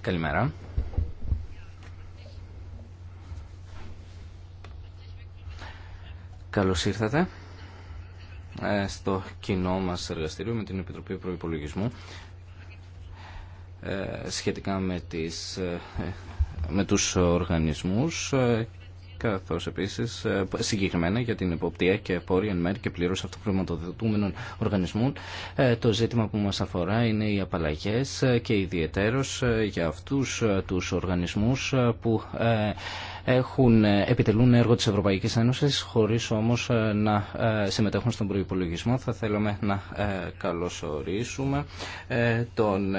Καλημέρα. Καλώς ήρθατε ε, στο κοινό μας εργαστήριο με την Επιτροπή Προϋπολογισμού ε, σχετικά με, τις, ε, με τους οργανισμούς Καθώ επίσης ε, συγκεκριμένα για την υποπτία και πόρη εν μέρει και πλήρω αυτοχρηματοδοτούμενων οργανισμών. Ε, το ζήτημα που μας αφορά είναι οι απαλλαγέ ε, και ιδιαιτέρω για αυτούς τους οργανισμούς που έχουν, επιτελούν έργο της Ευρωπαϊκής Ένωσης χωρίς όμως ε, να ε, συμμετέχουν στον προϋπολογισμό. Θα θέλαμε να ε, καλωσορίσουμε τον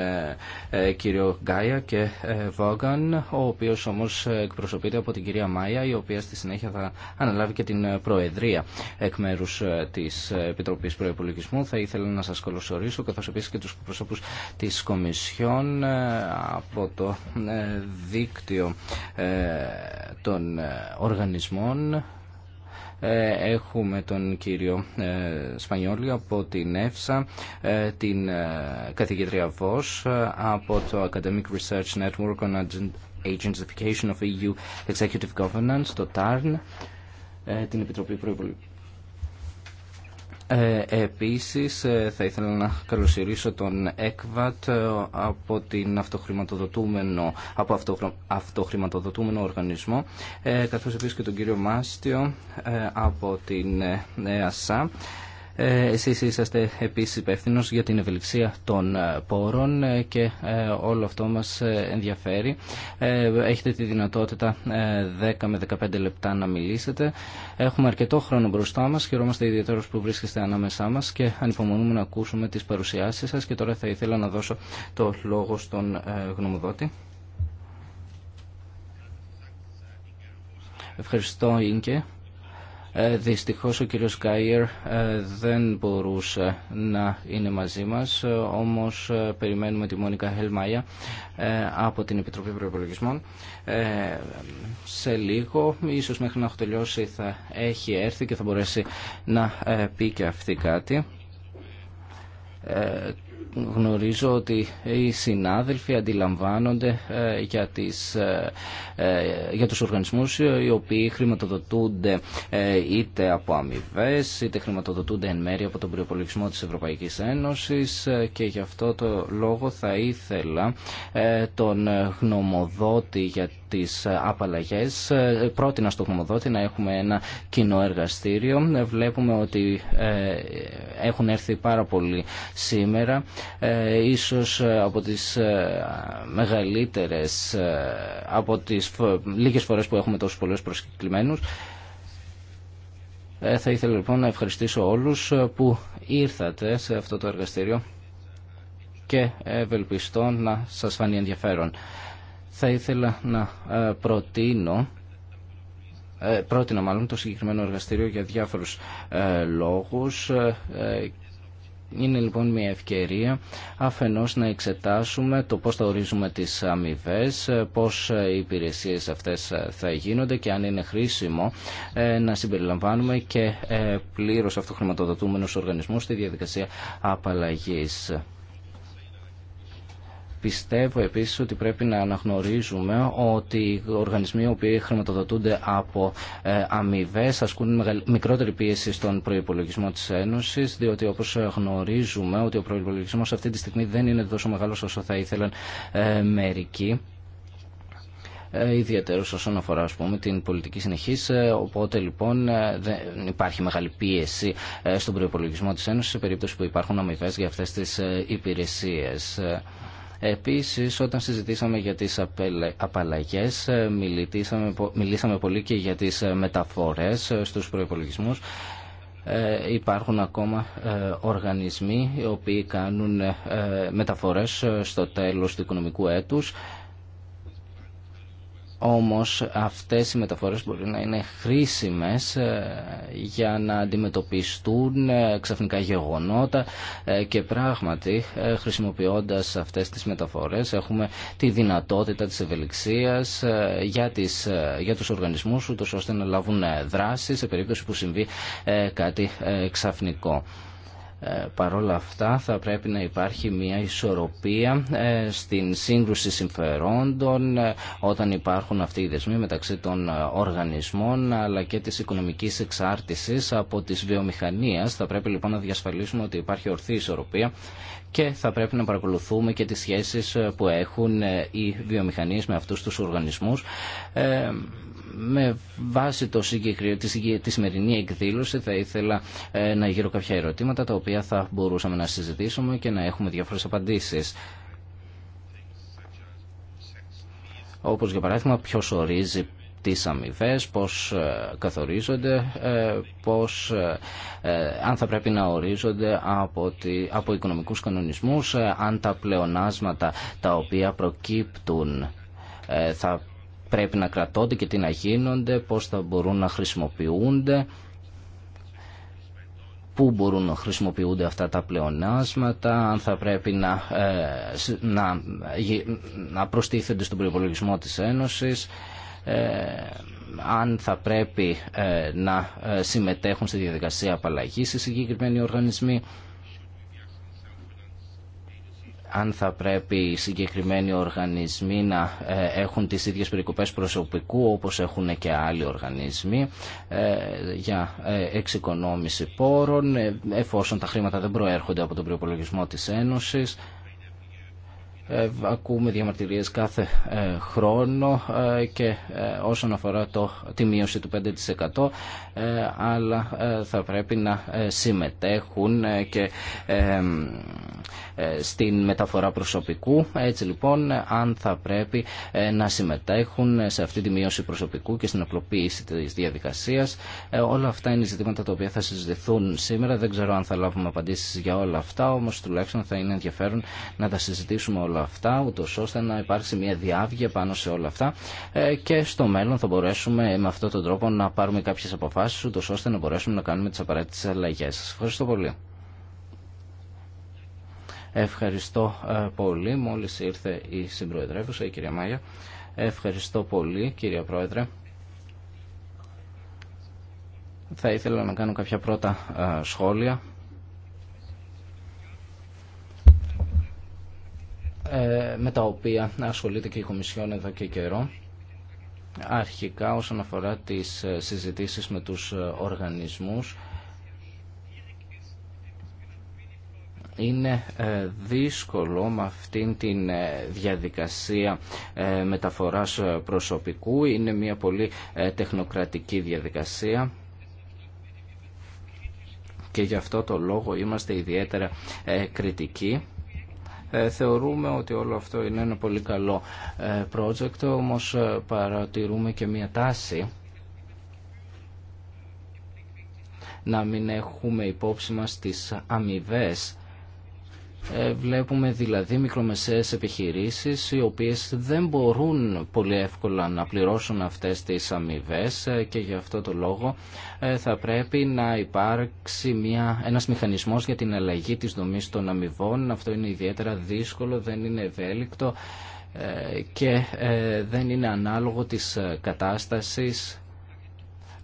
κύριο Γκάια και Βόγκαν, ο οποίος όμως εκπροσωπείται από την κυρία Μάια, η οποία στη συνέχεια θα αναλάβει και την Προεδρία εκ μέρους της Επιτροπής Προϋπολογισμού. Θα ήθελα να σας καλωσορίσω, καθώς επίσης και τους προσώπους της Κομισιόν από το δίκτυο των ε, οργανισμών ε, έχουμε τον κύριο ε, Σπανιόλη από την ΕΦΣΑ, την καθηγήτρια Βος από το Academic Research Network on Agentification of EU e Executive Governance, το TARN, την Επιτροπή Προϋπολογισμού ε, επίσης ε, θα ήθελα να καλωσορίσω τον ΕΚΒΑΤ ε, από, την αυτοχρηματοδοτούμενο, από αυτοχρηματοδοτούμενο οργανισμό καθώς επίσης και τον κύριο Μάστιο από την ΑΣΑ ε, εσείς είσαστε επίσης υπεύθυνο για την ευελιξία των ε, πόρων ε, και όλο αυτό μας ενδιαφέρει. Έχετε τη δυνατότητα 10 με 15 λεπτά να μιλήσετε. Έχουμε αρκετό χρόνο μπροστά μας. Χαιρόμαστε ιδιαίτερα που βρίσκεστε ανάμεσά μας και ανυπομονούμε να ακούσουμε τις παρουσιάσεις σας και τώρα θα ήθελα να δώσω το λόγο στον γνωμοδότη. Ευχαριστώ, Ίνκε. Ε, δυστυχώς ο κύριος Κάιερ ε, δεν μπορούσε να είναι μαζί μας, ε, όμως περιμένουμε τη Μόνικα Χελμάια από την Επιτροπή Προπολογισμών. Σε λίγο, ίσως μέχρι να έχω τελειώσει θα έχει έρθει και θα μπορέσει να πει και αυτή κάτι γνωρίζω ότι οι συνάδελφοι αντιλαμβάνονται ε, για, τις, ε, ε, για τους οργανισμούς οι οποίοι χρηματοδοτούνται είτε από αμοιβέ, είτε χρηματοδοτούνται εν μέρει από τον προϋπολογισμό της Ευρωπαϊκής Ένωσης και γι' αυτό το λόγο θα ήθελα τον γνωμοδότη για τις απαλλαγές. Πρότεινα στο γνωμοδότη να έχουμε ένα κοινό εργαστήριο. Βλέπουμε ότι έχουν έρθει πάρα πολύ σήμερα ε, ίσως ε, από τις ε, μεγαλύτερες, από τις λίγες φορές που έχουμε τόσους πολλούς προσκεκλημένους. Θα ήθελα λοιπόν να ευχαριστήσω όλους που ήρθατε σε αυτό το εργαστήριο και ευελπιστώ να σας φανεί ενδιαφέρον. Θα ήθελα να προτείνω πρότεινα μάλλον το συγκεκριμένο εργαστήριο για διάφορους λόγους είναι λοιπόν μια ευκαιρία αφενός να εξετάσουμε το πώς θα ορίζουμε τις αμοιβέ, πώς οι υπηρεσίες αυτές θα γίνονται και αν είναι χρήσιμο ε, να συμπεριλαμβάνουμε και ε, πλήρως αυτοχρηματοδοτούμενους οργανισμούς στη διαδικασία απαλλαγής. Πιστεύω επίσης ότι πρέπει να αναγνωρίζουμε ότι οι οργανισμοί οι οποίοι χρηματοδοτούνται από ε, αμοιβέ ασκούν μικρότερη πίεση στον προπολογισμό της Ένωσης διότι όπως γνωρίζουμε ότι ο προϋπολογισμός αυτή τη στιγμή δεν είναι τόσο μεγάλος όσο θα ήθελαν ε, μερικοί ε, ιδιαίτερο όσον αφορά ας πούμε, την πολιτική συνεχή. Οπότε λοιπόν δεν υπάρχει μεγάλη πίεση στον προπολογισμό τη Ένωση σε περίπτωση που υπάρχουν αμοιβέ για αυτέ τι υπηρεσίε. Επίσης, όταν συζητήσαμε για τις απαλλαγές, ε, μιλήσαμε, μιλήσαμε πολύ και για τις ε, μεταφορές ε, στους προϋπολογισμούς. υπάρχουν ακόμα οργανισμοί οι οποίοι κάνουν μεταφορές στο τέλος του οικονομικού έτους όμως αυτές οι μεταφορές μπορεί να είναι χρήσιμες ε, για να αντιμετωπιστούν ε, ξαφνικά γεγονότα ε, και πράγματι χρησιμοποιώντας αυτές τις μεταφορές έχουμε τη δυνατότητα της ευελιξίας για, τις, για τους οργανισμούς ούτως ώστε να λάβουν δράση σε περίπτωση που συμβεί κάτι ξαφνικό. Ε, παρόλα αυτά θα πρέπει να υπάρχει μια ισορροπία ε, στην σύγκρουση συμφερόντων ε, όταν υπάρχουν αυτοί οι δεσμοί μεταξύ των οργανισμών αλλά και της οικονομικής εξάρτησης από τις βιομηχανίες, Θα πρέπει λοιπόν να διασφαλίσουμε ότι υπάρχει ορθή ισορροπία και θα πρέπει να παρακολουθούμε και τις σχέσεις που έχουν οι βιομηχανίες με αυτούς τους οργανισμούς με βάση το συγκεκριμένο, τη, τη σημερινή εκδήλωση θα ήθελα ε, να γύρω κάποια ερωτήματα τα οποία θα μπορούσαμε να συζητήσουμε και να έχουμε διάφορες απαντήσεις. Όπως για παράδειγμα ποιος ορίζει τις αμοιβέ, πώς ε, καθορίζονται, ε, πώς, αν θα πρέπει να ορίζονται από, τη, από οικονομικούς κανονισμούς, αν τα πλεονάσματα τα οποία προκύπτουν θα πρέπει να κρατώνται και τι να γίνονται, πώς θα μπορούν να χρησιμοποιούνται, πού μπορούν να χρησιμοποιούνται αυτά τα πλεονάσματα, αν θα πρέπει να, ε, να, να προστίθενται στον προϋπολογισμό της Ένωσης, ε, αν θα πρέπει ε, να ε, συμμετέχουν στη διαδικασία απαλλαγής οι συγκεκριμένοι οργανισμοί αν θα πρέπει οι συγκεκριμένοι οργανισμοί να ε, έχουν τις ίδιες περικοπές προσωπικού όπως έχουν και άλλοι οργανισμοί ε, για ε, εξοικονόμηση πόρων εφόσον τα χρήματα δεν προέρχονται από τον προπολογισμό της Ένωσης ακούμε διαμαρτυρίες κάθε χρόνο και όσον αφορά το, τη μείωση του 5% αλλά θα πρέπει να συμμετέχουν και ε, στην μεταφορά προσωπικού. Έτσι λοιπόν, αν θα πρέπει ε, να συμμετέχουν σε αυτή τη μείωση προσωπικού και στην απλοποίηση της διαδικασίας. Ε, όλα αυτά είναι ζητήματα τα οποία θα συζητηθούν σήμερα. Δεν ξέρω αν θα λάβουμε απαντήσεις για όλα αυτά, όμως τουλάχιστον θα είναι ενδιαφέρον να τα συζητήσουμε όλα αυτά, ούτως ώστε να υπάρξει μια διάβγεια πάνω σε όλα αυτά και στο μέλλον θα μπορέσουμε με αυτόν τον τρόπο να πάρουμε κάποιες αποφάσεις, ούτως ώστε να μπορέσουμε να κάνουμε τι απαραίτητε αλλαγέ Σας ευχαριστώ πολύ. Ευχαριστώ ε, πολύ. Μόλις ήρθε η συμπροεδρεύουσα, η κυρία Μάγια. Ευχαριστώ πολύ, κυρία Πρόεδρε. Θα ήθελα να κάνω κάποια πρώτα ε, σχόλια. Ε, με τα οποία ασχολείται και η Κομισιόν εδώ και καιρό. Αρχικά όσον αφορά τις συζητήσεις με τους οργανισμούς είναι ε, δύσκολο με αυτήν την ε, διαδικασία ε, μεταφοράς προσωπικού. Είναι μια πολύ τεχνοκρατική διαδικασία και γι' αυτό το λόγο είμαστε ιδιαίτερα κριτικοί. Θεωρούμε ότι όλο αυτό είναι ένα πολύ καλό project, όμως παρατηρούμε και μια τάση να μην έχουμε υπόψη μας τις αμοιβέ ε, βλέπουμε δηλαδή μικρομεσαίες επιχειρήσεις οι οποίες δεν μπορούν πολύ εύκολα να πληρώσουν αυτές τις αμοιβέ ε, και γι' αυτό το λόγο ε, θα πρέπει να υπάρξει μια, ένας μηχανισμός για την αλλαγή της δομής των αμοιβών. Αυτό είναι ιδιαίτερα δύσκολο, δεν είναι ευέλικτο και δεν είναι ανάλογο της κατάστασης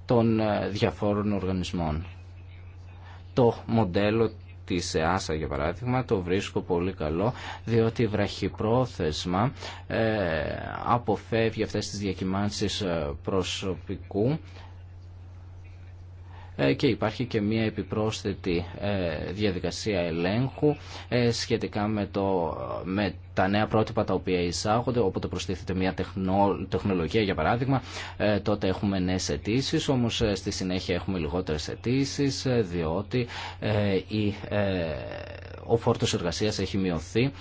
των διαφόρων οργανισμών. Το μοντέλο της ΕΑΣΑ για παράδειγμα το βρίσκω πολύ καλό διότι βραχυπρόθεσμα ε, αποφεύγει αυτές τις διακυμάνσεις ε, προσωπικού ε, και υπάρχει και μια επιπρόσθετη ε, διαδικασία ελέγχου ε, σχετικά με, το, με τα νέα πρότυπα τα οποία εισάγονται, όποτε προστίθεται μια τεχνολογία για παράδειγμα, τότε έχουμε νέες αιτήσει, όμως στη συνέχεια έχουμε λιγότερες αιτήσει, διότι η, ο φόρτος εργασίας έχει μειωθεί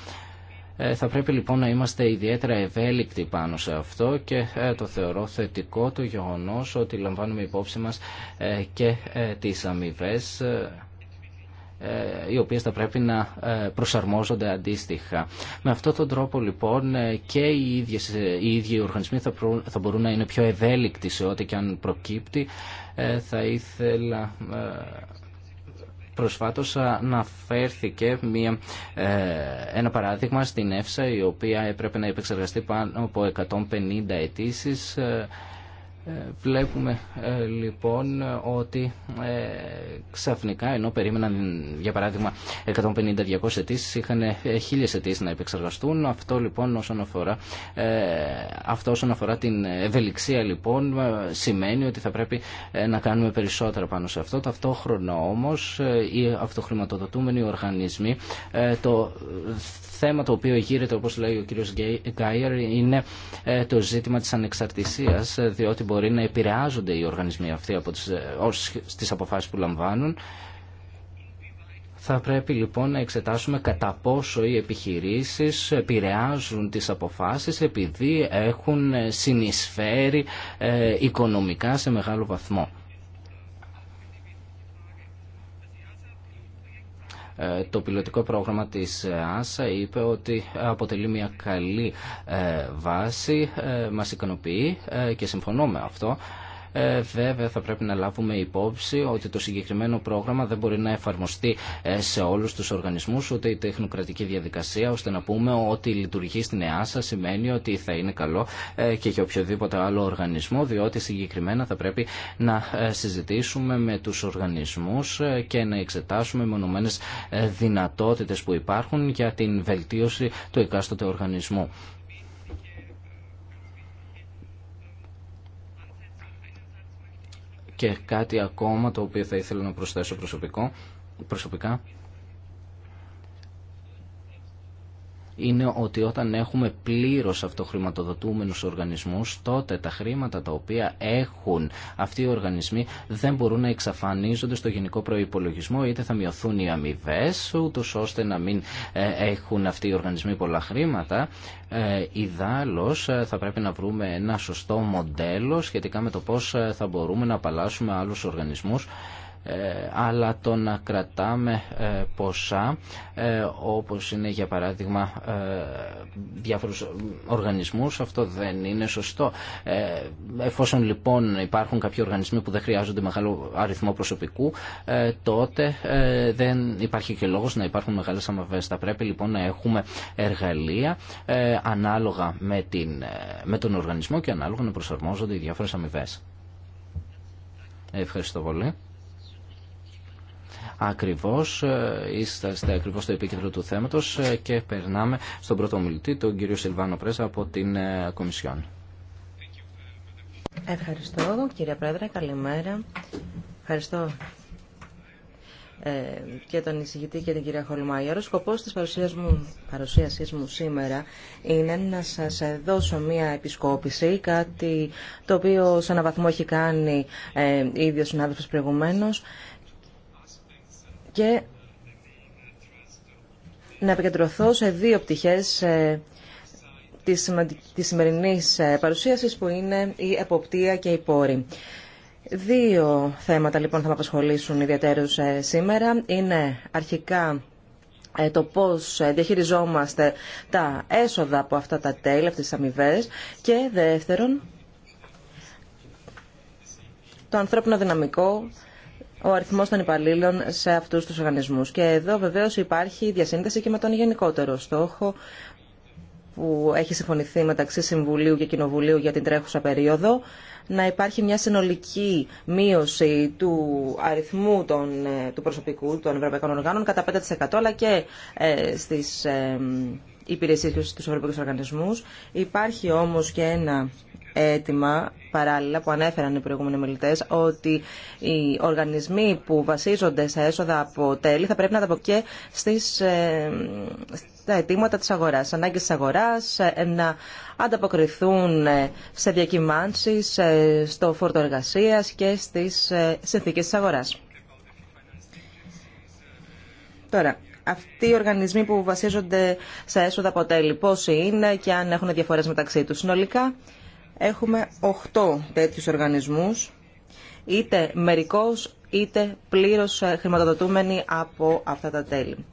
ε, θα πρέπει λοιπόν να είμαστε ιδιαίτερα ευέλικτοι πάνω σε αυτό και ε, το θεωρώ θετικό το γεγονός ότι λαμβάνουμε υπόψη μας ε, και τις αμοιβέ οι οποίες θα πρέπει να προσαρμόζονται αντίστοιχα. Με αυτόν τον τρόπο λοιπόν και οι, ίδιες, οι ίδιοι οργανισμοί θα, θα μπορούν να είναι πιο ευέλικτοι σε ό,τι και αν προκύπτει. Θα ήθελα Προσφάτως αναφέρθηκε μια, ε, ένα παράδειγμα στην ΕΦΣΑ η οποία έπρεπε να επεξεργαστεί πάνω από 150 αιτήσει ε, ε, βλέπουμε ε, λοιπόν ότι ε, ξαφνικά ενώ περίμεναν για παράδειγμα 150-200 αιτήσει είχαν χίλιες αιτήσει να επεξεργαστούν. Αυτό λοιπόν όσον αφορά, αυτό όσον αφορά την ευελιξία λοιπόν σημαίνει ότι θα πρέπει να κάνουμε περισσότερα πάνω σε αυτό. Ταυτόχρονα όμως οι αυτοχρηματοδοτούμενοι οργανισμοί το θέμα το οποίο γύρεται, όπως λέει ο κύριος Γκάιερ, είναι ε, το ζήτημα της ανεξαρτησίας, ε, διότι μπορεί να επηρεάζονται οι οργανισμοί αυτοί από τις, ε, στις αποφάσεις που λαμβάνουν. Θα πρέπει λοιπόν να εξετάσουμε κατά πόσο οι επιχειρήσεις επηρεάζουν τις αποφάσεις επειδή έχουν συνεισφέρει οικονομικά σε μεγάλο βαθμό. Ε, το πιλωτικό πρόγραμμα της ε, ΆΣΑ είπε ότι αποτελεί μια καλή ε, βάση, μας ικανοποιεί και συμφωνώ με αυτό. Ε, βέβαια θα πρέπει να λάβουμε υπόψη ότι το συγκεκριμένο πρόγραμμα δεν μπορεί να εφαρμοστεί ε, σε όλους τους οργανισμούς, ούτε η τεχνοκρατική διαδικασία, ώστε να πούμε ότι λειτουργεί στην ΕΑΣΑ σημαίνει ότι θα είναι καλό ε, και για οποιοδήποτε άλλο οργανισμό, διότι συγκεκριμένα θα πρέπει να συζητήσουμε με τους οργανισμούς και να εξετάσουμε μονομένες δυνατότητες που υπάρχουν για την βελτίωση του εκάστοτε οργανισμού. Και κάτι ακόμα το οποίο θα ήθελα να προσθέσω προσωπικό, προσωπικά είναι ότι όταν έχουμε πλήρως αυτοχρηματοδοτούμενους οργανισμούς, τότε τα χρήματα τα οποία έχουν αυτοί οι οργανισμοί δεν μπορούν να εξαφανίζονται στο γενικό προϋπολογισμό, είτε θα μειωθούν οι αμοιβέ, ούτω ώστε να μην ε, έχουν αυτοί οι οργανισμοί πολλά χρήματα. Ε, Ιδάλλως ε, θα πρέπει να βρούμε ένα σωστό μοντέλο σχετικά με το πώς ε, θα μπορούμε να απαλλάσσουμε άλλους οργανισμούς ε, αλλά το να κρατάμε ε, ποσά ε, όπως είναι για παράδειγμα διάφορους οργανισμούς αυτό δεν είναι σωστό εφόσον λοιπόν υπάρχουν κάποιοι οργανισμοί που δεν χρειάζονται μεγάλο αριθμό προσωπικού τότε δεν υπάρχει και λόγος να υπάρχουν μεγάλες αμαβές θα πρέπει λοιπόν να έχουμε εργαλεία ανάλογα με, την, τον οργανισμό και ανάλογα να προσαρμόζονται οι διάφορες αμοιβέ. Ευχαριστώ πολύ. Ακριβώς, ε, είστε ακριβώς στο επίκεντρο του θέματος ε, και περνάμε στον πρώτο ομιλητή, τον κύριο Σιλβάνο Πρέσα από την ε, Κομισιόν. Ευχαριστώ κύριε Πρόεδρε, καλημέρα. Ευχαριστώ και τον εισηγητή και την κυρία Ο σκοπός της παρουσίας μου, παρουσίασής μου σήμερα είναι να σας δώσω μία επισκόπηση, κάτι το οποίο σε έναν βαθμό έχει κάνει ε, ο και να επικεντρωθώ σε δύο πτυχές ε, της σημερινής ε, παρουσίασης που είναι η εποπτεία και η πόρη. Δύο θέματα λοιπόν θα με απασχολήσουν ιδιαίτερως ε, σήμερα. Είναι αρχικά το πώς διαχειριζόμαστε τα έσοδα από αυτά τα τέλη, αυτές τις αμοιβέ και δεύτερον το ανθρώπινο δυναμικό ο αριθμός των υπαλλήλων σε αυτούς τους οργανισμούς. Και εδώ βεβαίως υπάρχει διασύνδεση και με τον γενικότερο στόχο που έχει συμφωνηθεί μεταξύ Συμβουλίου και Κοινοβουλίου για την τρέχουσα περίοδο, να υπάρχει μια συνολική μείωση του αριθμού των, ε, του προσωπικού των ευρωπαϊκών οργάνων κατά 5% αλλά και ε, στις ε, υπηρεσίες και ευρωπαϊκούς οργανισμούς. Υπάρχει όμως και ένα αίτημα παράλληλα που ανέφεραν οι προηγούμενοι μιλητέ ότι οι οργανισμοί που βασίζονται σε έσοδα από τέλη θα πρέπει να τα και στις, ε, στα αιτήματα της αγοράς, στις ανάγκες της αγοράς, ε, να ανταποκριθούν ε, σε διακυμάνσεις, στο φόρτο και στις ε, συνθήκες της αγοράς. Τώρα, αυτοί οι οργανισμοί που βασίζονται σε έσοδα από τέλη, πόσοι είναι και αν έχουν διαφορές μεταξύ τους. Συνολικά, Έχουμε 8 τέτοιους οργανισμούς, είτε μερικώς είτε πλήρως χρηματοδοτούμενοι από αυτά τα τέλη.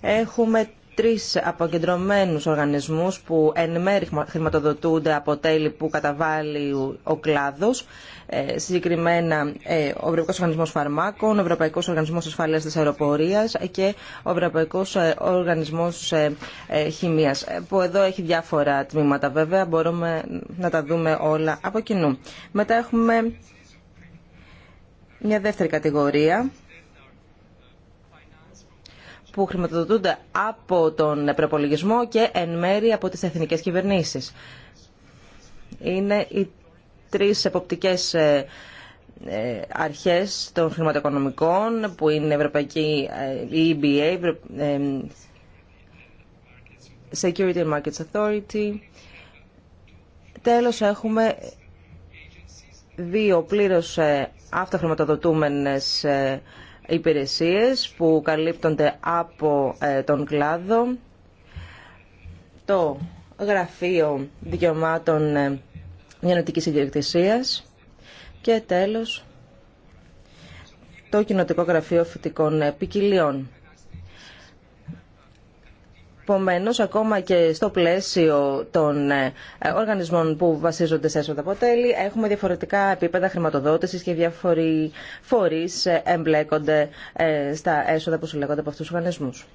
Έχουμε τρεις αποκεντρωμένους οργανισμούς που εν μέρη χρηματοδοτούνται από τέλη που καταβάλει ο κλάδος, ε, συγκεκριμένα ε, ο Ευρωπαϊκός Οργανισμός Φαρμάκων, ο Ευρωπαϊκός Οργανισμός Ασφαλείας της Αεροπορίας και ο Ευρωπαϊκός ε, Οργανισμός Χημίας, που εδώ έχει διάφορα τμήματα βέβαια, μπορούμε να τα δούμε όλα από κοινού. Μετά έχουμε μια δεύτερη κατηγορία που χρηματοδοτούνται από τον προπολογισμό και εν μέρη από τις εθνικές κυβερνήσεις. Είναι οι τρεις εποπτικές ε, ε, αρχές των χρηματοοικονομικών που είναι η Ευρωπαϊκή ε, η EBA, Security and Markets Authority. Τέλος έχουμε δύο πλήρως αυτοχρηματοδοτούμενες υπηρεσίες που καλύπτονται από ε, τον κλάδο, το Γραφείο Δικαιωμάτων ε, Γενοτικής Ιδιοκτησίας και τέλος το Κοινοτικό Γραφείο Φυτικών ποικιλίων. Επομένω, ακόμα και στο πλαίσιο των ε, οργανισμών που βασίζονται σε έσοδα αποτέλει, έχουμε διαφορετικά επίπεδα χρηματοδότηση και διάφοροι φορεί ε, εμπλέκονται ε, στα έσοδα που συλλέγονται από αυτούς τους οργανισμούς.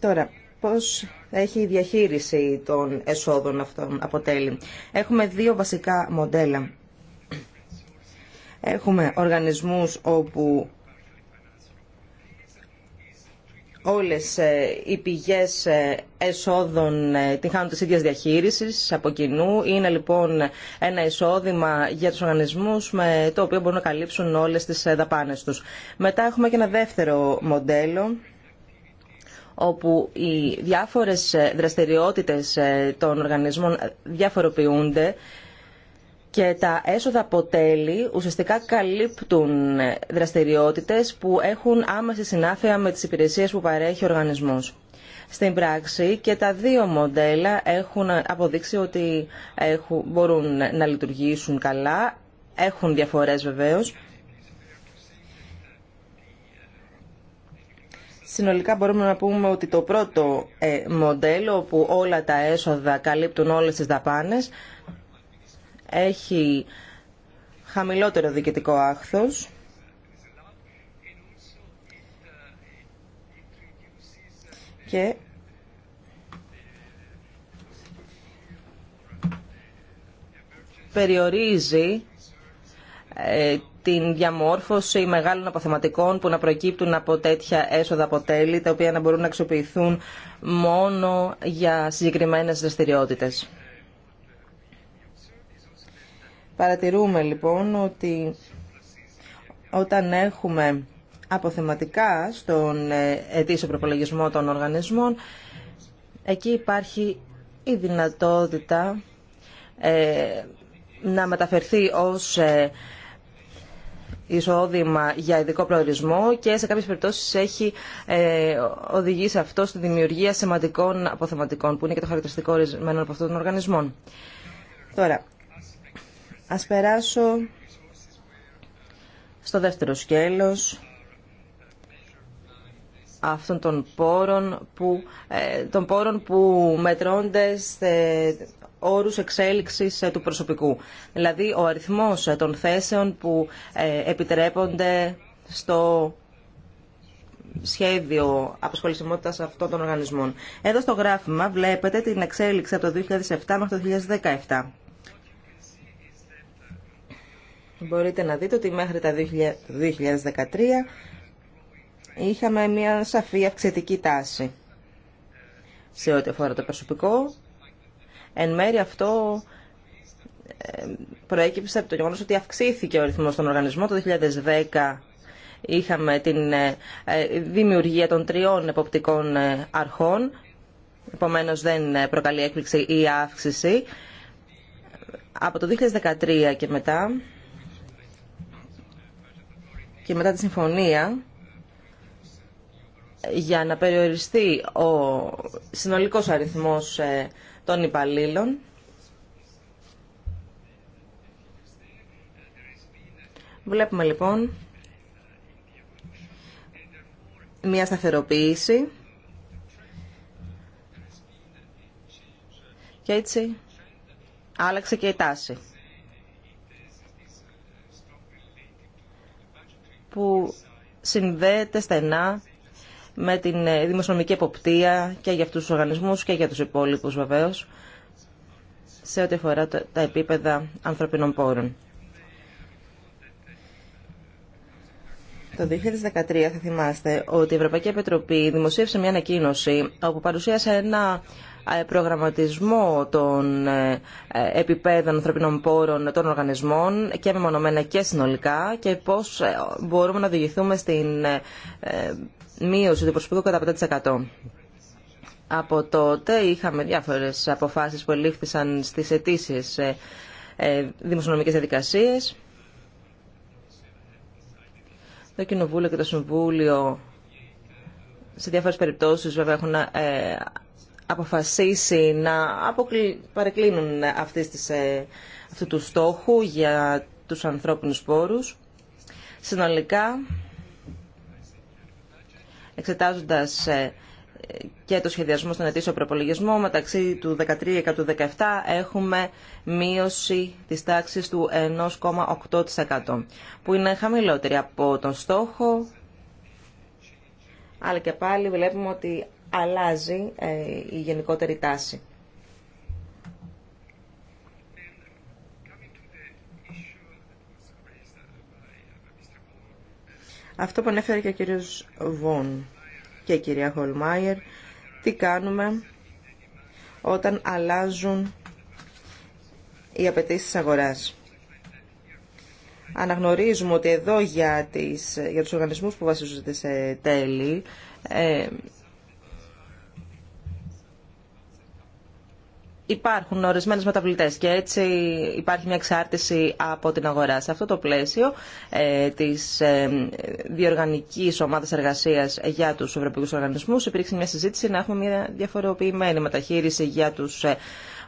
Τώρα, πώς έχει η διαχείριση των εσόδων αυτών αποτέλει. Έχουμε δύο βασικά μοντέλα Έχουμε οργανισμούς όπου όλες ε, οι πηγές ε, εσόδων ε, την χάνουν της ίδιας διαχείρισης από κοινού. Είναι λοιπόν ένα εισόδημα για τους οργανισμούς με το οποίο μπορούν να καλύψουν όλες τις δαπάνες τους. Μετά έχουμε και ένα δεύτερο μοντέλο όπου οι διάφορες δραστηριότητες των οργανισμών διαφοροποιούνται και τα έσοδα αποτελεί ουσιαστικά καλύπτουν δραστηριότητες που έχουν άμεση συνάφεια με τις υπηρεσίες που παρέχει ο οργανισμός. Στην πράξη και τα δύο μοντέλα έχουν αποδείξει ότι μπορούν να λειτουργήσουν καλά, έχουν διαφορές βεβαίως. Συνολικά μπορούμε να πούμε ότι το πρώτο ε, μοντέλο που όλα τα έσοδα καλύπτουν όλες τις δαπάνες έχει χαμηλότερο διοικητικό άχθος και περιορίζει ε, την διαμόρφωση μεγάλων αποθεματικών που να προκύπτουν από τέτοια έσοδα αποτέλη τα οποία να μπορούν να αξιοποιηθούν μόνο για συγκεκριμένες δραστηριότητες. Παρατηρούμε λοιπόν ότι όταν έχουμε αποθεματικά στον ε, ετήσιο προπολογισμό των οργανισμών, εκεί υπάρχει η δυνατότητα ε, να μεταφερθεί ως ε, εισόδημα για ειδικό προορισμό και σε κάποιες περιπτώσεις έχει οδηγήσει αυτό στη δημιουργία σημαντικών αποθεματικών που είναι και το χαρακτηριστικό ορισμένο από αυτών των οργανισμών. Τώρα, Ας περάσω στο δεύτερο σκέλος αυτών των πόρων που, ε, των πόρων που μετρώνται σε όρους εξέλιξης ε, του προσωπικού. Δηλαδή ο αριθμός ε, των θέσεων που επιτρέπονται στο σχέδιο απασχολησιμότητας αυτών των οργανισμών. Εδώ στο γράφημα βλέπετε την εξέλιξη από το 2007 μέχρι το 2017 μπορείτε να δείτε ότι μέχρι τα 2013 είχαμε μια σαφή αυξητική τάση σε ό,τι αφορά το προσωπικό. Εν μέρει αυτό ε, προέκυψε από το γεγονός ότι αυξήθηκε ο ρυθμός στον οργανισμό. Το 2010 είχαμε την ε, ε, δημιουργία των τριών εποπτικών αρχών, επομένως δεν προκαλεί έκπληξη η αύξηση. Από το 2013 και μετά και μετά τη συμφωνία για να περιοριστεί ο συνολικός αριθμός ε, των υπαλλήλων Βλέπουμε λοιπόν μια σταθεροποίηση και έτσι άλλαξε και η τάση. που συνδέεται στενά με την ε, δημοσιονομική εποπτεία και για αυτούς τους οργανισμούς και για τους υπόλοιπους βεβαίως σε ό,τι αφορά τα επίπεδα ανθρωπινών πόρων. Το 2013 θα θυμάστε ότι η Ευρωπαϊκή Επιτροπή δημοσίευσε μια ανακοίνωση όπου παρουσίασε ένα ε, προγραμματισμό των ε, ε, επιπέδων ανθρωπινών πόρων των οργανισμών και μεμονωμένα και συνολικά και πώς μπορούμε να οδηγηθούμε στην μείωση του προσωπικού κατά 5%. Από τότε είχαμε διάφορες αποφάσεις που ελήφθησαν στις αιτήσει δημοσιονομικές διαδικασίες. Το Κοινοβούλιο και το Συμβούλιο σε διάφορες περιπτώσεις βέβαια έχουν αποφασίσει να αποκλει... παρεκκλίνουν αυτής της, ε, αυτού του στόχου για τους ανθρώπινους πόρους. Συνολικά, εξετάζοντας ε, και το σχεδιασμό στον ετήσιο προπολογισμό, μεταξύ του 13 και του 17 έχουμε μείωση της τάξης του 1,8%, που είναι χαμηλότερη από τον στόχο, αλλά και πάλι βλέπουμε ότι αλλάζει ε, η γενικότερη τάση. Αυτό που ανέφερε και ο κύριος Βον και η κυρία Χολμάιερ, τι κάνουμε όταν αλλάζουν οι απαιτήσει της αγοράς. Αναγνωρίζουμε ότι εδώ για, τις, για τους οργανισμούς που βασίζονται σε τέλη, ε, υπάρχουν ορισμένε μεταβλητέ, και έτσι υπάρχει μια εξάρτηση από την αγορά. Σε αυτό το πλαίσιο ε, της ε, διοργανικής ομάδας εργασίας για τους Ευρωπαϊκού οργανισμούς υπήρξε μια συζήτηση να έχουμε μια διαφοροποιημένη μεταχείριση για τους ε,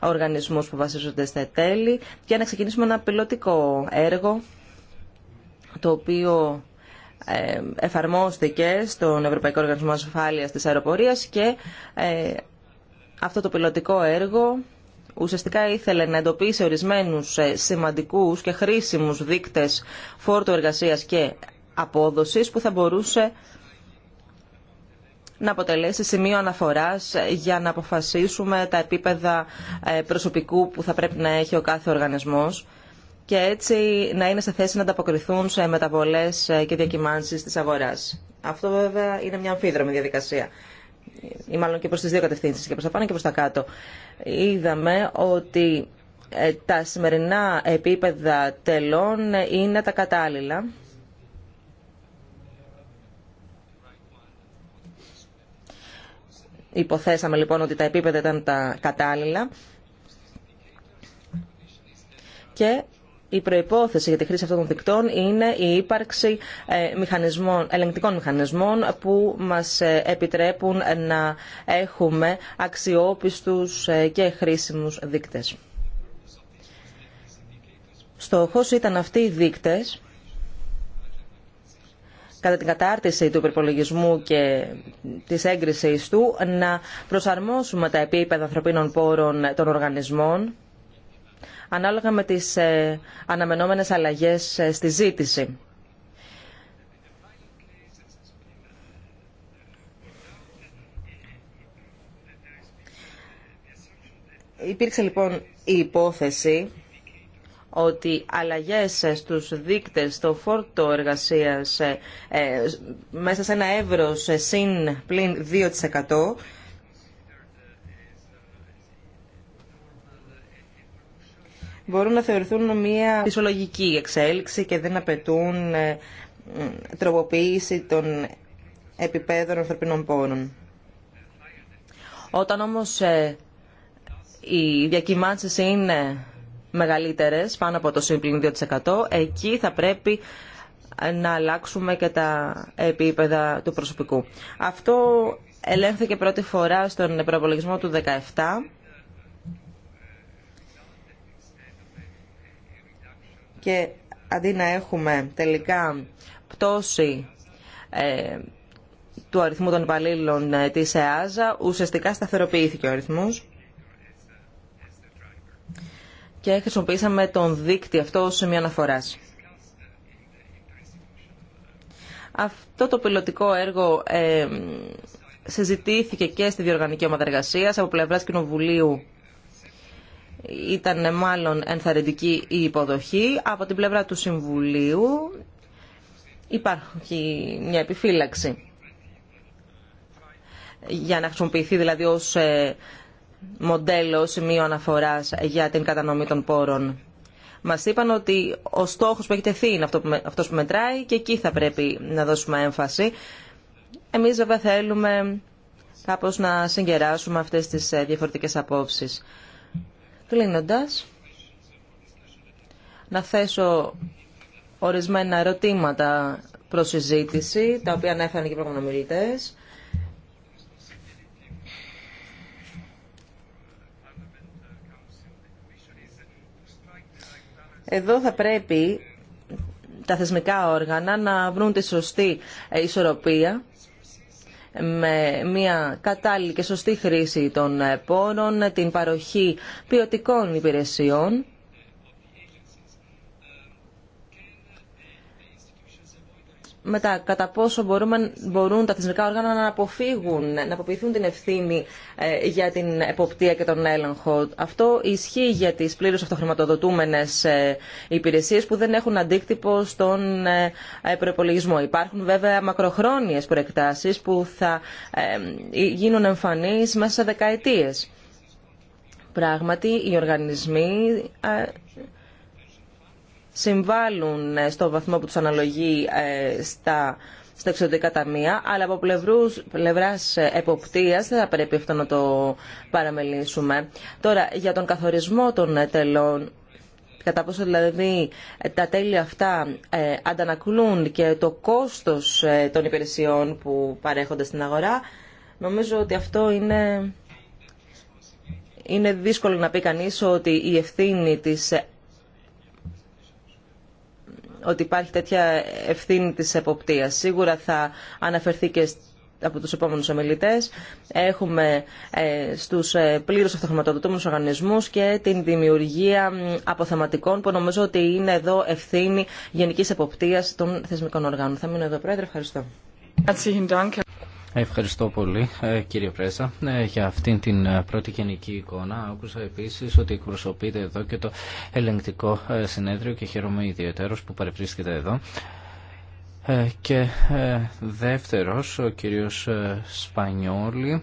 οργανισμούς που βασίζονται στα τέλη και να ξεκινήσουμε ένα πιλωτικό έργο το οποίο ε, εφαρμόστηκε στον Ευρωπαϊκό Οργανισμό Ασφάλειας της Αεροπορίας και ε, αυτό το πιλωτικό έργο ουσιαστικά ήθελε να εντοπίσει ορισμένους ε, σημαντικούς και χρήσιμους δείκτες φόρτου εργασίας και απόδοσης που θα μπορούσε να αποτελέσει σημείο αναφοράς ε, για να αποφασίσουμε τα επίπεδα ε, προσωπικού που θα πρέπει να έχει ο κάθε οργανισμός και έτσι να είναι σε θέση να ανταποκριθούν σε μεταβολές και διακυμάνσεις της αγοράς. Αυτό βέβαια είναι μια αμφίδρομη διαδικασία ή μάλλον και προς τις δύο κατευθύνσεις, και προς τα πάνω και προς τα κάτω. Είδαμε ότι ε, τα σημερινά επίπεδα τελών είναι τα κατάλληλα. Υποθέσαμε λοιπόν ότι τα επίπεδα ήταν τα κατάλληλα και η προϋπόθεση για τη χρήση αυτών των δικτών είναι η ύπαρξη ε, μηχανισμών, ελεγκτικών μηχανισμών που μας ε, επιτρέπουν να έχουμε αξιόπιστους ε, και χρήσιμους δείκτες. Στοχός ήταν αυτοί οι δείκτες κατά την κατάρτιση του υπερπολογισμού και της έγκρισης του να προσαρμόσουμε τα επίπεδα ανθρωπίνων πόρων των οργανισμών ανάλογα με τις ε, αναμενόμενες αλλαγές ε, στη ζήτηση. Υπήρξε λοιπόν η υπόθεση ότι αλλαγές ε, στους δείκτες, στο φόρτο εργασίας μέσα σε ένα εύρος συν πλην 2% μπορούν να θεωρηθούν μια φυσιολογική εξέλιξη και δεν απαιτούν ε, τροποποίηση των επιπέδων ανθρωπίνων πόρων. Όταν όμως ε, οι διακυμάνσεις είναι μεγαλύτερες, πάνω από το σύμπλην 2%, εκεί θα πρέπει να αλλάξουμε και τα επίπεδα του προσωπικού. Αυτό ελέγχθηκε πρώτη φορά στον προπολογισμό του 2017 και αντί να έχουμε τελικά πτώση ε, του αριθμού των υπαλλήλων ε, της ΕΑΖΑ, ουσιαστικά σταθεροποιήθηκε ο αριθμός και χρησιμοποιήσαμε τον δίκτυο αυτό ως μία αναφοράς. Αυτό το πιλωτικό έργο ε, συζητήθηκε και στη διοργανική ομάδα Εργασίας από πλευράς Κοινοβουλίου ήταν μάλλον ενθαρρυντική η υποδοχή. Από την πλευρά του Συμβουλίου υπάρχει μια επιφύλαξη για να χρησιμοποιηθεί δηλαδή ως ε, μοντέλο, σημείο αναφοράς για την κατανομή των πόρων. Μας είπαν ότι ο στόχος που έχει τεθεί είναι αυτός που μετράει και εκεί θα πρέπει να δώσουμε έμφαση. Εμείς βέβαια θέλουμε κάπως να συγκεράσουμε αυτές τις ε, διαφορετικές απόψεις. Κλείνοντας, να θέσω ορισμένα ερωτήματα προς συζήτηση, τα οποία ανέφεραν και οι Εδώ θα πρέπει τα θεσμικά όργανα να βρουν τη σωστή ε, ισορροπία με μια κατάλληλη και σωστή χρήση των πόρων, την παροχή ποιοτικών υπηρεσιών μετά κατά πόσο μπορούμε, μπορούν τα θεσμικά όργανα να αποφύγουν, να αποποιηθούν την ευθύνη ε, για την εποπτεία και τον έλεγχο. Αυτό ισχύει για τις πλήρως αυτοχρηματοδοτούμενες ε, υπηρεσίες που δεν έχουν αντίκτυπο στον ε, προπολογισμό. Υπάρχουν βέβαια μακροχρόνιες προεκτάσεις που θα γίνουν εμφανείς μέσα σε δεκαετίες. Πράγματι, οι οργανισμοί συμβάλλουν ε, στο βαθμό που του αναλογεί ε, στα, στα εξωτικά ταμεία, αλλά από πλευρούς, πλευράς ε, εποπτείας δεν θα πρέπει αυτό να το παραμελήσουμε. Τώρα, για τον καθορισμό των τελών, κατά πόσο δηλαδή τα τέλη αυτά ε, αντανακλούν και το κόστος των υπηρεσιών που παρέχονται στην αγορά, νομίζω ότι αυτό είναι... Είναι δύσκολο να πει κανείς ότι η ευθύνη της ότι υπάρχει τέτοια ευθύνη της εποπτείας. Σίγουρα θα αναφερθεί και από τους επόμενους ομιλητές. Έχουμε ε, στους ε, πλήρους αυτοχρηματοδοτούμενους οργανισμούς και την δημιουργία αποθεματικών που νομίζω ότι είναι εδώ ευθύνη γενικής εποπτείας των θεσμικών οργάνων. Θα μείνω εδώ, Πρόεδρε. Ευχαριστώ. Ευχαριστώ πολύ ε, κύριε Πρέσα ε, για αυτήν την ε, πρώτη γενική εικόνα. Άκουσα επίσης ότι εκπροσωπείται εδώ και το ελεγκτικό συνέδριο και χαίρομαι ιδιαίτερος που παρευρίσκεται εδώ. Και δεύτερος ο κύριος Σπανιόλη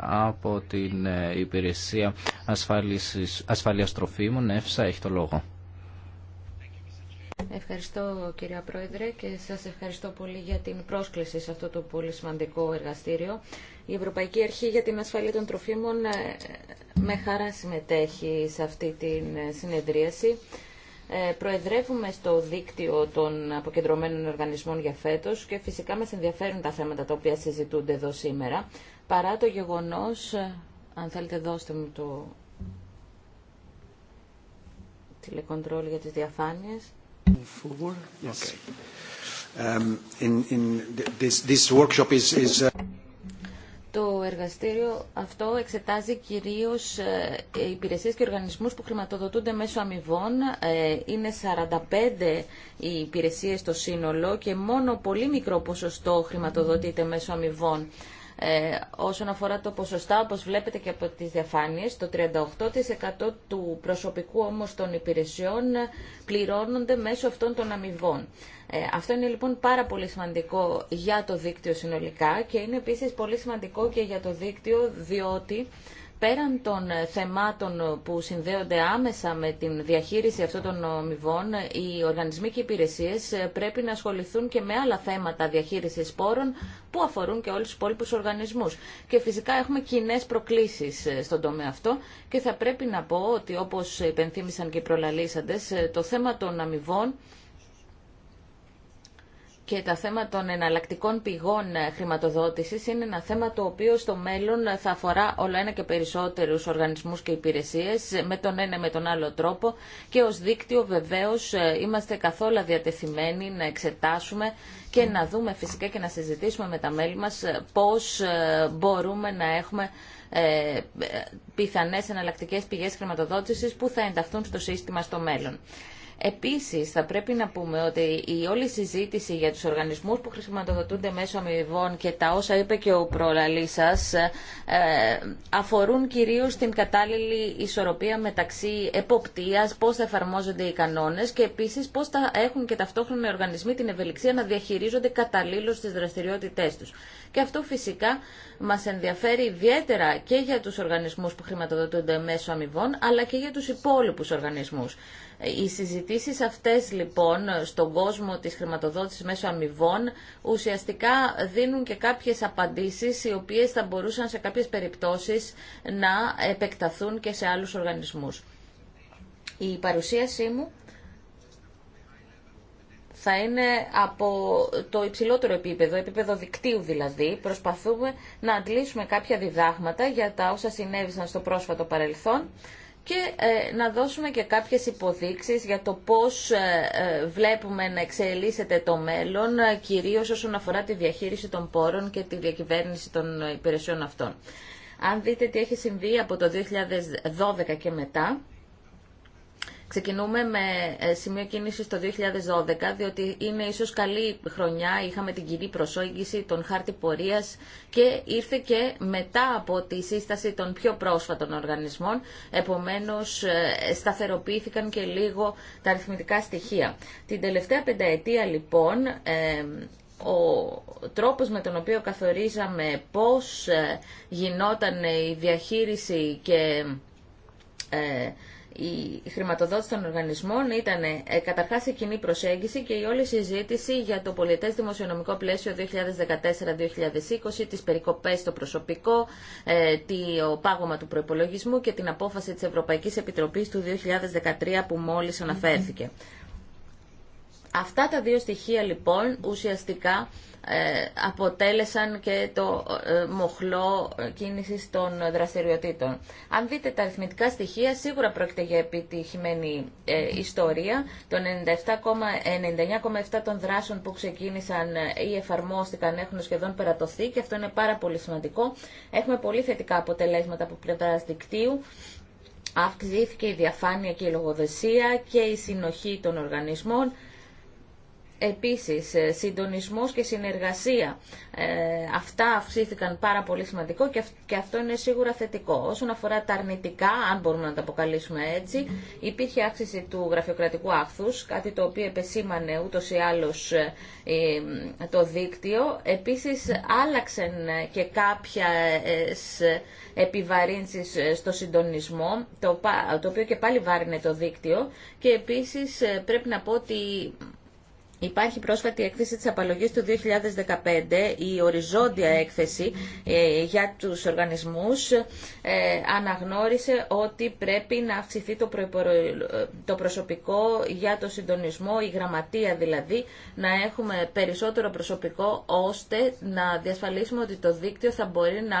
από την Υπηρεσία Ασφάλειας Τροφίμων. ΕΦΣΑ, έχει το λόγο. Ευχαριστώ κυρία Πρόεδρε και σας ευχαριστώ πολύ για την πρόσκληση σε αυτό το πολύ σημαντικό εργαστήριο. Η Ευρωπαϊκή Αρχή για την Ασφάλεια των Τροφίμων ε, με χαρά συμμετέχει σε αυτή την ε, συνεδρίαση. Ε, προεδρεύουμε στο δίκτυο των αποκεντρωμένων οργανισμών για φέτος και φυσικά μας ενδιαφέρουν τα θέματα τα οποία συζητούνται εδώ σήμερα. Παρά το γεγονός, αν θέλετε δώστε μου το τηλεκοντρόλ για τις διαφάνειες. Um, this workshop uh, Το εργαστήριο αυτό εξετάζει κυρίως ε, υπηρεσίες και οργανισμούς που χρηματοδοτούνται μέσω αμοιβών. Ε, είναι 45 οι υπηρεσίες στο σύνολο και μόνο πολύ μικρό ποσοστό χρηματοδοτείται μέσω αμοιβών. Ε, όσον αφορά το ποσοστά, όπως βλέπετε και από τις διαφάνειες, το 38% του προσωπικού όμως των υπηρεσιών πληρώνονται μέσω αυτών των αμοιβών. Ε, αυτό είναι λοιπόν πάρα πολύ σημαντικό για το δίκτυο συνολικά και είναι επίσης πολύ σημαντικό και για το δίκτυο διότι πέραν των θεμάτων που συνδέονται άμεσα με την διαχείριση αυτών των αμοιβών, οι οργανισμοί και οι υπηρεσίες πρέπει να ασχοληθούν και με άλλα θέματα διαχείρισης σπόρων που αφορούν και όλους τους υπόλοιπου οργανισμούς. Και φυσικά έχουμε κοινέ προκλήσεις στον τομέα αυτό και θα πρέπει να πω ότι όπως υπενθύμησαν και οι προλαλήσαντε, το θέμα των αμοιβών και τα θέματα των εναλλακτικών πηγών ε, χρηματοδότησης είναι ένα θέμα το οποίο στο μέλλον ε, θα αφορά όλο ένα και περισσότερους οργανισμούς και υπηρεσίες ε, με τον ένα με τον άλλο τρόπο και ω δίκτυο βεβαίω είμαστε καθόλου διατεθειμένοι να εξετάσουμε και να δούμε φυσικά και να συζητήσουμε με τα μέλη μας πώς μπορούμε να έχουμε πιθανές εναλλακτικές πηγές χρηματοδότησης που θα ενταχθούν στο σύστημα στο μέλλον. Επίσης, θα πρέπει να πούμε ότι η όλη συζήτηση για τους οργανισμούς που χρηματοδοτούνται μέσω αμοιβών και τα όσα είπε και ο προλαλής σας ε, αφορούν κυρίως την κατάλληλη ισορροπία μεταξύ εποπτείας, πώς θα εφαρμόζονται οι κανόνες και επίσης πώς θα έχουν και ταυτόχρονα οι οργανισμοί την ευελιξία να διαχειρίζονται καταλήλως τις δραστηριότητές τους. Και αυτό φυσικά μας ενδιαφέρει ιδιαίτερα και για τους οργανισμούς που χρηματοδοτούνται μέσω αμοιβών, αλλά και για τους υπόλοιπους οργανισμούς. Οι συζητήσεις αυτές λοιπόν στον κόσμο της χρηματοδότησης μέσω αμοιβών ουσιαστικά δίνουν και κάποιες απαντήσεις οι οποίες θα μπορούσαν σε κάποιες περιπτώσεις να επεκταθούν και σε άλλους οργανισμούς. Η παρουσίασή μου θα είναι από το υψηλότερο επίπεδο, επίπεδο δικτύου δηλαδή. Προσπαθούμε να αντλήσουμε κάποια διδάγματα για τα όσα συνέβησαν στο πρόσφατο παρελθόν και ε, να δώσουμε και κάποιες υποδείξεις για το πώς ε, ε, βλέπουμε να εξελίσσεται το μέλλον, κυρίως όσον αφορά τη διαχείριση των πόρων και τη διακυβέρνηση των υπηρεσιών αυτών. Αν δείτε τι έχει συμβεί από το 2012 και μετά, Ξεκινούμε με ε, σημείο κίνηση το 2012, διότι είναι ίσως καλή χρονιά, είχαμε την κοινή προσόγγιση, τον χάρτη πορείας και ήρθε και μετά από τη σύσταση των πιο πρόσφατων οργανισμών, επομένως ε, σταθεροποιήθηκαν και λίγο τα αριθμητικά στοιχεία. Την τελευταία πενταετία λοιπόν, ε, ο τρόπος με τον οποίο καθορίζαμε πώς γινόταν η διαχείριση και η χρηματοδότηση των οργανισμών ήταν ε, καταρχά η κοινή προσέγγιση και η όλη συζήτηση για το πολιτές δημοσιονομικό πλαίσιο 2014-2020, τις περικοπές στο προσωπικό, ε, το πάγωμα του προπολογισμού και την απόφαση της Ευρωπαϊκής Επιτροπής του 2013 που μόλις αναφέρθηκε. Mm-hmm. Αυτά τα δύο στοιχεία λοιπόν ουσιαστικά ε, αποτέλεσαν και το ε, μοχλό κίνησης των δραστηριοτήτων. Αν δείτε τα αριθμητικά στοιχεία, σίγουρα πρόκειται για επιτυχημένη ε, ιστορία. Το 99,7% των δράσεων που ξεκίνησαν ή εφαρμόστηκαν έχουν σχεδόν περατωθεί και αυτό είναι πάρα πολύ σημαντικό. Έχουμε πολύ θετικά αποτελέσματα από πλευρά δικτύου. Αυξήθηκε η διαφάνεια και η λογοδεσία και η συνοχή των οργανισμών. Επίσης, ε, συντονισμός και συνεργασία. Ε, αυτά αυξήθηκαν πάρα πολύ σημαντικό και, αυτό είναι σίγουρα θετικό. Όσον αφορά τα αρνητικά, αν μπορούμε να τα αποκαλύψουμε έτσι, υπήρχε αύξηση του γραφειοκρατικού άχθους, κάτι το οποίο επεσήμανε ούτως ή άλλως ε, το δίκτυο. Επίσης, άλλαξαν και κάποιες επιβαρύνσεις στο συντονισμό, το, το οποίο και πάλι βάρινε το δίκτυο. Και επίσης, πρέπει να πω ότι Υπάρχει πρόσφατη έκθεση της απαλλογής του 2015, η οριζόντια έκθεση ε, για τους οργανισμούς ε, αναγνώρισε ότι πρέπει να αυξηθεί το, το προσωπικό για το συντονισμό, η γραμματεία δηλαδή, να έχουμε περισσότερο προσωπικό ώστε να διασφαλίσουμε ότι το δίκτυο θα μπορεί να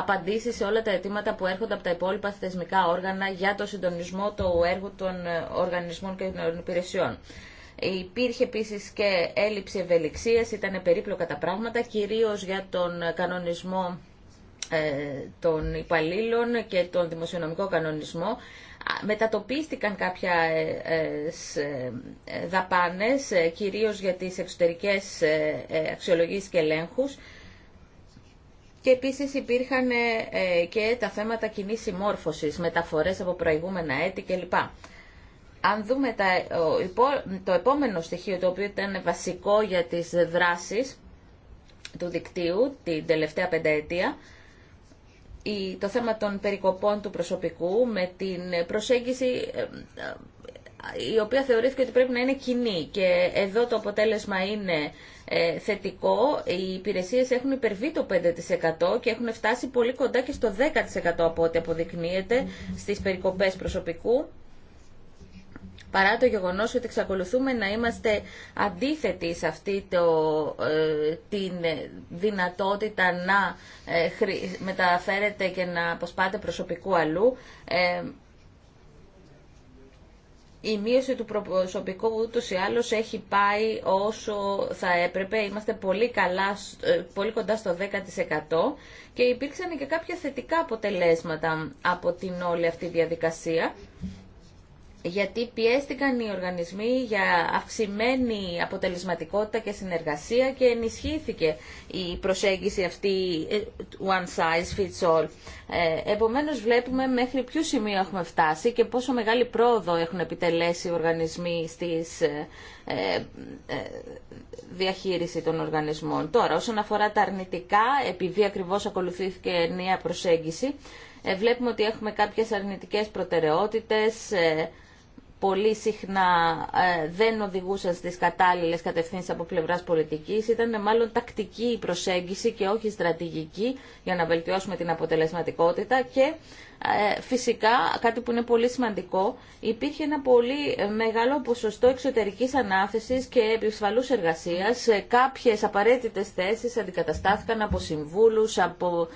απαντήσει σε όλα τα αιτήματα που έρχονται από τα υπόλοιπα θεσμικά όργανα για το συντονισμό του έργου των ε, οργανισμών και των υπηρεσιών. Υπήρχε επίση και έλλειψη ευελιξία, ήταν περίπλοκα τα πράγματα, κυρίως για τον κανονισμό ε, των υπαλλήλων και τον δημοσιονομικό κανονισμό. Μετατοπίστηκαν κάποια ε, ε, δαπάνες, κυρίως για τις εξωτερικές αξιολογίες και ελέγχους. Και επίσης υπήρχαν και τα θέματα κοινή συμμόρφωσης, μεταφορές από προηγούμενα έτη κλπ. Αν δούμε το επόμενο στοιχείο, το οποίο ήταν βασικό για τις δράσεις του δικτύου την τελευταία πενταετία, το θέμα των περικοπών του προσωπικού με την προσέγγιση ε, ε, η οποία θεωρήθηκε ότι πρέπει να είναι κοινή και εδώ το αποτέλεσμα είναι ε, θετικό. Οι υπηρεσίες έχουν υπερβεί το 5% και έχουν φτάσει πολύ κοντά και στο 10% από ό,τι αποδεικνύεται στις περικοπές προσωπικού παρά το γεγονός ότι εξακολουθούμε να είμαστε αντίθετοι σε αυτή το, ε, την δυνατότητα να ε, μεταφέρετε και να αποσπάτε προσωπικού αλλού. Ε, η μείωση του προσωπικού ούτως ή άλλως έχει πάει όσο θα έπρεπε. Είμαστε πολύ, καλά, πολύ κοντά στο 10% και υπήρξαν και κάποια θετικά αποτελέσματα από την όλη αυτή διαδικασία γιατί πιέστηκαν οι οργανισμοί για αυξημένη αποτελεσματικότητα και συνεργασία και ενισχύθηκε η προσέγγιση αυτή ε, one size fits all. Ε, επομένως βλέπουμε μέχρι ποιο σημείο έχουμε φτάσει και πόσο μεγάλη πρόοδο έχουν επιτελέσει οι οργανισμοί στη ε, διαχείριση των οργανισμών. Τώρα, όσον αφορά τα αρνητικά, επειδή ακριβώς ακολουθήθηκε νέα προσέγγιση, βλέπουμε ότι έχουμε κάποιες αρνητικές προτεραιότητες, πολύ συχνά ε, δεν οδηγούσαν στις κατάλληλες κατευθύνσεις από πλευράς πολιτικής. Ήταν μάλλον τακτική η προσέγγιση και όχι στρατηγική για να βελτιώσουμε την αποτελεσματικότητα και ε, φυσικά κάτι που είναι πολύ σημαντικό υπήρχε ένα πολύ μεγάλο ποσοστό εξωτερικής ανάθεσης και επισφαλούς εργασίας. Ε, κάποιες απαραίτητες θέσεις αντικαταστάθηκαν από συμβούλους, από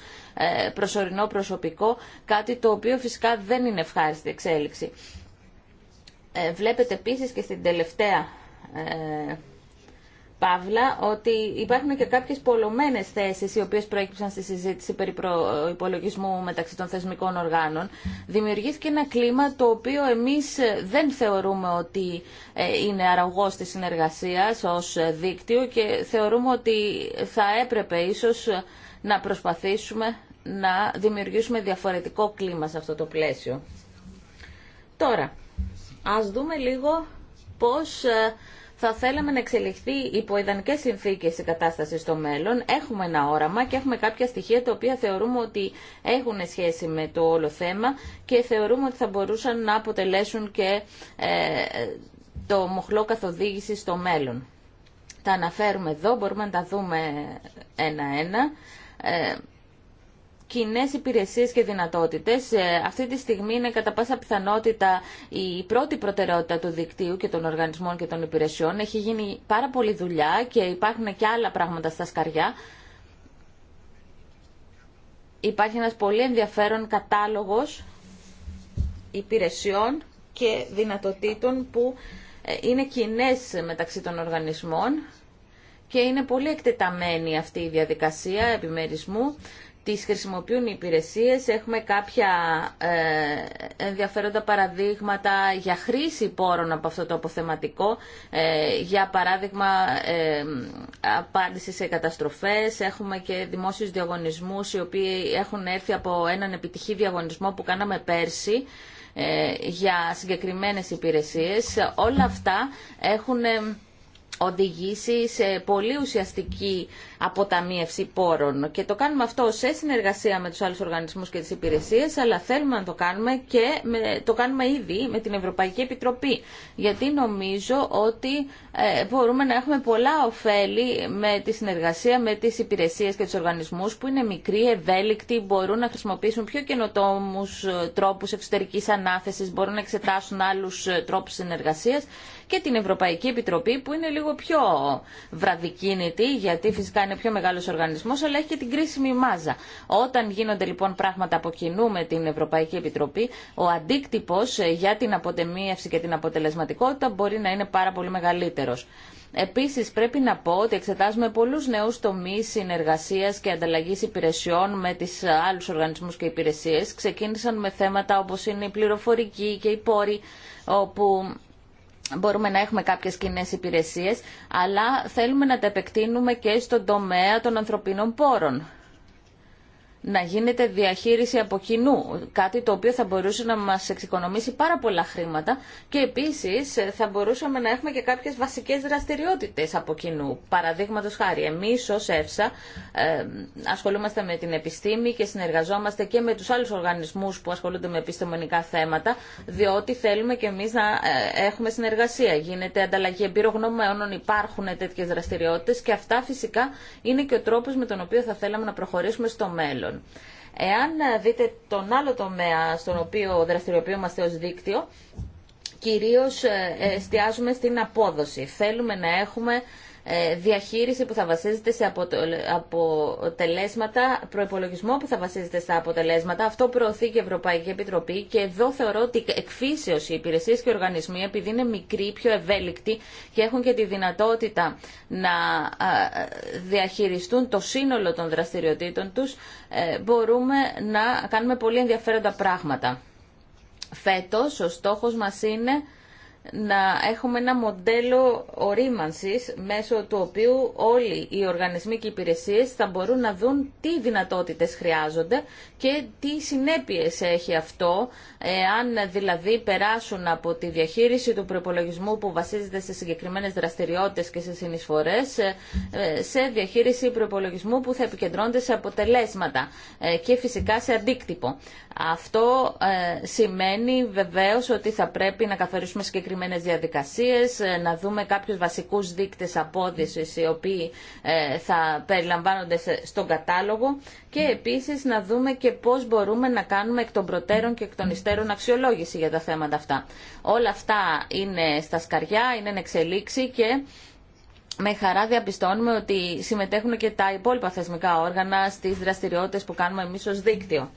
προσωρινό προσωπικό, κάτι το οποίο φυσικά δεν είναι ευχάριστη εξέλιξη. Ε, βλέπετε επίσης και στην τελευταία ε, παύλα ότι υπάρχουν και κάποιες πολλωμένες θέσεις οι οποίες προέκυψαν στη συζήτηση περί υπολογισμού μεταξύ των θεσμικών οργάνων. Δημιουργήθηκε ένα κλίμα το οποίο εμείς δεν θεωρούμε ότι ε, είναι αραγός της συνεργασίας ως δίκτυο και θεωρούμε ότι θα έπρεπε ίσως να προσπαθήσουμε να δημιουργήσουμε διαφορετικό κλίμα σε αυτό το πλαίσιο. Τώρα, Ας δούμε λίγο πώς ε, θα θέλαμε να εξελιχθεί υπό ιδανικές συνθήκες η κατάσταση στο μέλλον. Έχουμε ένα όραμα και έχουμε κάποια στοιχεία τα οποία θεωρούμε ότι έχουν σχέση με το όλο θέμα και θεωρούμε ότι θα μπορούσαν να αποτελέσουν και ε, το μοχλό καθοδήγηση στο μέλλον. Τα αναφέρουμε εδώ, μπορούμε να τα δούμε ένα-ένα. Ε, κοινέ υπηρεσίε και δυνατότητες. Ε, αυτή τη στιγμή είναι κατά πάσα πιθανότητα η πρώτη προτεραιότητα του δικτύου και των οργανισμών και των υπηρεσιών. Έχει γίνει πάρα πολλή δουλειά και υπάρχουν και άλλα πράγματα στα σκαριά. Υπάρχει ένα πολύ ενδιαφέρον κατάλογος υπηρεσιών και δυνατοτήτων που ε, είναι κοινέ μεταξύ των οργανισμών και είναι πολύ εκτεταμένη αυτή η διαδικασία επιμερισμού τις χρησιμοποιούν οι υπηρεσίες. Έχουμε κάποια ε, ενδιαφέροντα παραδείγματα για χρήση πόρων από αυτό το αποθεματικό. Ε, για παράδειγμα, ε, απάντηση σε καταστροφές. Έχουμε και δημόσιους διαγωνισμούς οι οποίοι έχουν έρθει από έναν επιτυχή διαγωνισμό που κάναμε πέρσι για συγκεκριμένες υπηρεσίες. Όλα αυτά έχουν οδηγήσει σε πολύ ουσιαστική αποταμίευση πόρων. Και το κάνουμε αυτό σε συνεργασία με τους άλλους οργανισμούς και τις υπηρεσίες, αλλά θέλουμε να το κάνουμε και το κάνουμε ήδη με την Ευρωπαϊκή Επιτροπή. Γιατί νομίζω ότι ε, μπορούμε να έχουμε πολλά ωφέλη με τη συνεργασία με τις υπηρεσίες και τους οργανισμούς που είναι μικροί, ευέλικτοι, μπορούν να χρησιμοποιήσουν πιο καινοτόμους ε, τρόπους εξωτερικής ανάθεσης, μπορούν να εξετάσουν άλλους ε, τρόπους συνεργασίας και την Ευρωπαϊκή Επιτροπή που είναι λίγο πιο βραδικίνητη γιατί φυσικά είναι πιο μεγάλος οργανισμός αλλά έχει και την κρίσιμη μάζα. Όταν γίνονται λοιπόν πράγματα από κοινού με την Ευρωπαϊκή Επιτροπή ο αντίκτυπος ε, για την αποτεμίευση και την αποτελεσματικότητα μπορεί να είναι πάρα πολύ μεγαλύτερος. Επίση πρέπει να πω ότι εξετάζουμε πολλού νέου τομεί συνεργασία και ανταλλαγή υπηρεσιών με του άλλου οργανισμού και υπηρεσίε, Ξεκίνησαν με θέματα όπω είναι η πληροφορική και οι πόροι όπου μπορούμε να έχουμε κάποιες κοινέ υπηρεσίες, αλλά θέλουμε να τα επεκτείνουμε και στον τομέα των ανθρωπίνων πόρων να γίνεται διαχείριση από κοινού, κάτι το οποίο θα μπορούσε να μας εξοικονομήσει πάρα πολλά χρήματα και επίσης θα μπορούσαμε να έχουμε και κάποιες βασικές δραστηριότητες από κοινού. Παραδείγματο χάρη, εμείς ως ΕΦΣΑ ασχολούμαστε με την επιστήμη και συνεργαζόμαστε και με τους άλλους οργανισμούς που ασχολούνται με επιστημονικά θέματα, διότι θέλουμε και εμείς να ε, έχουμε συνεργασία. Γίνεται ανταλλαγή εμπειρογνωμένων, υπάρχουν τέτοιες δραστηριότητες και αυτά φυσικά είναι και ο τρόπος με τον οποίο θα θέλαμε να προχωρήσουμε στο μέλλον. Εάν ε, δείτε τον άλλο τομέα στον οποίο δραστηριοποιούμαστε ως δίκτυο, κυρίως ε, εστιάζουμε στην απόδοση. Θέλουμε να έχουμε ε, διαχείριση που θα βασίζεται σε αποτελέσματα, προπολογισμό που θα βασίζεται στα αποτελέσματα. Αυτό προωθεί και η Ευρωπαϊκή Επιτροπή και εδώ θεωρώ ότι εκφύσεω οι υπηρεσίε και οι οργανισμοί, επειδή είναι μικροί, πιο ευέλικτοι και έχουν και τη δυνατότητα να ε, διαχειριστούν το σύνολο των δραστηριοτήτων τους, ε, μπορούμε να κάνουμε πολύ ενδιαφέροντα πράγματα. Φέτος ο στόχος μας είναι να έχουμε ένα μοντέλο ορίμανσης μέσω του οποίου όλοι οι οργανισμοί και οι υπηρεσίες θα μπορούν να δουν τι δυνατότητες χρειάζονται και τι συνέπειες έχει αυτό, αν δηλαδή περάσουν από τη διαχείριση του προπολογισμού που βασίζεται σε συγκεκριμένες δραστηριότητες και σε συνεισφορές, ε, σε διαχείριση προπολογισμού που θα επικεντρώνεται σε αποτελέσματα ε, και φυσικά σε αντίκτυπο. Αυτό ε, σημαίνει βεβαίως ότι θα πρέπει να καθορίσουμε συγκεκριμένες διαδικασίες, να δούμε κάποιους βασικούς δείκτες απόδυσης οι οποίοι θα περιλαμβάνονται στον κατάλογο και επίσης να δούμε και πώς μπορούμε να κάνουμε εκ των προτέρων και εκ των υστέρων αξιολόγηση για τα θέματα αυτά. Όλα αυτά είναι στα σκαριά, είναι εν εξελίξη και με χαρά διαπιστώνουμε ότι συμμετέχουν και τα υπόλοιπα θεσμικά όργανα στις δραστηριότητες που κάνουμε εμείς ως δίκτυο.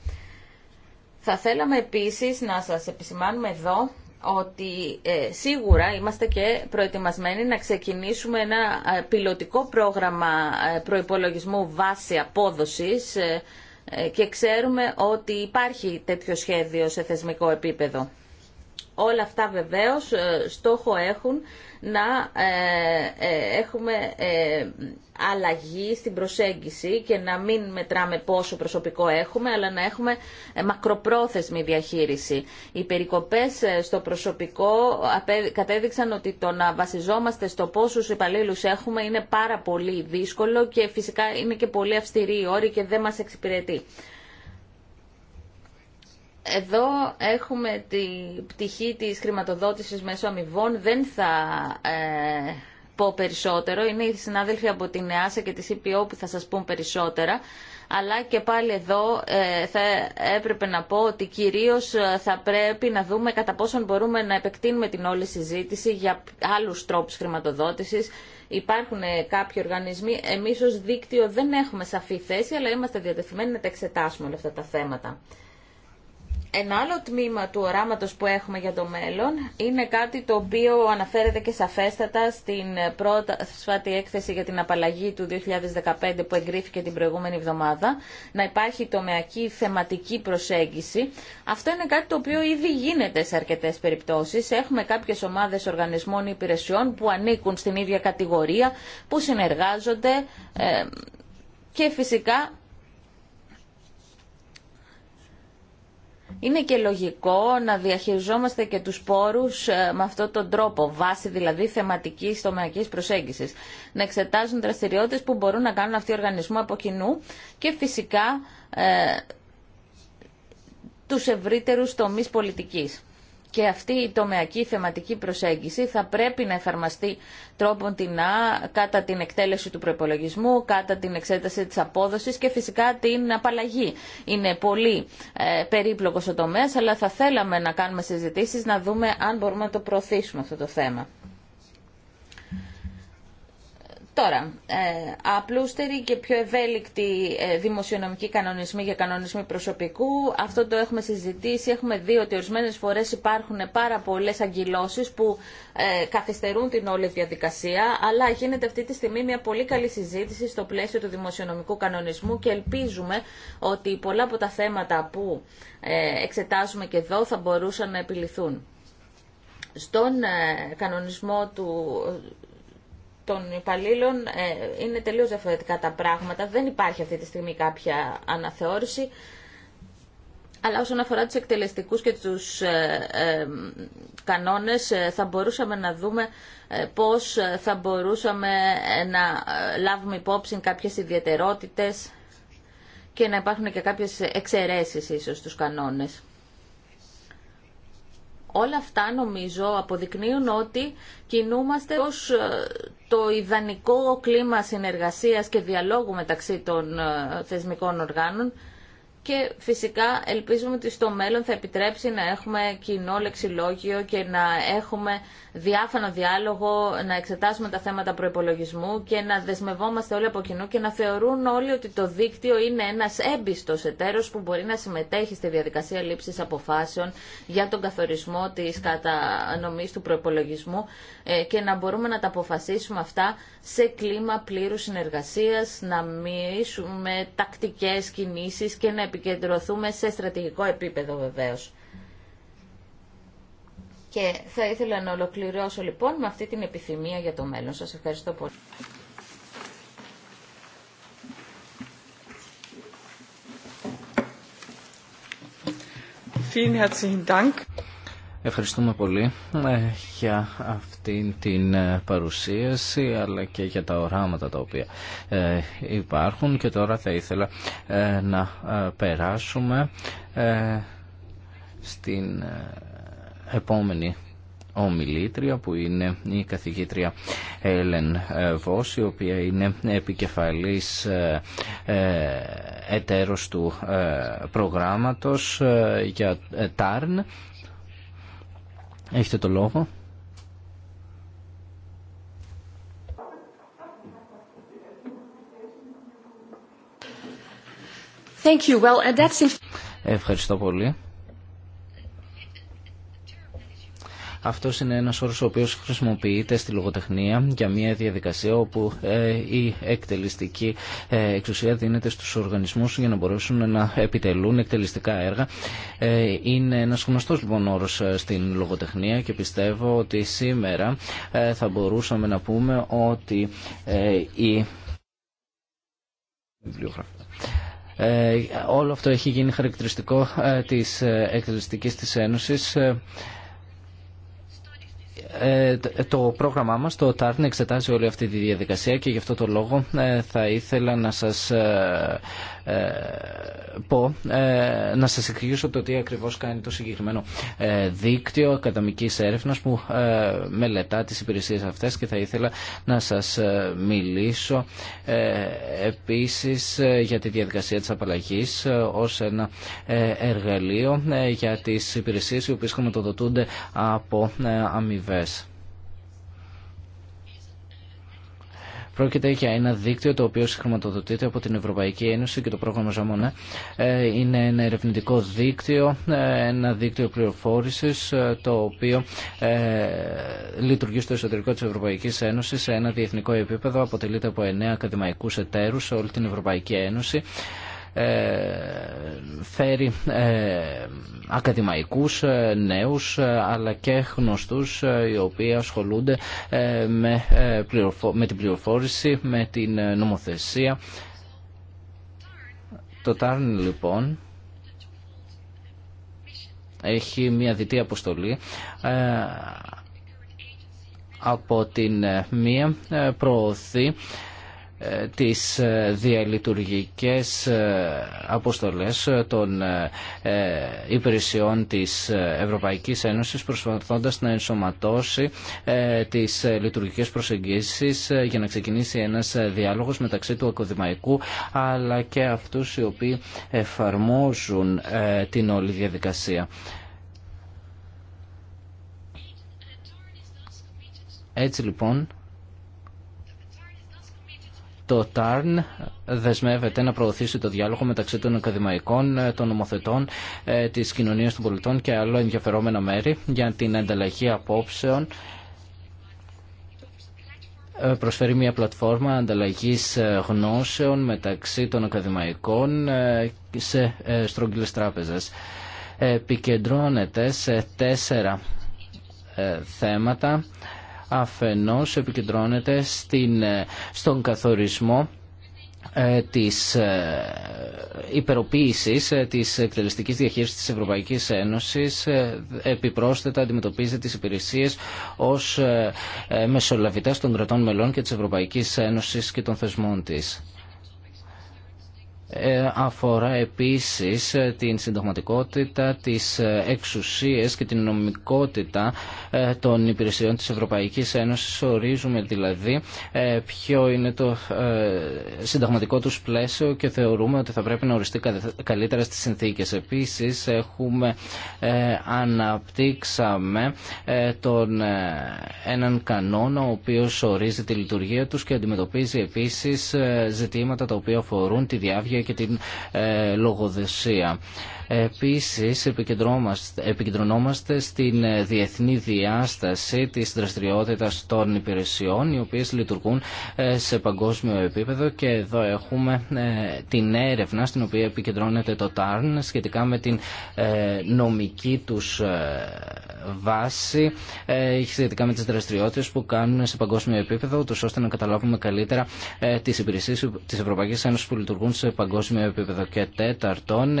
Θα θέλαμε επίσης να σας επισημάνουμε εδώ ότι ε, σίγουρα είμαστε και προετοιμασμένοι να ξεκινήσουμε ένα ε, πιλωτικό πρόγραμμα ε, προϋπολογισμού βάση απόδοσης ε, και ξέρουμε ότι υπάρχει τέτοιο σχέδιο σε θεσμικό επίπεδο. Όλα αυτά βεβαίως ε, στόχο έχουν να ε, ε, έχουμε αλλαγή στην προσέγγιση και να μην μετράμε πόσο προσωπικό έχουμε, αλλά να έχουμε μακροπρόθεσμη διαχείριση. Οι περικοπές στο προσωπικό κατέδειξαν ότι το να βασιζόμαστε στο πόσους υπαλλήλου έχουμε είναι πάρα πολύ δύσκολο και φυσικά είναι και πολύ αυστηρή η όρη και δεν μας εξυπηρετεί. Εδώ έχουμε την πτυχή της χρηματοδότησης μέσω αμοιβών. Δεν θα ε, πω περισσότερο. Είναι οι συνάδελφοι από την ΕΑΣΑ και τη ΣΥΠΙΟ που θα σας πούν περισσότερα. Αλλά και πάλι εδώ ε, θα έπρεπε να πω ότι κυρίως ε, θα πρέπει να δούμε κατά πόσον μπορούμε να επεκτείνουμε την όλη συζήτηση για άλλους τρόπους χρηματοδότησης. Υπάρχουν ε, κάποιοι οργανισμοί. Εμείς ως δίκτυο δεν έχουμε σαφή θέση, αλλά είμαστε διατεθειμένοι να τα εξετάσουμε όλα αυτά τα θέματα. Ένα άλλο τμήμα του οράματος που έχουμε για το μέλλον είναι κάτι το οποίο αναφέρεται και σαφέστατα στην πρώτη έκθεση για την απαλλαγή του 2015 που εγκρίθηκε την προηγούμενη εβδομάδα, να υπάρχει τομεακή θεματική προσέγγιση. Αυτό είναι κάτι το οποίο ήδη γίνεται σε αρκετές περιπτώσεις. Έχουμε κάποιες ομάδες οργανισμών υπηρεσιών που ανήκουν στην ίδια κατηγορία, που συνεργάζονται ε, και φυσικά Είναι και λογικό να διαχειριζόμαστε και τους πόρους ε, με αυτόν τον τρόπο, βάση δηλαδή θεματικής τομεακής προσέγγισης. Να εξετάζουν δραστηριότητες που μπορούν να κάνουν αυτοί οι οργανισμοί από κοινού και φυσικά ε, τους ευρύτερους τομείς πολιτικής και αυτή η τομεακή θεματική προσέγγιση θα πρέπει να εφαρμαστεί τρόπον την Α, κατά την εκτέλεση του προπολογισμού, κατά την εξέταση της απόδοσης και φυσικά την απαλλαγή. Είναι πολύ ε, περίπλοκος ο τομέας, αλλά θα θέλαμε να κάνουμε συζητήσεις, να δούμε αν μπορούμε να το προωθήσουμε αυτό το θέμα. Τώρα, ε, απλούστεροι και πιο ευέλικτοι ε, δημοσιονομικοί κανονισμοί για κανονισμοί προσωπικού. Αυτό το έχουμε συζητήσει. Έχουμε δει ότι ορισμένες φορές υπάρχουν πάρα πολλές αγκυλώσεις που ε, καθυστερούν την όλη διαδικασία, αλλά γίνεται αυτή τη στιγμή μια πολύ καλή συζήτηση στο πλαίσιο του δημοσιονομικού κανονισμού και ελπίζουμε ότι πολλά από τα θέματα που εξετάζουμε και εδώ θα μπορούσαν να επιληθούν. Στον κανονισμό του των υπαλλήλων ε, είναι τελείως διαφορετικά τα πράγματα. Δεν υπάρχει αυτή τη στιγμή κάποια αναθεώρηση. Αλλά όσον αφορά τους εκτελεστικούς και τους ε, ε κανόνες, ε, θα μπορούσαμε να δούμε πώς θα μπορούσαμε να λάβουμε υπόψη κάποιες ιδιαιτερότητες και να υπάρχουν και κάποιες εξαιρέσεις ίσως στους κανόνες. Όλα αυτά νομίζω αποδεικνύουν ότι κινούμαστε ως ε, το ιδανικό κλίμα συνεργασίας και διαλόγου μεταξύ των ε, θεσμικών οργάνων και φυσικά ελπίζουμε ότι στο μέλλον θα επιτρέψει να έχουμε κοινό λεξιλόγιο και να έχουμε διάφανο διάλογο, να εξετάσουμε τα θέματα προπολογισμού και να δεσμευόμαστε όλοι από κοινού και να θεωρούν όλοι ότι το δίκτυο είναι ένα έμπιστο εταίρος που μπορεί να συμμετέχει στη διαδικασία λήψη αποφάσεων για τον καθορισμό τη κατανομή του προπολογισμού ε, και να μπορούμε να τα αποφασίσουμε αυτά σε κλίμα πλήρου συνεργασία, να μοιήσουμε τακτικέ κινήσει και να επικεντρωθούμε σε στρατηγικό επίπεδο βεβαίως. Και θα ήθελα να ολοκληρώσω λοιπόν με αυτή την επιθυμία για το μέλλον. Σας ευχαριστώ πολύ. Vielen herzlichen Dank. Ευχαριστούμε πολύ ε, για αυτήν την ε, παρουσίαση αλλά και για τα οράματα τα οποία ε, υπάρχουν και τώρα θα ήθελα να περάσουμε στην επόμενη ομιλήτρια που είναι η καθηγήτρια Έλεν Βος η οποία είναι επικεφαλής εταίρος του προγράμματος για ΤΑΡΝ Έχετε το λόγο. Thank you. Well, that's... Ευχαριστώ πολύ. Αυτό είναι ένα όρο ο οποίο χρησιμοποιείται στη λογοτεχνία για μια διαδικασία όπου ε, η εκτελιστική ε, εξουσία δίνεται στου οργανισμού για να μπορέσουν να επιτελούν εκτελιστικά έργα. Ε, είναι ένα γνωστό λοιπόν όρο στην λογοτεχνία και πιστεύω ότι σήμερα θα μπορούσαμε να πούμε ότι η όλο αυτό έχει γίνει χαρακτηριστικό ε, της ε, εκτελεστικής της Ένωσης ε, το πρόγραμμά μας, το TARN, εξετάζει όλη αυτή τη διαδικασία και γι' αυτό το λόγο ε, θα ήθελα να σας ε, ε, πω, ε, να σας εξηγήσω το τι ακριβώς κάνει το συγκεκριμένο ε, δίκτυο ακαδημικής έρευνας που μελετά τις υπηρεσίες αυτές και θα ήθελα να σας μιλήσω επίσης για τη διαδικασία της απαλλαγής ως ένα εργαλείο για τις υπηρεσίες οι οποίες χρηματοδοτούνται από αμοιβέ. Πρόκειται για ένα δίκτυο το οποίο συγχρηματοδοτείται από την Ευρωπαϊκή Ένωση και το πρόγραμμα Ζαμονέ ε, Είναι ένα ερευνητικό δίκτυο, ε, ένα δίκτυο πληροφόρηση ε, το οποίο λειτουργεί στο εσωτερικό τη Ευρωπαϊκή Ένωση σε ένα διεθνικό επίπεδο. Αποτελείται από εννέα ακαδημαϊκού εταίρου σε όλη την Ευρωπαϊκή Ένωση. Ε, φέρει ε, ακαδημαϊκούς ε, νέους αλλά και γνωστούς οι οποίοι ασχολούνται με, με την πληροφόρηση, με την νομοθεσία. Το Τάρν λοιπόν έχει μια διτή αποστολή από την μία προωθεί ε, τις ε, διαλειτουργικές ε, αποστολές των υπηρεσιών της Ευρωπαϊκής Ένωσης προσπαθώντας να ενσωματώσει τις λειτουργικές προσεγγίσεις για να ξεκινήσει ένας διάλογος μεταξύ του ακοδημαϊκού αλλά και αυτούς οι οποίοι εφαρμόζουν την όλη διαδικασία. Έτσι λοιπόν το ΤΑΡΝ δεσμεύεται να προωθήσει το διάλογο μεταξύ των ακαδημαϊκών, ε, των νομοθετών, ε, τη κοινωνία των πολιτών και άλλων ενδιαφερόμενων μέρη για την ανταλλαγή απόψεων ε, προσφέρει μια πλατφόρμα ανταλλαγής γνώσεων μεταξύ των ακαδημαϊκών σε στρογγυλές τράπεζες. Επικεντρώνεται σε τέσσερα θέματα αφενός επικεντρώνεται στην, στον καθορισμό ε, της ε, υπεροποίησης ε, της εκτελεστικής διαχείρισης της Ευρωπαϊκής Ένωσης επιπρόσθετα αντιμετωπίζει τις υπηρεσίες ως μεσολαβητές των κρατών μελών και της Ευρωπαϊκής Ένωσης και των θεσμών της. Ε, αφορά επίσης την συνταγματικότητα, τις ε, εξουσίες και την νομικότητα ε, των υπηρεσιών της Ευρωπαϊκής Ένωσης. Ορίζουμε δηλαδή ποιο είναι το συνταγματικό τους πλαίσιο και θεωρούμε ότι θα πρέπει να οριστεί καλύτερα στις συνθήκες. Επίσης έχουμε αναπτύξαμε τον, έναν κανόνα ο οποίος ορίζει τη λειτουργία τους και αντιμετωπίζει επίσης ζητήματα τα οποία αφορούν τη διάβγεια και την ε, λογοδεσία. Επίσης επικεντρωνόμαστε στην ε, διεθνή διάσταση της δραστηριότητας των υπηρεσιών οι οποίες λειτουργούν ε, σε παγκόσμιο επίπεδο και εδώ έχουμε ε, την έρευνα στην οποία επικεντρώνεται το ΤΑΡΝ σχετικά με την νομική τους βάση σχετικά με τις δραστηριότητες που κάνουν σε παγκόσμιο επίπεδο τους ώστε να καταλάβουμε καλύτερα τις υπηρεσίες της Ευρωπαϊκής Ένωσης που λειτουργούν σε παγκόσμιο επίπεδο και τέταρτον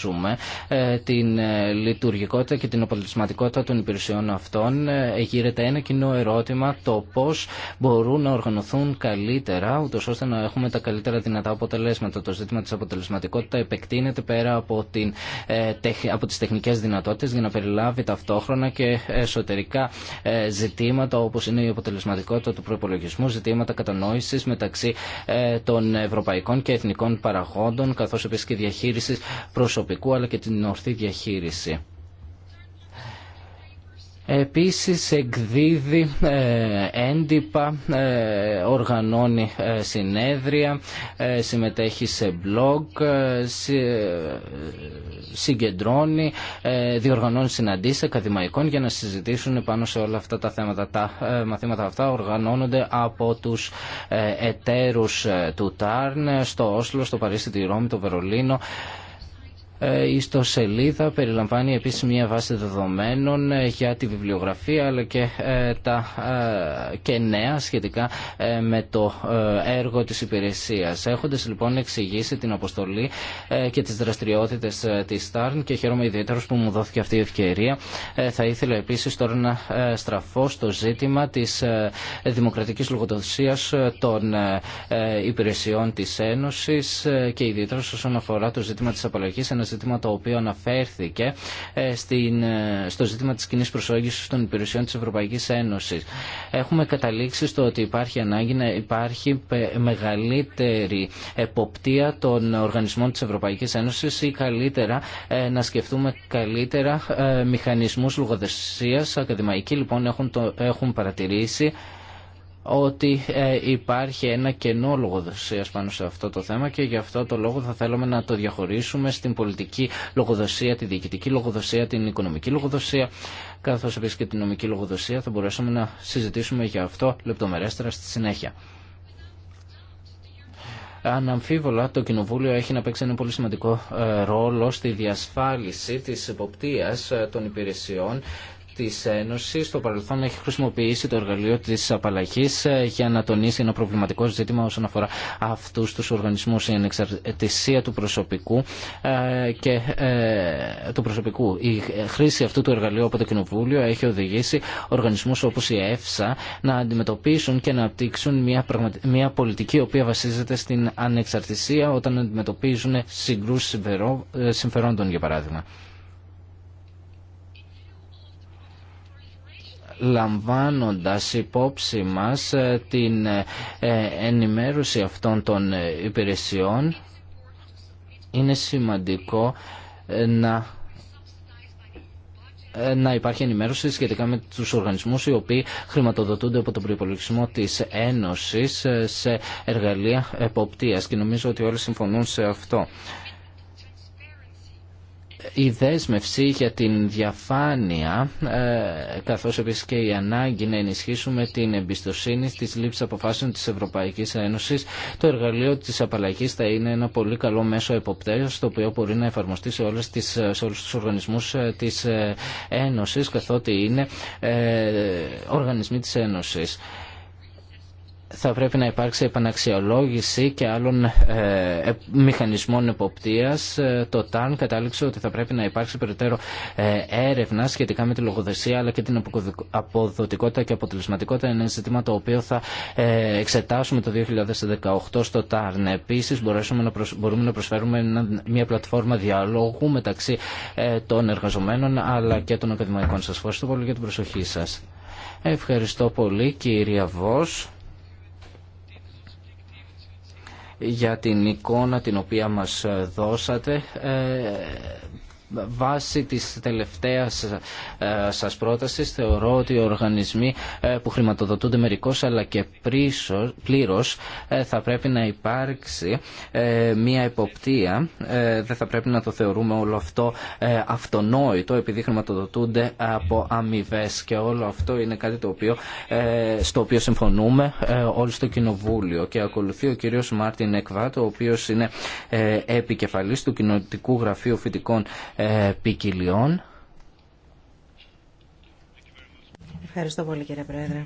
ζούμε, ε, την ε, λειτουργικότητα και την αποτελεσματικότητα των υπηρεσιών αυτών ε, γύρεται ένα κοινό ερώτημα το πώς μπορούν να οργανωθούν καλύτερα ούτως ώστε να έχουμε τα καλύτερα δυνατά αποτελέσματα. Το ζήτημα της αποτελεσματικότητα επεκτείνεται πέρα από, την, από τις τεχνικές δυνατότητες για να περιλάβει ταυτόχρονα και εσωτερικά ζητήματα όπως είναι η αποτελεσματικότητα του προπολογισμού, ζητήματα κατανόησης μεταξύ των ευρωπαϊκών και εθνικών παραγόντων καθώ επίσης και διαχείριση προσωπικών προσωπικού αλλά και την ορθή διαχείριση. Επίσης εκδίδει ε, έντυπα, ε, οργανώνει ε, συνέδρια, συμμετέχει σε blog, συγκεντρώνει, διοργανώνει συναντήσεις ακαδημαϊκών για να συζητήσουν πάνω σε όλα αυτά τα θέματα. Τα μαθήματα αυτά οργανώνονται από τους εταίρους του ΤΑΡΝ στο Όσλο, στο Παρίσι, τη Ρώμη, το Βερολίνο ε, η ιστοσελίδα περιλαμβάνει επίσης μια βάση δεδομένων ε, για τη βιβλιογραφία αλλά και ε, τα και νέα σχετικά με το έργο της υπηρεσίας. Έχοντας λοιπόν εξηγήσει την αποστολή και τις δραστηριότητες της ΣΤΑΡΝ και χαίρομαι ιδιαίτερος που μου δόθηκε αυτή η ευκαιρία. Θα ήθελα επίσης τώρα να στραφώ στο ζήτημα της δημοκρατικής λογοδοσίας των υπηρεσιών της Ένωσης και ιδιαίτερα όσον αφορά το ζήτημα της απαλλαγής ζήτημα το οποίο αναφέρθηκε ε, ε, στο ζήτημα της κοινή προσόγησης των υπηρεσιών της Ευρωπαϊκής Ένωσης. Έχουμε καταλήξει στο ότι υπάρχει ανάγκη να υπάρχει μεγαλύτερη εποπτεία των οργανισμών της Ευρωπαϊκής Ένωσης ή καλύτερα ε, να σκεφτούμε καλύτερα μηχανισμούς λογοδεσίας. Ακαδημαϊκοί λοιπόν έχουν παρατηρήσει ότι ε, υπάρχει ένα κενό λογοδοσία πάνω σε αυτό το θέμα και γι' αυτό το λόγο θα θέλουμε να το διαχωρίσουμε στην πολιτική λογοδοσία, τη διοικητική λογοδοσία, την οικονομική λογοδοσία, καθώ επίση και την νομική λογοδοσία. Θα μπορέσουμε να συζητήσουμε γι' αυτό λεπτομερέστερα στη συνέχεια. Αναμφίβολα το Κοινοβούλιο έχει να παίξει ένα πολύ σημαντικό ε, ρόλο στη διασφάλιση της εποπτείας ε, των υπηρεσιών της Ένωσης στο παρελθόν έχει χρησιμοποιήσει το εργαλείο της απαλλαγής ε, για να τονίσει ένα προβληματικό ζήτημα όσον αφορά αυτούς τους οργανισμούς η ανεξαρτησία του προσωπικού ε, και ε, του προσωπικού. Η χρήση αυτού του εργαλείου από το Κοινοβούλιο έχει οδηγήσει οργανισμούς όπως η ΕΦΣΑ να αντιμετωπίσουν και να απτύξουν μια, πολιτική η οποία βασίζεται στην ανεξαρτησία όταν αντιμετωπίζουν συγκρούσεις συμφερόντων για παράδειγμα. λαμβάνοντας υπόψη μας ε, την ε, ενημέρωση αυτών των ε, υπηρεσιών είναι σημαντικό να να υπάρχει ενημέρωση σχετικά με τους οργανισμούς οι οποίοι χρηματοδοτούνται από τον προϋπολογισμό της Ένωσης σε εργαλεία εποπτείας και νομίζω ότι όλοι συμφωνούν σε αυτό η δέσμευση για την διαφάνεια ε, καθώς επίσης και η ανάγκη να ενισχύσουμε την εμπιστοσύνη στις λήψεις αποφάσεων της Ευρωπαϊκής Ένωσης το εργαλείο της απαλλαγής θα είναι ένα πολύ καλό μέσο εποπτέως το οποίο μπορεί να εφαρμοστεί σε, όλες τις, ε, σε όλους τους οργανισμούς ε, της Ένωσης καθότι είναι οργανισμοί της Ένωσης θα πρέπει να υπάρξει επαναξιολόγηση και άλλων ε, μηχανισμών εποπτείας. Ε, το ΤΑΝ κατάληξε ότι θα πρέπει να υπάρξει περιττέρω ε, έρευνα σχετικά με τη λογοδεσία αλλά και την αποδοτικότητα και αποτελεσματικότητα. Είναι ένα ζήτημα το οποίο θα εξετάσουμε το 2018 στο ΤΑΝ. Επίσης μπορούμε να προσφέρουμε μια πλατφόρμα διαλόγου μεταξύ των εργαζομένων αλλά και των ακαδημαϊκών. Σας ευχαριστώ πολύ για την προσοχή σας. Ευχαριστώ πολύ κυρία Βόσ για την εικόνα την οποία μας δώσατε ε, Βάσει της τελευταίας ε, σας πρότασης θεωρώ ότι οι οργανισμοί ε, που χρηματοδοτούνται μερικώς αλλά και πλήρως ε, θα πρέπει να υπάρξει μια εποπτεία. Δεν θα πρέπει να το θεωρούμε όλο αυτό αυτονόητο επειδή χρηματοδοτούνται από αμοιβέ και όλο αυτό είναι κάτι το οποίο, στο οποίο συμφωνούμε όλοι στο Κοινοβούλιο και ακολουθεί ο κύριος Μάρτιν Εκβάτο ο οποίος είναι επικεφαλής του Κοινοτικού Γραφείου Φοιτικών ποικιλιών. Ευχαριστώ πολύ κύριε Πρόεδρε.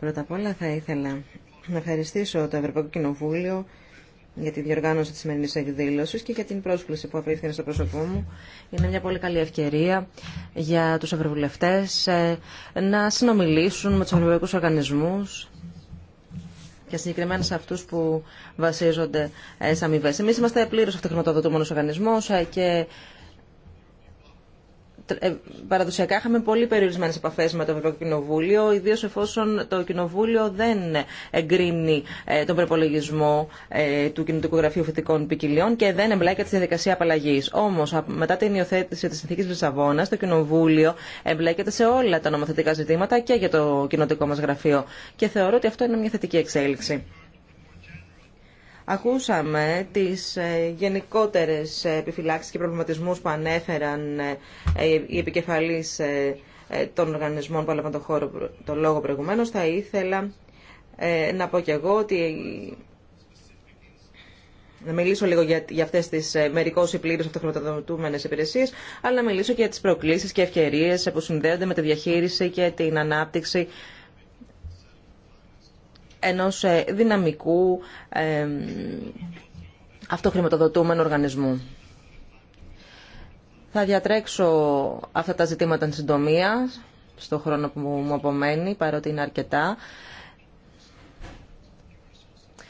Πρώτα απ' όλα θα ήθελα να ευχαριστήσω το Ευρωπαϊκό Κοινοβούλιο για τη διοργάνωση της σημερινή εκδήλωσης και για την πρόσκληση που απευθύνω στο πρόσωπό μου. Είναι μια πολύ καλή ευκαιρία για τους ευρωβουλευτές ε, να συνομιλήσουν με τους ευρωπαϊκούς οργανισμούς και συγκεκριμένα σε αυτούς που βασίζονται ε, σε αμοιβέ. Εμείς είμαστε πλήρως αυτοχρηματοδοτούμενος οργανισμός ε, και ε, παραδοσιακά είχαμε πολύ περιορισμένες επαφές με το Ευρωπαϊκό Κοινοβούλιο, ιδίως εφόσον το Κοινοβούλιο δεν εγκρίνει ε, τον προπολογισμό ε, του Κοινοτικού Γραφείου Φοιτικών Ποικιλιών και δεν εμπλέκεται στη διαδικασία απαλλαγή. Όμως, μετά την υιοθέτηση της συνθήκης Λισαβόνα, το Κοινοβούλιο εμπλέκεται σε όλα τα νομοθετικά ζητήματα και για το κοινοτικό μας γραφείο. Και θεωρώ ότι αυτό είναι μια θετική εξέλιξη. Ακούσαμε τις ε, γενικότερες ε, επιφυλάξεις και προβληματισμούς που ανέφεραν ε, οι επικεφαλής των οργανισμών που έλαβαν τον χώρο, το λόγο προηγουμένως. Θα ήθελα να πω και εγώ ότι να μιλήσω λίγο για, για αυτές τις μερικώς ή πλήρως αυτοχρηματοδοτούμενες υπηρεσίες, αλλά να μιλήσω και για τις προκλήσεις και ευκαιρίες που συνδέονται με τη διαχείριση και την ανάπτυξη ενός ε, δυναμικού ε, αυτοχρηματοδοτούμενου οργανισμού. Θα διατρέξω αυτά τα ζητήματα συντομία, στο χρόνο που μου απομένει, παρότι είναι αρκετά.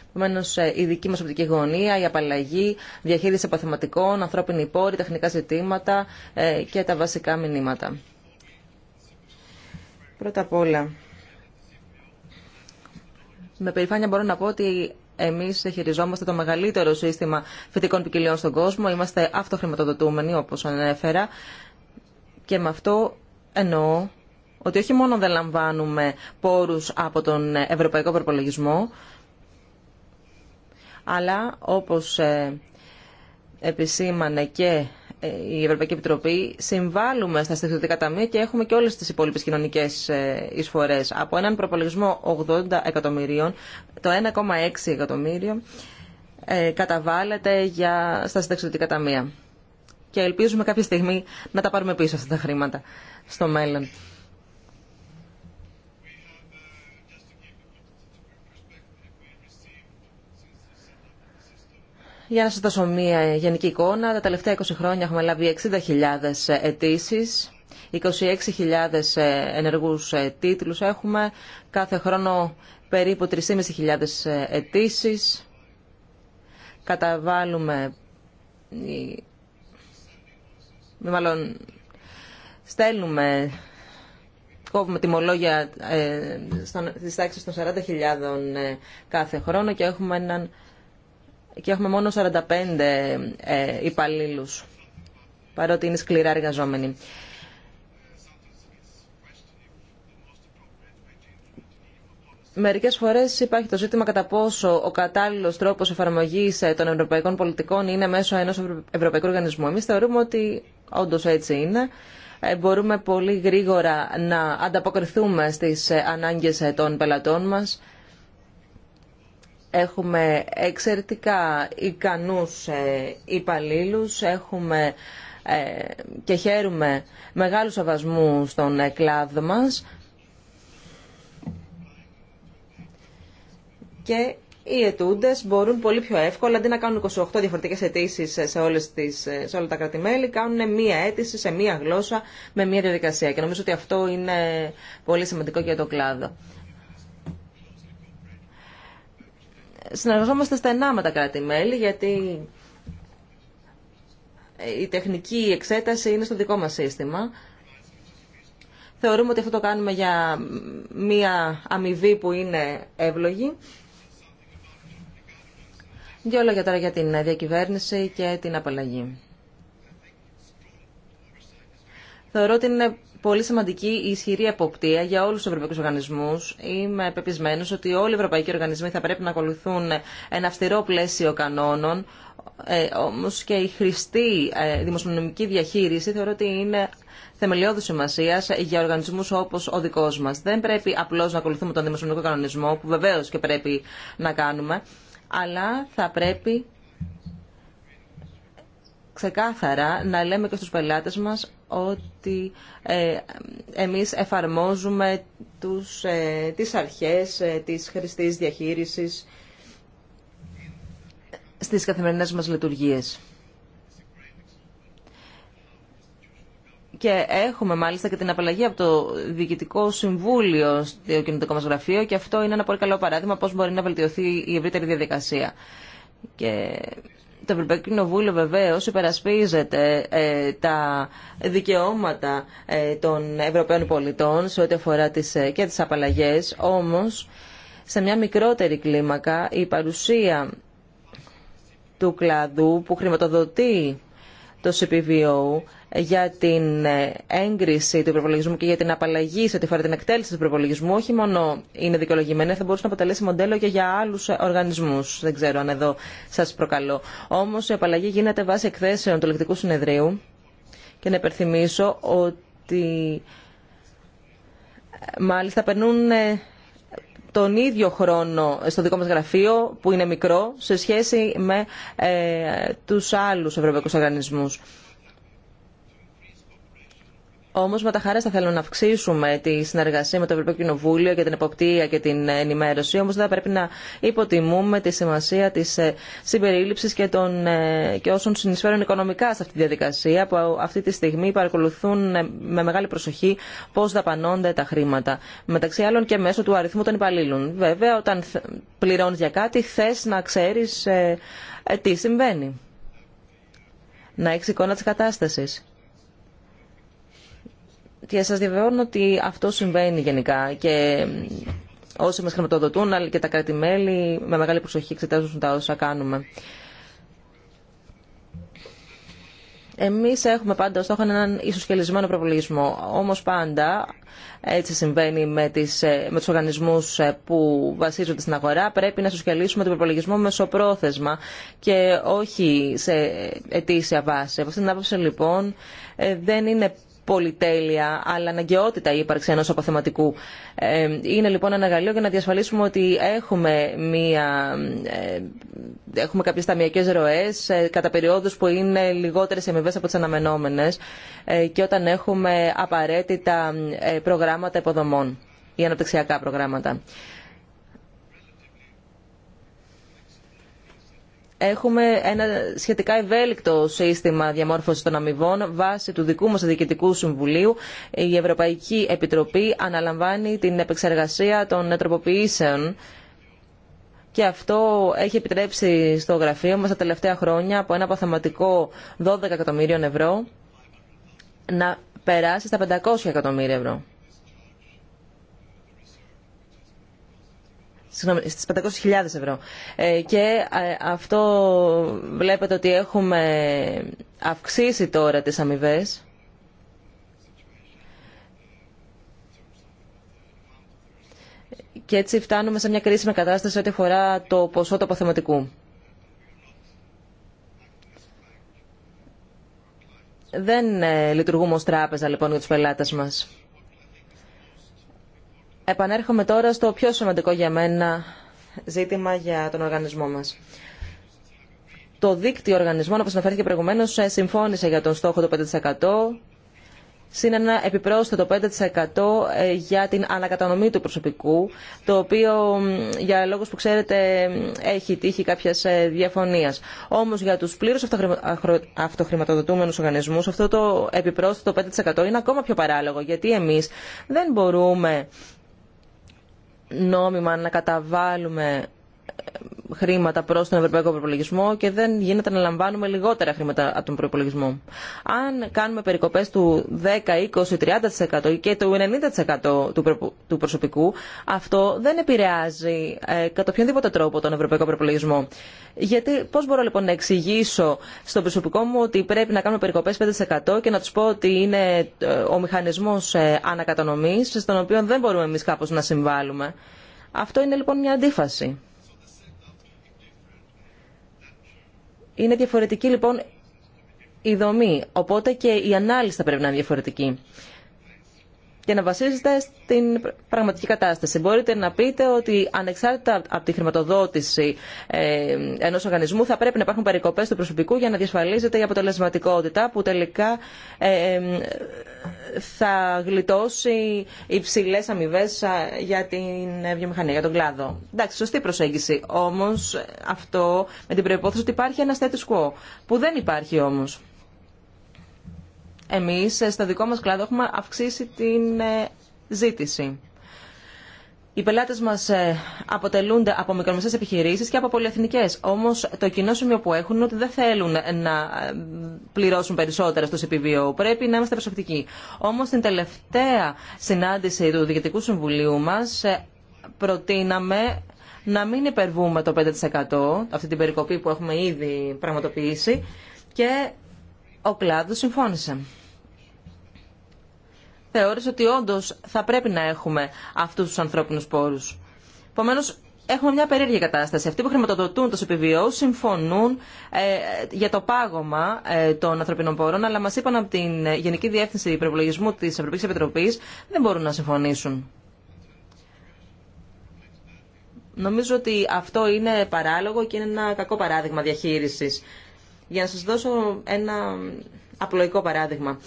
Επομένω, ε, η δική μας οπτική γωνία, η απαλλαγή, διαχείριση αποθεματικών, ανθρώπινη πόρη, τεχνικά ζητήματα ε, και τα βασικά μηνύματα. Πρώτα απ' όλα, με περηφάνεια μπορώ να πω ότι εμεί χειριζόμαστε το μεγαλύτερο σύστημα φοιτικών ποικιλιών στον κόσμο. Είμαστε αυτοχρηματοδοτούμενοι, όπω ανέφερα. Και με αυτό εννοώ ότι όχι μόνο δεν λαμβάνουμε πόρους από τον Ευρωπαϊκό Προπολογισμό, αλλά όπως ε, επισήμανε και ε, η Ευρωπαϊκή Επιτροπή συμβάλλουμε στα στοιχειωτικά ταμεία και έχουμε και όλες τις υπόλοιπες κοινωνικές ε, εισφορές. Από έναν προπολογισμό 80 εκατομμυρίων, το 1,6 εκατομμύριο ε, καταβάλλεται για, στα συνταξιδοτικά ταμεία. Και ελπίζουμε κάποια στιγμή να τα πάρουμε πίσω αυτά τα χρήματα στο μέλλον. Για να σας δώσω μία γενική εικόνα, τα τελευταία 20 χρόνια έχουμε λάβει 60.000 αιτήσει. 26.000 ενεργούς ε, τίτλους έχουμε, κάθε χρόνο περίπου 3.500 ε, αιτήσει. Καταβάλουμε, μάλλον στέλνουμε, κόβουμε τιμολόγια ε, στις τάξεις των 40.000 ε, κάθε χρόνο και έχουμε έναν και έχουμε μόνο 45 ε, υπαλλήλου, παρότι είναι σκληρά εργαζόμενοι. Μερικέ φορέ υπάρχει το ζήτημα κατά πόσο ο κατάλληλο τρόπο εφαρμογή ε, των ευρωπαϊκών πολιτικών είναι μέσω ενό ευρωπαϊκού οργανισμού. Εμεί θεωρούμε ότι όντω έτσι είναι. Ε, μπορούμε πολύ γρήγορα να ανταποκριθούμε στι ανάγκε των πελατών μα Έχουμε εξαιρετικά ικανούς ε, υπαλλήλους, έχουμε ε, και χαίρουμε μεγάλου σεβασμού στον ε, κλάδο μας και οι ετούντε μπορούν πολύ πιο εύκολα, αντί να κάνουν 28 διαφορετικές αιτήσει σε, όλες τις, σε όλα τα κρατημέλη, κάνουν μία αίτηση σε μία γλώσσα με μία διαδικασία. Και νομίζω ότι αυτό είναι πολύ σημαντικό για τον κλάδο. συνεργαζόμαστε στενά με τα κράτη-μέλη γιατί η τεχνική εξέταση είναι στο δικό μας σύστημα. Θεωρούμε ότι αυτό το κάνουμε για μία αμοιβή που είναι εύλογη. Δύο λόγια τώρα για την διακυβέρνηση και την απαλλαγή. Θεωρώ ότι είναι πολύ σημαντική η ισχυρή εποπτεία για όλου του ευρωπαϊκού οργανισμού. Είμαι πεπισμένο ότι όλοι οι ευρωπαϊκοί οργανισμοί θα πρέπει να ακολουθούν ένα αυστηρό πλαίσιο κανόνων. Ε, Όμω και η χρηστή ε, δημοσιονομική διαχείριση θεωρώ ότι είναι θεμελιώδη σημασία για οργανισμού όπω ο δικό μα. Δεν πρέπει απλώ να ακολουθούμε τον δημοσιονομικό κανονισμό, που βεβαίω και πρέπει να κάνουμε, αλλά θα πρέπει ξεκάθαρα να λέμε και στους πελάτες μας ότι ε, εμείς εφαρμόζουμε τους, ε, τις αρχές ε, της χρηστής διαχείρισης στις καθημερινές μας λειτουργίες. Και έχουμε μάλιστα και την απαλλαγή από το Διοικητικό Συμβούλιο στο κοινωνικό μας γραφείο και αυτό είναι ένα πολύ καλό παράδειγμα πώς μπορεί να βελτιωθεί η ευρύτερη διαδικασία. Και το Ευρωπαϊκό Κοινοβούλιο βεβαίω υπερασπίζεται ε, τα δικαιώματα ε, των Ευρωπαίων πολιτών σε ό,τι αφορά τις, ε, και τις απαλλαγές, όμως σε μια μικρότερη κλίμακα η παρουσία του κλαδού που χρηματοδοτεί το CPVO για την έγκριση του προπολογισμού και για την απαλλαγή σε τη αφορά την εκτέλεση του προπολογισμού, όχι μόνο είναι δικαιολογημένη, θα μπορούσε να αποτελέσει μοντέλο και για άλλου οργανισμού. Δεν ξέρω αν εδώ σα προκαλώ. Όμω η απαλλαγή γίνεται βάσει εκθέσεων του Λεκτικού Συνεδρίου και να υπερθυμίσω ότι ε, μάλιστα περνούν ε, τον ίδιο χρόνο στο δικό μας γραφείο που είναι μικρό σε σχέση με ε, τους άλλους ευρωπαϊκούς οργανισμούς. Όμω με τα χαρά θα θέλουμε να αυξήσουμε τη συνεργασία με το Ευρωπαϊκό Κοινοβούλιο και την εποπτεία και την ενημέρωση. Όμω δεν θα πρέπει να υποτιμούμε τη σημασία τη ε, συμπερίληψη και, ε, και όσων συνεισφέρουν οικονομικά σε αυτή τη διαδικασία που αυτή τη στιγμή παρακολουθούν ε, με μεγάλη προσοχή πώ δαπανώνται τα χρήματα. Μεταξύ άλλων και μέσω του αριθμού των υπαλλήλων. Βέβαια, όταν πληρώνει για κάτι, θε να ξέρει τι συμβαίνει. Να έχει εικόνα τη κατάσταση και σας διαβεβαιώνω ότι αυτό συμβαίνει γενικά και όσοι μας χρηματοδοτούν αλλά και τα κρατη με μεγάλη προσοχή εξετάζουν τα όσα κάνουμε. Εμείς έχουμε πάντα ως στόχο έναν ισοσχελισμένο προπολογισμό. Όμως πάντα, έτσι συμβαίνει με, τις, ε, με τους οργανισμούς ε, που βασίζονται στην αγορά, πρέπει να ισοσχελίσουμε τον προπολογισμό μεσοπρόθεσμα και όχι σε αιτήσια βάση. Από αυτήν την άποψη λοιπόν ε, δεν είναι πολυτέλεια, αλλά αναγκαιότητα η ύπαρξη ενός αποθεματικού. Ε, είναι λοιπόν ένα εργαλείο για να διασφαλίσουμε ότι έχουμε, μία, ε, έχουμε κάποιες ταμιακές ροές ε, κατά περιόδους που είναι λιγότερες αμοιβέ από τις αναμενόμενες και όταν έχουμε απαραίτητα προγράμματα υποδομών ή αναπτυξιακά προγράμματα. έχουμε ένα σχετικά ευέλικτο σύστημα διαμόρφωσης των αμοιβών βάσει του δικού μα Διοικητικού Συμβουλίου. Η Ευρωπαϊκή Επιτροπή αναλαμβάνει την επεξεργασία των τροποποιήσεων και αυτό έχει επιτρέψει στο γραφείο μας τα τελευταία χρόνια από ένα παθαματικό 12 εκατομμύριων ευρώ να περάσει στα 500 εκατομμύρια ευρώ. στις 500.000 ευρώ. Ε, και ε, αυτό βλέπετε ότι έχουμε αυξήσει τώρα τις αμοιβέ. Και έτσι φτάνουμε σε μια κρίσιμη κατάσταση ό,τι αφορά το ποσό του αποθεματικού. Δεν ε, λειτουργούμε ως τράπεζα λοιπόν για τους πελάτες μας. Επανέρχομαι τώρα στο πιο σημαντικό για μένα ζήτημα για τον οργανισμό μας. Το δίκτυο οργανισμών, όπως αναφέρθηκε προηγουμένως, ε, συμφώνησε για τον στόχο το 5%, συν ένα επιπρόσθετο 5% ε, για την ανακατανομή του προσωπικού, το οποίο για λόγους που ξέρετε έχει τύχει κάποιας ε, διαφωνίας. Όμως για τους πλήρως αυτοχρηματοδοτούμενους οργανισμούς αυτό το επιπρόσθετο 5% είναι ακόμα πιο παράλογο, γιατί εμείς δεν μπορούμε νόμιμα να καταβάλουμε χρήματα προ τον Ευρωπαϊκό Προπολογισμό και δεν γίνεται να λαμβάνουμε λιγότερα χρήματα από τον προπολογισμό. Αν κάνουμε περικοπέ του 10, 20, 30% και του 90% του προσωπικού, αυτό δεν επηρεάζει ε, κατά οποιονδήποτε τρόπο τον Ευρωπαϊκό Προπολογισμό. Γιατί πώ μπορώ λοιπόν να εξηγήσω στο προσωπικό μου ότι πρέπει να κάνουμε περικοπέ 5% και να του πω ότι είναι ε, ο μηχανισμό ε, ανακατανομή, στον οποίο δεν μπορούμε εμεί κάπω να συμβάλλουμε. Αυτό είναι λοιπόν μια αντίφαση. Είναι διαφορετική λοιπόν η δομή, οπότε και η ανάλυση θα πρέπει να είναι διαφορετική για να βασίζεται στην πραγματική κατάσταση. Μπορείτε να πείτε ότι ανεξάρτητα από τη χρηματοδότηση ε, ενό οργανισμού θα πρέπει να υπάρχουν περικοπέ του προσωπικού για να διασφαλίζεται η αποτελεσματικότητα που τελικά ε, θα γλιτώσει υψηλέ αμοιβέ ε, για την βιομηχανία, για τον κλάδο. Εντάξει, σωστή προσέγγιση. Όμω αυτό με την προπόθεση ότι υπάρχει ένα status quo που δεν υπάρχει όμω εμείς ε, στο δικό μας κλάδο έχουμε αυξήσει την ε, ζήτηση. Οι πελάτες μας ε, αποτελούνται από μικρομεσαίες επιχειρήσεις και από πολυεθνικές. Όμως το κοινό σημείο που έχουν είναι ότι δεν θέλουν να πληρώσουν περισσότερα στους επιβίω. Πρέπει να είμαστε προσεκτικοί. Όμως στην τελευταία συνάντηση του Διοικητικού Συμβουλίου μας προτείναμε να μην υπερβούμε το 5% αυτή την περικοπή που έχουμε ήδη πραγματοποιήσει και ο κλάδος συμφώνησε. Θεώρησε ότι όντω θα πρέπει να έχουμε αυτούς τους ανθρώπινους πόρους. Επομένω, έχουμε μια περίεργη κατάσταση. Αυτοί που χρηματοδοτούν τους επιβιώσεις συμφωνούν ε, για το πάγωμα ε, των ανθρωπινών πόρων, αλλά μας είπαν από την Γενική Διεύθυνση Υπερβολογισμού της Ευρωπαϊκής Επιτροπής δεν μπορούν να συμφωνήσουν. Νομίζω ότι αυτό είναι παράλογο και είναι ένα κακό παράδειγμα διαχείρισης για να σας δώσω ένα απλοϊκό παράδειγμα.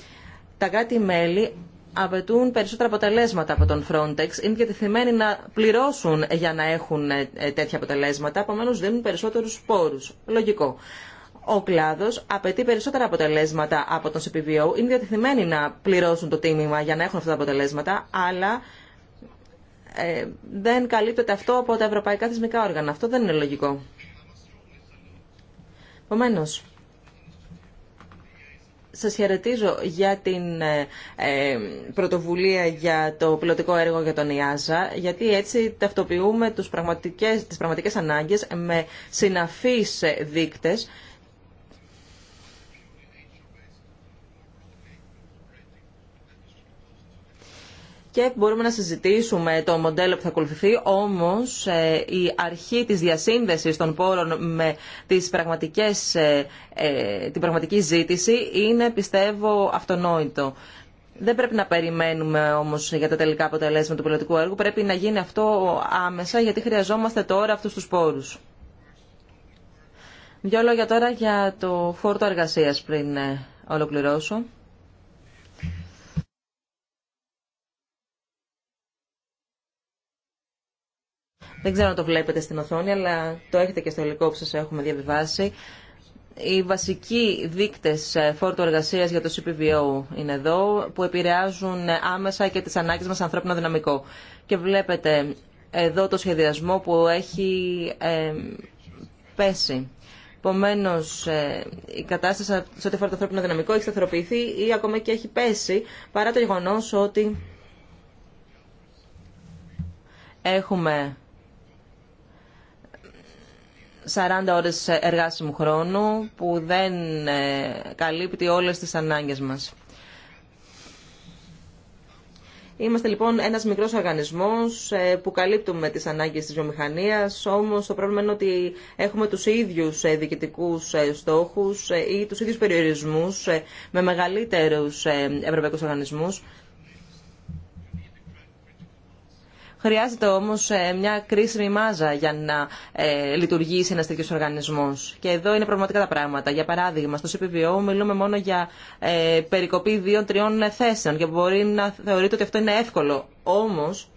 Τα κράτη-μέλη απαιτούν περισσότερα αποτελέσματα από τον Frontex. Είναι διατεθειμένοι να πληρώσουν για να έχουν ε, ε, τέτοια αποτελέσματα, επομένω δίνουν περισσότερου πόρου. Λογικό. Ο κλάδο απαιτεί περισσότερα αποτελέσματα από τον CPVO. Είναι διατεθειμένοι να πληρώσουν το τίμημα για να έχουν αυτά τα αποτελέσματα, αλλά ε, δεν καλύπτεται αυτό από τα ευρωπαϊκά θεσμικά όργανα. Αυτό δεν είναι λογικό. Επομένω, σας χαιρετίζω για την ε, ε, πρωτοβουλία για το πιλωτικό έργο για τον ΙΑΖΑ, γιατί έτσι ταυτοποιούμε τους πραγματικές, τις πραγματικές ανάγκες με συναφείς δείκτες και μπορούμε να συζητήσουμε το μοντέλο που θα ακολουθηθεί, όμως ε, η αρχή της διασύνδεσης των πόρων με τις πραγματικές, ε, ε, την πραγματική ζήτηση είναι, πιστεύω, αυτονόητο. Δεν πρέπει να περιμένουμε όμω για τα τελικά αποτελέσματα του πολιτικού έργου. Πρέπει να γίνει αυτό άμεσα γιατί χρειαζόμαστε τώρα αυτού του πόρου. Δυο λόγια τώρα για το φόρτο εργασία πριν ολοκληρώσω. Δεν ξέρω αν το βλέπετε στην οθόνη, αλλά το έχετε και στο υλικό που σας έχουμε διαβιβάσει. Οι βασικοί δείκτες ε, φόρτου εργασίας για το CPVO είναι εδώ, που επηρεάζουν ε, άμεσα και τις ανάγκες μας ανθρώπινο δυναμικό. Και βλέπετε εδώ το σχεδιασμό που έχει ε, πέσει. Επομένω, η κατάσταση σε ό,τι αφορά το ανθρώπινο δυναμικό έχει σταθεροποιηθεί ή ακόμα και έχει πέσει, παρά το γεγονό ότι έχουμε 40 ώρες εργάσιμου χρόνου που δεν ε, καλύπτει όλες τις ανάγκες μας. Είμαστε λοιπόν ένας μικρός οργανισμός ε, που καλύπτουμε τις ανάγκες της βιομηχανίας, όμως το πρόβλημα είναι ότι έχουμε τους ίδιους ε, διοικητικούς στόχους ή τους ίδιους περιορισμούς με μεγαλύτερους ευρωπαϊκούς οργανισμούς. Χρειάζεται όμω ε, μια κρίσιμη μάζα για να ε, λειτουργήσει ένα τέτοιο οργανισμό. Και εδώ είναι πραγματικά τα πράγματα. Για παράδειγμα, στο CPVO μιλούμε μόνο για ε, περικοπή δύο-τριών θέσεων και μπορεί να θεωρείτε ότι αυτό είναι εύκολο. Όμως,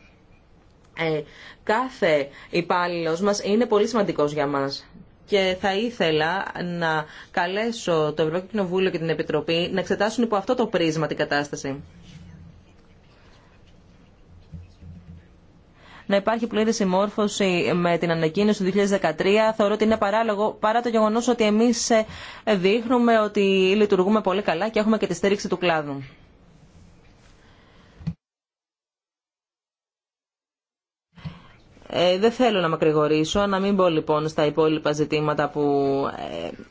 κάθε υπάλληλο μας είναι πολύ σημαντικός για μας. Και θα ήθελα να καλέσω το Ευρωπαϊκό Κοινοβούλιο και την Επιτροπή να εξετάσουν υπό αυτό το πρίσμα την κατάσταση. να υπάρχει πλήρη συμμόρφωση με την ανακοίνωση του 2013. Θεωρώ ότι είναι παράλογο παρά το γεγονό ότι εμεί ε, δείχνουμε ότι λειτουργούμε πολύ καλά και έχουμε και τη στήριξη του κλάδου. Ε, δεν θέλω να μακρηγορήσω, να μην πω λοιπόν στα υπόλοιπα ζητήματα που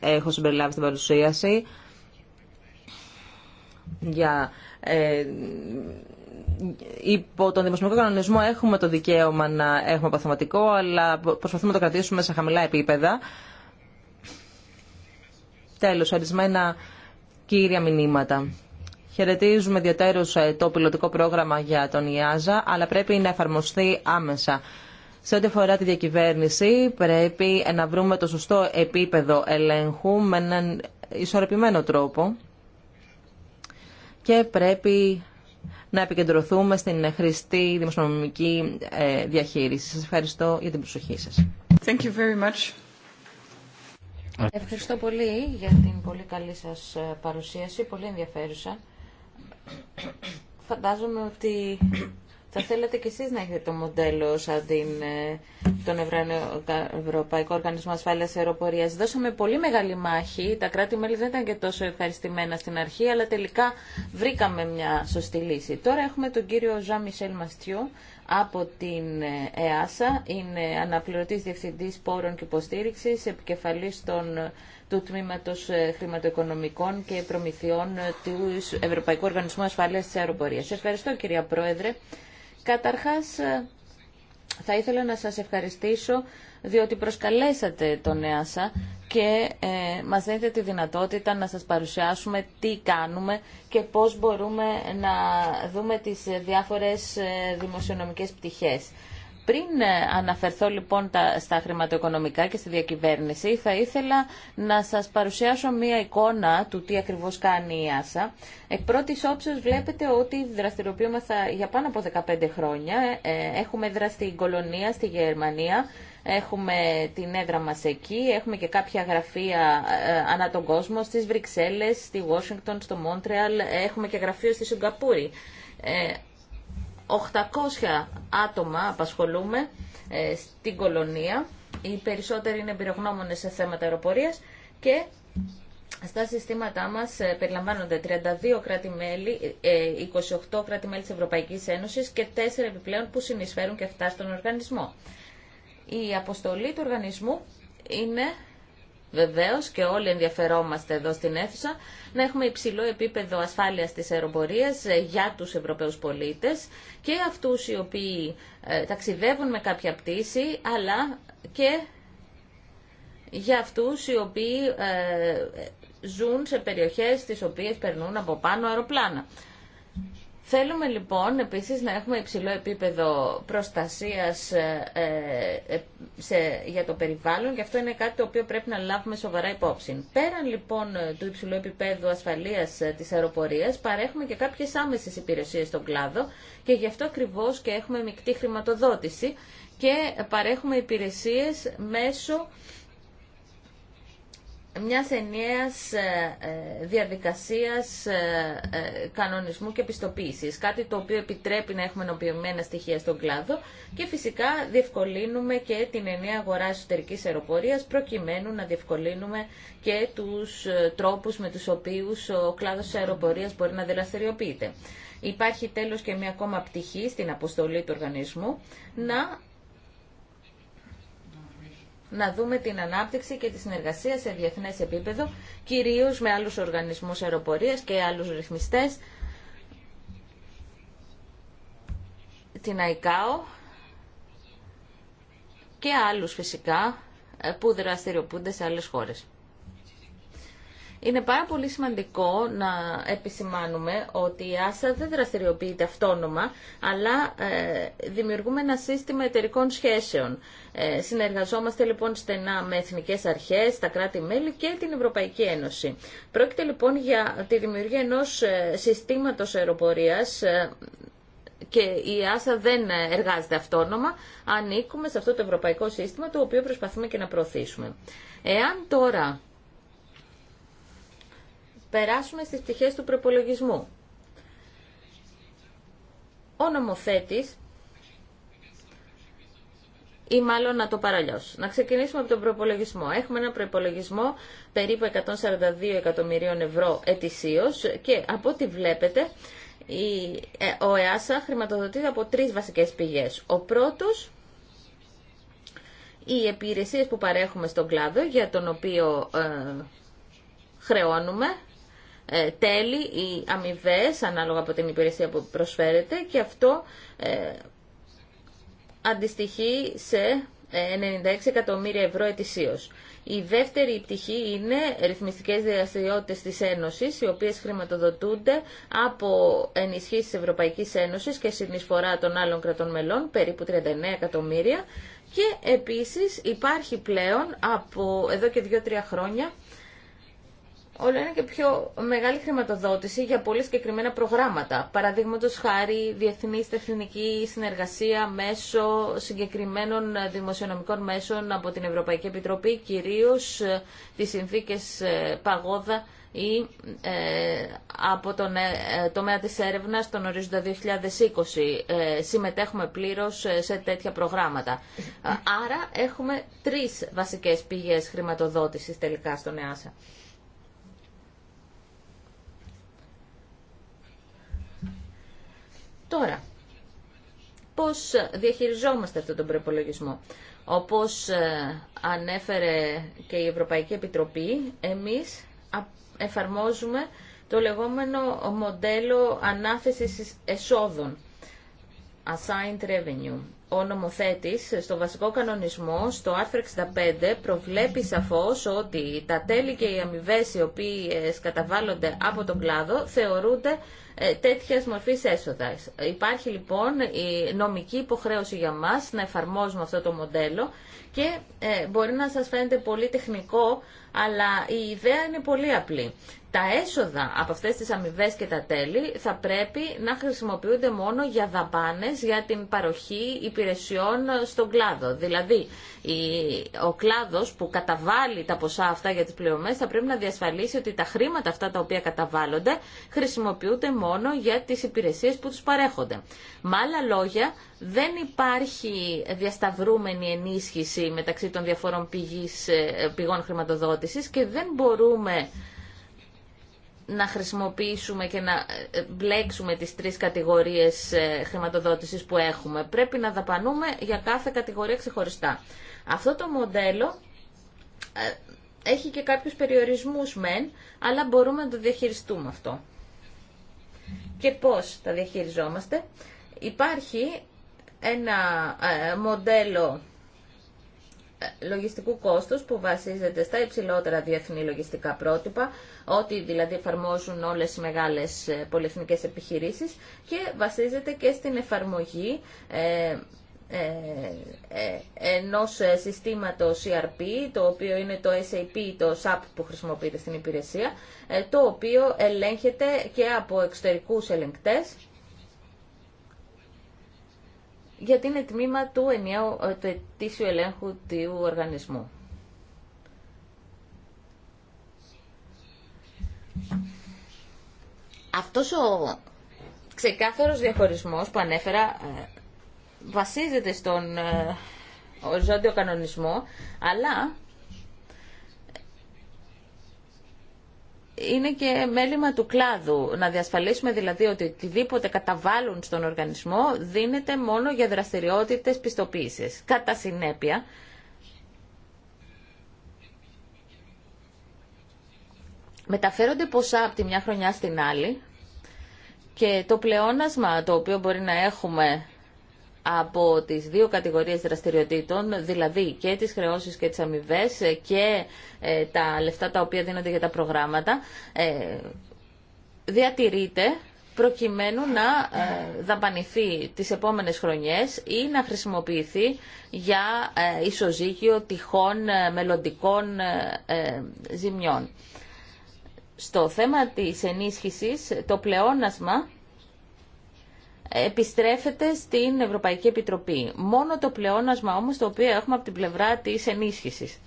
ε, έχω συμπεριλάβει στην παρουσίαση για ε, υπό τον δημοσιονομικό κανονισμό έχουμε το δικαίωμα να έχουμε παθηματικό, αλλά προσπαθούμε να το κρατήσουμε σε χαμηλά επίπεδα. Τέλος, ορισμένα κύρια μηνύματα. Χαιρετίζουμε ιδιαίτερω ε, το πιλωτικό πρόγραμμα για τον ΙΑΖΑ, αλλά πρέπει να εφαρμοστεί άμεσα. Σε ό,τι αφορά τη διακυβέρνηση, πρέπει να βρούμε το σωστό επίπεδο ελέγχου με έναν ισορροπημένο τρόπο και πρέπει να επικεντρωθούμε στην χρηστή δημοσιονομική ε, διαχείριση. Σας ευχαριστώ για την προσοχή σας. Thank you very much. Ευχαριστώ πολύ για την πολύ καλή σας ε, παρουσίαση, πολύ ενδιαφέρουσα. Φαντάζομαι ότι θα θέλατε κι εσείς να έχετε το μοντέλο σαν την, ε, τον Ευρωπαϊκό Οργανισμό Ασφάλειας Αεροπορίας. Δώσαμε πολύ μεγάλη μάχη. Τα κράτη-μέλη δεν ήταν και τόσο ευχαριστημένα στην αρχή, αλλά τελικά βρήκαμε μια σωστή λύση. Τώρα έχουμε τον κύριο Ζαν Μισελ Μαστιού από την ε, ΕΑΣΑ. Είναι αναπληρωτής διευθυντής πόρων και υποστήριξης, επικεφαλής των του τμήματο ε, χρηματοοικονομικών και προμηθειών του Ευρωπαϊκού Οργανισμού Ασφάλεια τη Αεροπορία. Ευχαριστώ, κυρία Πρόεδρε. Καταρχάς, θα ήθελα να σας ευχαριστήσω διότι προσκαλέσατε τον ΕΑΣΑ και ε, μας δίνετε τη δυνατότητα να σας παρουσιάσουμε τι κάνουμε και πώς μπορούμε να δούμε τις ε, διάφορες ε, δημοσιονομικές πτυχές. Πριν ε, αναφερθώ λοιπόν στα χρηματοοικονομικά και στη διακυβέρνηση, θα ήθελα να σας παρουσιάσω μία εικόνα του τι ακριβώς κάνει η ΆΣΑ. Εκ πρώτη βλέπετε ότι δραστηριοποιούμεθα για πάνω από 15 χρόνια. Ε, έχουμε δράσει στην Κολονία, στη Γερμανία, Έχουμε την έδρα μας εκεί, έχουμε και κάποια γραφεία ε, ανά τον κόσμο, στις Βρυξέλλες, στη Washington, στο Μόντρεαλ, έχουμε και γραφείο στη Σιγκαπούρη. 800 άτομα απασχολούμε ε, στην κολονία. Οι περισσότεροι είναι εμπειρογνώμονες σε θέματα αεροπορίας και στα συστήματά μας ε, περιλαμβάνονται 32 κράτη-μέλη, 28 ε, κράτη-μέλη της Ευρωπαϊκής Ένωσης και 4 επιπλέον που συνεισφέρουν και αυτά στον οργανισμό. Η αποστολή του οργανισμού είναι Βεβαίω και όλοι ενδιαφερόμαστε εδώ στην αίθουσα να έχουμε υψηλό επίπεδο ασφάλειας της αεροπορία ε, για τους Ευρωπαίους πολίτες και αυτού οι οποίοι ε, ταξιδεύουν με κάποια πτήση αλλά και για αυτού οι οποίοι ε, ζουν σε περιοχές τις οποίες περνούν από πάνω αεροπλάνα. Θέλουμε λοιπόν επίσης να έχουμε υψηλό επίπεδο προστασίας ε, ε, ε σε, για το περιβάλλον και αυτό είναι κάτι το οποίο πρέπει να λάβουμε σοβαρά υπόψη. Πέραν λοιπόν του υψηλού επίπεδου ασφαλείας ε, της αεροπορίας παρέχουμε και κάποιες άμεσες υπηρεσίες στον κλάδο και γι' αυτό ακριβώ και έχουμε μεικτή χρηματοδότηση και παρέχουμε υπηρεσίες μέσω μιας ενιαίας ε, ε, διαδικασίας ε, κανονισμού και πιστοποίησης, κάτι το οποίο επιτρέπει να έχουμε ενοποιημένα στοιχεία στον κλάδο και φυσικά διευκολύνουμε και την ενιαία αγορά εσωτερικής αεροπορίας προκειμένου να διευκολύνουμε και τους τρόπους με τους οποίους ο κλάδος της αεροπορίας μπορεί να δραστηριοποιείται. Υπάρχει τέλος και μια ακόμα πτυχή στην αποστολή του οργανισμού να να δούμε την ανάπτυξη και τη συνεργασία σε διεθνές επίπεδο, κυρίως με άλλους οργανισμούς αεροπορίας και άλλους ρυθμιστές, την ΑΙΚΑΟ και άλλους φυσικά ε, που δραστηριοποιούνται σε άλλες χώρες. Είναι πάρα πολύ σημαντικό να επισημάνουμε ότι η Άσα δεν δραστηριοποιείται αυτόνομα, αλλά ε, δημιουργούμε ένα σύστημα εταιρικών σχέσεων. Ε, συνεργαζόμαστε λοιπόν στενά με εθνικές αρχές, τα κράτη-μέλη και την Ευρωπαϊκή Ένωση. Πρόκειται λοιπόν για τη δημιουργία ενός ε, συστήματος αεροπορίας και η ΆΣΑ δεν εργάζεται αυτόνομα, ανήκουμε σε αυτό το ευρωπαϊκό σύστημα το οποίο προσπαθούμε και να προωθήσουμε. Εάν τώρα περάσουμε στις πτυχές του προπολογισμού. Ο νομοθέτης, ή μάλλον να το παραλλιώσω. Να ξεκινήσουμε από τον προπολογισμό. Έχουμε ένα προπολογισμό περίπου 142 εκατομμυρίων ευρώ ετησίως και από ό,τι βλέπετε ε, ο ΕΑΣΑ χρηματοδοτείται από τρεις βασικές πηγές. Ο πρώτος οι υπηρεσίε που παρέχουμε στον κλάδο για τον οποίο ε, χρεώνουμε ε, τέλη ή αμοιβέ ανάλογα από την υπηρεσία που προσφέρεται και αυτό ε, αντιστοιχεί σε 96 ε, εκατομμύρια ευρώ ετησίως. Η δεύτερη πτυχή είναι ρυθμιστικές δραστηριότητε της Ένωσης, οι οποίες χρηματοδοτούνται από ενισχύσεις Ευρωπαϊκής Ένωσης και συνεισφορά των άλλων κρατών μελών, περίπου 39 εκατομμύρια. Και επίσης υπάρχει πλέον από εδώ και 2-3 χρόνια όλο ένα και πιο μεγάλη χρηματοδότηση για πολύ συγκεκριμένα προγράμματα. Παραδείγματο χάρη διεθνή τεχνική συνεργασία μέσω συγκεκριμένων δημοσιονομικών μέσων από την Ευρωπαϊκή Επιτροπή, κυρίω ε, τι συνθήκε ε, παγόδα ή ε, από τον τομέα της έρευνας τον ορίζοντα 2020. συμμετέχουμε πλήρως σε τέτοια προγράμματα. Άρα έχουμε τρεις βασικές πηγές χρηματοδότησης τελικά στον ΕΑΣΑ. Τώρα, πώς διαχειριζόμαστε αυτόν τον προπολογισμό. Όπως ε, ανέφερε και η Ευρωπαϊκή Επιτροπή, εμείς εφαρμόζουμε το λεγόμενο μοντέλο ανάθεσης εσόδων, assigned revenue ο νομοθέτης στο βασικό κανονισμό, στο άρθρο 65, προβλέπει σαφώς ότι τα τέλη και οι αμοιβέ οι οποίες καταβάλλονται από τον κλάδο θεωρούνται ε, τέτοια μορφή έσοδα. Υπάρχει λοιπόν η νομική υποχρέωση για μας να εφαρμόζουμε αυτό το μοντέλο και ε, μπορεί να σας φαίνεται πολύ τεχνικό αλλά η ιδέα είναι πολύ απλή. Τα έσοδα από αυτές τις αμοιβέ και τα τέλη θα πρέπει να χρησιμοποιούνται μόνο για δαπάνες για την παροχή υπηρεσιών στον κλάδο. Δηλαδή, ο κλάδος που καταβάλει τα ποσά αυτά για τις πληρωμές θα πρέπει να διασφαλίσει ότι τα χρήματα αυτά τα οποία καταβάλλονται χρησιμοποιούνται μόνο για τις υπηρεσίες που τους παρέχονται. Με άλλα λόγια, δεν υπάρχει διασταυρούμενη ενίσχυση μεταξύ των διαφορών ε, πηγών χρηματοδότησης και δεν μπορούμε να χρησιμοποιήσουμε και να ε, μπλέξουμε τις τρεις κατηγορίες ε, χρηματοδότησης που έχουμε. Πρέπει να δαπανούμε για κάθε κατηγορία ξεχωριστά. Αυτό το μοντέλο ε, έχει και κάποιους περιορισμούς μεν, αλλά μπορούμε να το διαχειριστούμε αυτό. Και πώς τα διαχειριζόμαστε. Υπάρχει ένα μοντέλο λογιστικού κόστους που βασίζεται στα υψηλότερα διεθνή λογιστικά πρότυπα, ό,τι δηλαδή εφαρμόζουν όλες οι μεγάλες ε, πολυεθνικές επιχειρήσεις και βασίζεται και στην εφαρμογή ε, ε, ε ενός συστήματος ERP, το οποίο είναι το SAP, το SAP που χρησιμοποιείται στην υπηρεσία, το οποίο ελέγχεται και από εξωτερικούς ελεγκτές γιατί είναι τμήμα του, ενιαίου, ε, του ετήσιου ελέγχου του οργανισμού. Αυτός ο ξεκάθαρος διαχωρισμός που ανέφερα ε, βασίζεται στον ε, οριζόντιο κανονισμό, αλλά είναι και μέλημα του κλάδου. Να διασφαλίσουμε δηλαδή ότι οτιδήποτε καταβάλουν στον οργανισμό δίνεται μόνο για δραστηριότητες πιστοποίησης. Κατά συνέπεια, μεταφέρονται ποσά από τη μια χρονιά στην άλλη και το πλεόνασμα το οποίο μπορεί να έχουμε από τις δύο κατηγορίες δραστηριοτήτων, δηλαδή και τις χρεώσεις και τις αμοιβέ ε, και ε, τα λεφτά τα οποία δίνονται για τα προγράμματα, ε, διατηρείται προκειμένου να ε, δαπανηθεί τις επόμενες χρονιές ή να χρησιμοποιηθεί για ε, ισοζύγιο τυχών μελλοντικών ζημιών. Στο θέμα της ενίσχυσης, το πλεόνασμα επιστρέφεται στην Ευρωπαϊκή Επιτροπή. Μόνο το πλεόνασμα όμως το οποίο έχουμε από την πλευρά της ενίσχυσης,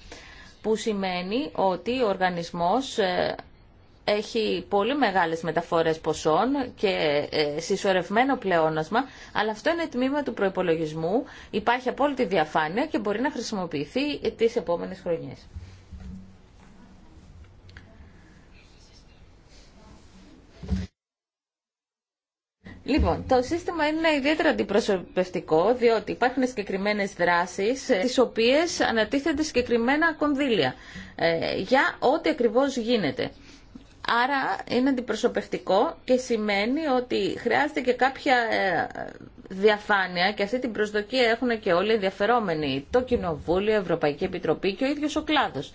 που σημαίνει ότι ο οργανισμός ε, έχει πολύ μεγάλες μεταφορές ποσών και ε, συσσωρευμένο πλεόνασμα, αλλά αυτό είναι τμήμα του προϋπολογισμού, υπάρχει απόλυτη διαφάνεια και μπορεί να χρησιμοποιηθεί τις επόμενες χρονιές. Λοιπόν, το σύστημα είναι ιδιαίτερα αντιπροσωπευτικό, διότι υπάρχουν συγκεκριμένε δράσει, ε, τι οποίε ανατίθεται συγκεκριμένα κονδύλια ε, για ό,τι ακριβώ γίνεται. Άρα είναι αντιπροσωπευτικό και σημαίνει ότι χρειάζεται και κάποια ε, διαφάνεια και αυτή την προσδοκία έχουν και όλοι οι ενδιαφερόμενοι, το Κοινοβούλιο, η Ευρωπαϊκή Επιτροπή και ο ίδιος ο κλάδος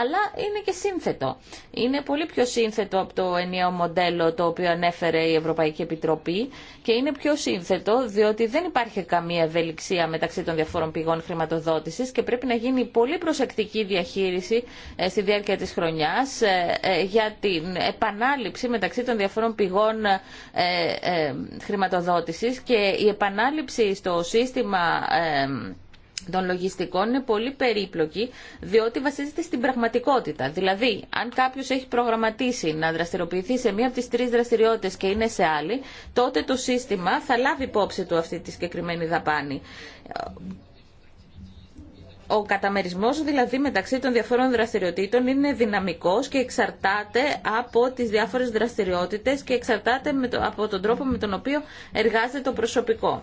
αλλά είναι και σύνθετο. Είναι πολύ πιο σύνθετο από το ενιαίο μοντέλο το οποίο ανέφερε η Ευρωπαϊκή Επιτροπή και είναι πιο σύνθετο διότι δεν υπάρχει καμία ευελιξία μεταξύ των διαφόρων πηγών χρηματοδότησης και πρέπει να γίνει πολύ προσεκτική διαχείριση ε, στη διάρκεια της χρονιάς ε, ε, για την επανάληψη μεταξύ των διαφόρων πηγών χρηματοδότησης και η επανάληψη στο σύστημα των λογιστικών είναι πολύ περίπλοκη, διότι βασίζεται στην πραγματικότητα. Δηλαδή, αν κάποιο έχει προγραμματίσει να δραστηριοποιηθεί σε μία από τι τρει δραστηριότητε και είναι σε άλλη, τότε το σύστημα θα λάβει υπόψη του αυτή τη συγκεκριμένη δαπάνη. Ο καταμερισμό δηλαδή μεταξύ των διαφόρων δραστηριοτήτων είναι δυναμικό και εξαρτάται από τι διάφορε δραστηριότητε και εξαρτάται από τον τρόπο με τον οποίο εργάζεται το προσωπικό.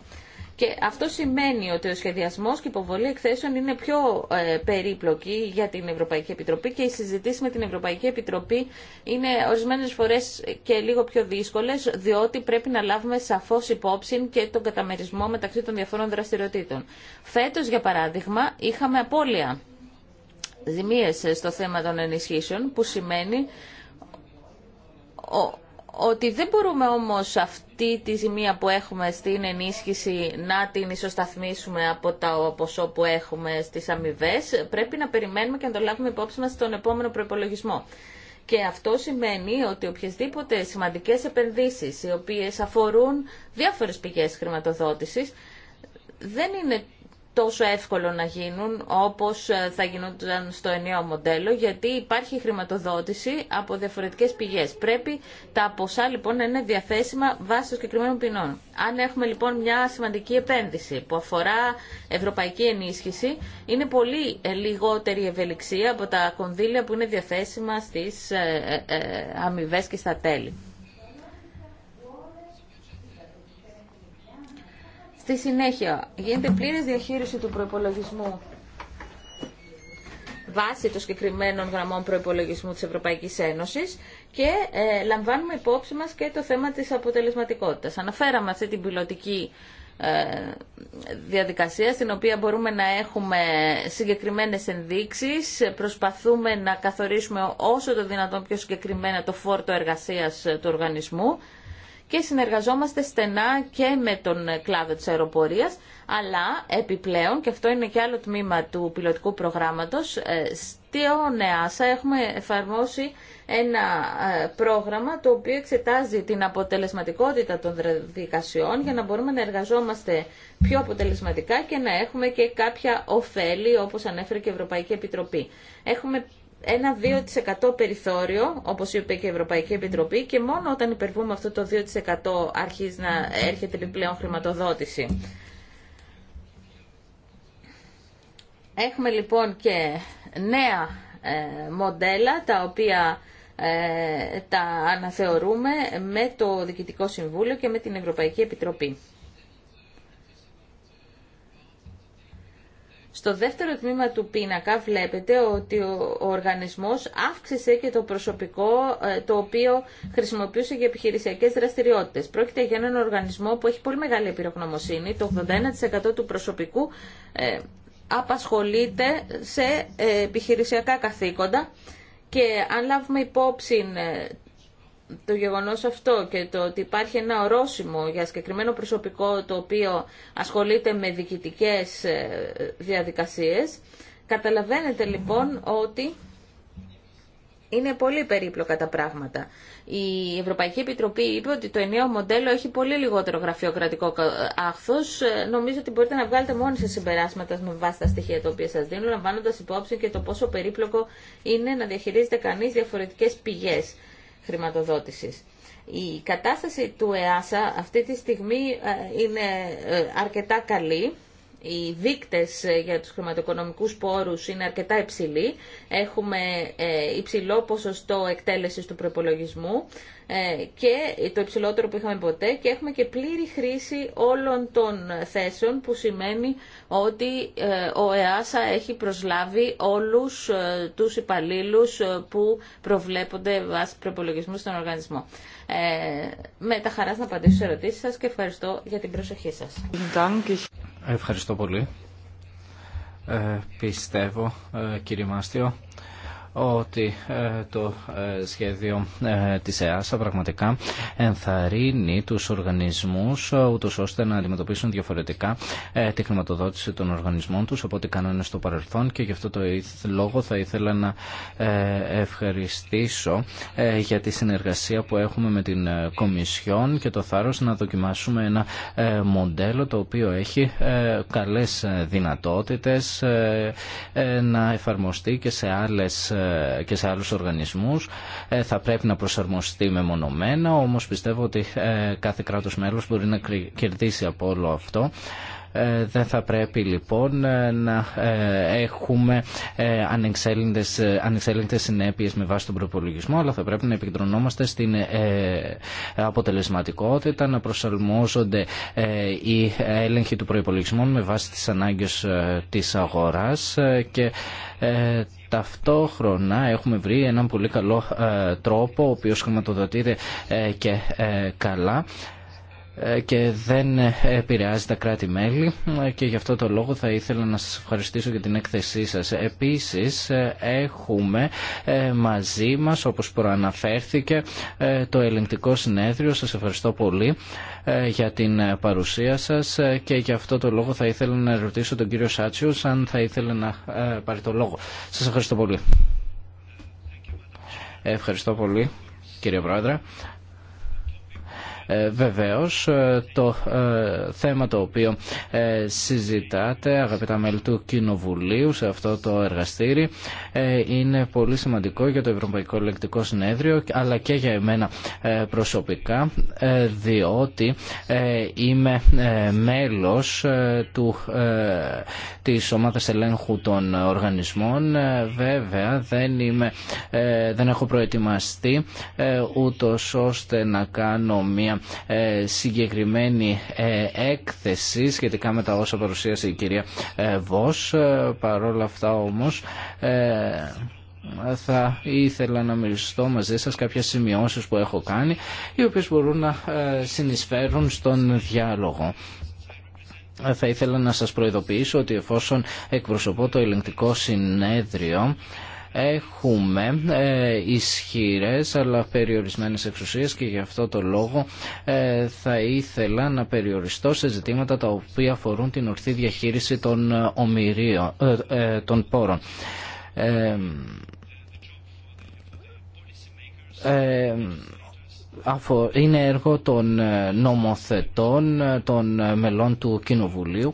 Και αυτό σημαίνει ότι ο σχεδιασμός και η υποβολή εκθέσεων είναι πιο ε, περίπλοκη για την Ευρωπαϊκή Επιτροπή και οι συζητήσεις με την Ευρωπαϊκή Επιτροπή είναι ορισμένες φορές και λίγο πιο δύσκολες, διότι πρέπει να λάβουμε σαφώς υπόψη και τον καταμερισμό μεταξύ των διαφόρων δραστηριοτήτων. Φέτος, για παράδειγμα, είχαμε απώλεια ζημίες στο θέμα των ενισχύσεων, που σημαίνει ότι δεν μπορούμε όμως αυτό αυτή τη ζημία που έχουμε στην ενίσχυση να την ισοσταθμίσουμε από το ποσό που έχουμε στις αμοιβέ, πρέπει να περιμένουμε και να το λάβουμε υπόψη μας στον επόμενο προπολογισμό. Και αυτό σημαίνει ότι οποιασδήποτε σημαντικές επενδύσεις οι οποίες αφορούν διάφορες πηγές χρηματοδότησης δεν είναι τόσο εύκολο να γίνουν όπως ε, θα γινόταν στο ενιαίο μοντέλο γιατί υπάρχει χρηματοδότηση από διαφορετικές πηγές. Πρέπει τα ποσά λοιπόν να είναι διαθέσιμα βάσει των συγκεκριμένων ποινών. Αν έχουμε λοιπόν μια σημαντική επένδυση που αφορά ευρωπαϊκή ενίσχυση είναι πολύ ε, λιγότερη ευελιξία από τα κονδύλια που είναι διαθέσιμα στις ε, αμοιβέ και στα τέλη. Στη συνέχεια, γίνεται πλήρης διαχείριση του προϋπολογισμού βάσει των συγκεκριμένων γραμμών προϋπολογισμού της Ευρωπαϊκής Ένωσης και ε, λαμβάνουμε υπόψη μας και το θέμα της αποτελεσματικότητας. Αναφέραμε αυτή την πιλωτική ε, διαδικασία στην οποία μπορούμε να έχουμε συγκεκριμένες ενδείξεις προσπαθούμε να καθορίσουμε όσο το δυνατόν πιο συγκεκριμένα το φόρτο εργασίας του οργανισμού και συνεργαζόμαστε στενά και με τον κλάδο της αεροπορίας, αλλά επιπλέον, και αυτό είναι και άλλο τμήμα του πιλωτικού προγράμματος, ε, στη ΝΕΑΣΑ έχουμε εφαρμόσει ένα ε, πρόγραμμα το οποίο εξετάζει την αποτελεσματικότητα των διαδικασιών για να μπορούμε να εργαζόμαστε πιο αποτελεσματικά και να έχουμε και κάποια ωφέλη όπως ανέφερε και η Ευρωπαϊκή Επιτροπή. Έχουμε ένα 2% περιθώριο, όπως είπε και η Ευρωπαϊκή Επιτροπή, και μόνο όταν υπερβούμε αυτό το 2% αρχίζει να έρχεται επιπλέον χρηματοδότηση. Έχουμε λοιπόν και νέα ε, μοντέλα, τα οποία ε, τα αναθεωρούμε με το Διοικητικό Συμβούλιο και με την Ευρωπαϊκή Επιτροπή. Στο δεύτερο τμήμα του πίνακα βλέπετε ότι ο οργανισμός αύξησε και το προσωπικό ε, το οποίο χρησιμοποιούσε για επιχειρησιακές δραστηριότητες. Πρόκειται για έναν οργανισμό που έχει πολύ μεγάλη επιρρογνωμοσύνη. Το 81% του προσωπικού ε, απασχολείται σε ε, επιχειρησιακά καθήκοντα και αν λάβουμε υπόψη το γεγονός αυτό και το ότι υπάρχει ένα ορόσημο για συγκεκριμένο προσωπικό το οποίο ασχολείται με διοικητικές ε, διαδικασίες, καταλαβαίνετε λοιπόν ότι είναι πολύ περίπλοκα τα πράγματα. Η Ευρωπαϊκή Επιτροπή είπε ότι το ενιαίο μοντέλο έχει πολύ λιγότερο γραφειοκρατικό άχθο. Ε, νομίζω ότι μπορείτε να βγάλετε μόνοι σα συμπεράσματα με βάση τα στοιχεία τα οποία σα δίνουν, λαμβάνοντα υπόψη και το πόσο περίπλοκο είναι να διαχειρίζεται κανεί διαφορετικέ πηγέ χρηματοδότησης. Η κατάσταση του ΕΑΣΑ αυτή τη στιγμή ε, είναι ε, αρκετά καλή οι δείκτες ε, για τους χρηματοοικονομικούς πόρους είναι αρκετά υψηλοί. Έχουμε ε, υψηλό ποσοστό εκτέλεσης του προπολογισμού ε, και το υψηλότερο που είχαμε ποτέ και έχουμε και πλήρη χρήση όλων των θέσεων που σημαίνει ότι ο ΕΑΣΑ έχει προσλάβει όλους τους υπαλλήλους που προβλέπονται βάσει προπολογισμού στον οργανισμό. Ε, με τα χαρά να απαντήσω στις ερωτήσεις σας και ευχαριστώ για την προσοχή σας. Ευχαριστώ πολύ. Ε, πιστεύω, ε, κύριε Μάστιο, ότι ε, το ε, σχέδιο ε, της ΕΑΣΑ πραγματικά ενθαρρύνει τους οργανισμούς ούτως ώστε να αντιμετωπίσουν διαφορετικά τη χρηματοδότηση των οργανισμών τους από ό,τι κάνουν στο παρελθόν και γι' αυτό το λόγο θα ήθελα να ευχαριστήσω για τη συνεργασία που έχουμε με την Κομισιόν και το θάρρος να δοκιμάσουμε ένα μοντέλο το οποίο έχει καλές δυνατότητες να εφαρμοστεί και σε άλλες ε, και σε άλλους οργανισμούς ε, θα πρέπει να προσαρμοστεί μεμονωμένα, όμως πιστεύω ότι ε, κάθε κράτος μέλος μπορεί να κερδίσει από όλο αυτό ε, δεν θα πρέπει λοιπόν ε, να ε, έχουμε ανεξέλεγκτες, ανεξέλεγκτες συνέπειες με βάση τον προπολογισμό, αλλά θα πρέπει να επικεντρωνόμαστε στην αποτελεσματικότητα, να προσαρμόζονται οι έλεγχοι του προπολογισμού με βάση τις ανάγκες της αγοράς και ταυτόχρονα έχουμε βρει έναν πολύ καλό τρόπο, ο οποίος χρηματοδοτείται και καλά ε, και δεν επηρεάζει τα κράτη-μέλη ε, και γι' αυτό το λόγο θα ήθελα να σας ευχαριστήσω για την έκθεσή σας. Επίσης ε, έχουμε μαζί μας όπως προαναφέρθηκε το ελεγκτικό συνέδριο. Σας ευχαριστώ πολύ για την παρουσία σας και γι' αυτό το λόγο θα ήθελα να ρωτήσω τον κύριο Σάτσιος αν θα ήθελε να πάρει το λόγο. Σας ευχαριστώ πολύ. Ευχαριστώ πολύ κύριε Πρόεδρε. Ε, βεβαίως ε, το ε, θέμα το οποίο συζητάτε αγαπητά μέλη του Κοινοβουλίου σε αυτό το εργαστήρι είναι πολύ σημαντικό για το Ευρωπαϊκό Ελεκτικό Συνέδριο αλλά και για εμένα προσωπικά διότι είμαι μέλος του, της ομάδας ελέγχου των οργανισμών βέβαια δεν, είμαι, δεν έχω προετοιμαστεί ούτως ώστε να κάνω μια ε, συγκεκριμένη ε, έκθεση σχετικά με τα όσα παρουσίασε η κυρία ε, Βος. Παρόλα αυτά όμως θα ήθελα να μιλήσω μαζί σας κάποιες σημειώσεις που έχω κάνει οι οποίες μπορούν να συνεισφέρουν στον διάλογο. Θα ήθελα να σας προειδοποιήσω ότι εφόσον εκπροσωπώ το ελεγκτικό συνέδριο έχουμε ε, ισχυρές αλλά περιορισμένες εξουσίες και γι' αυτό το λόγο ε, θα ήθελα να περιοριστώ σε ζητήματα τα οποία αφορούν την ορθή διαχείριση των, ε, των πόρων είναι έργο των ε, νομοθετών, ε, των ε, μελών του Κοινοβουλίου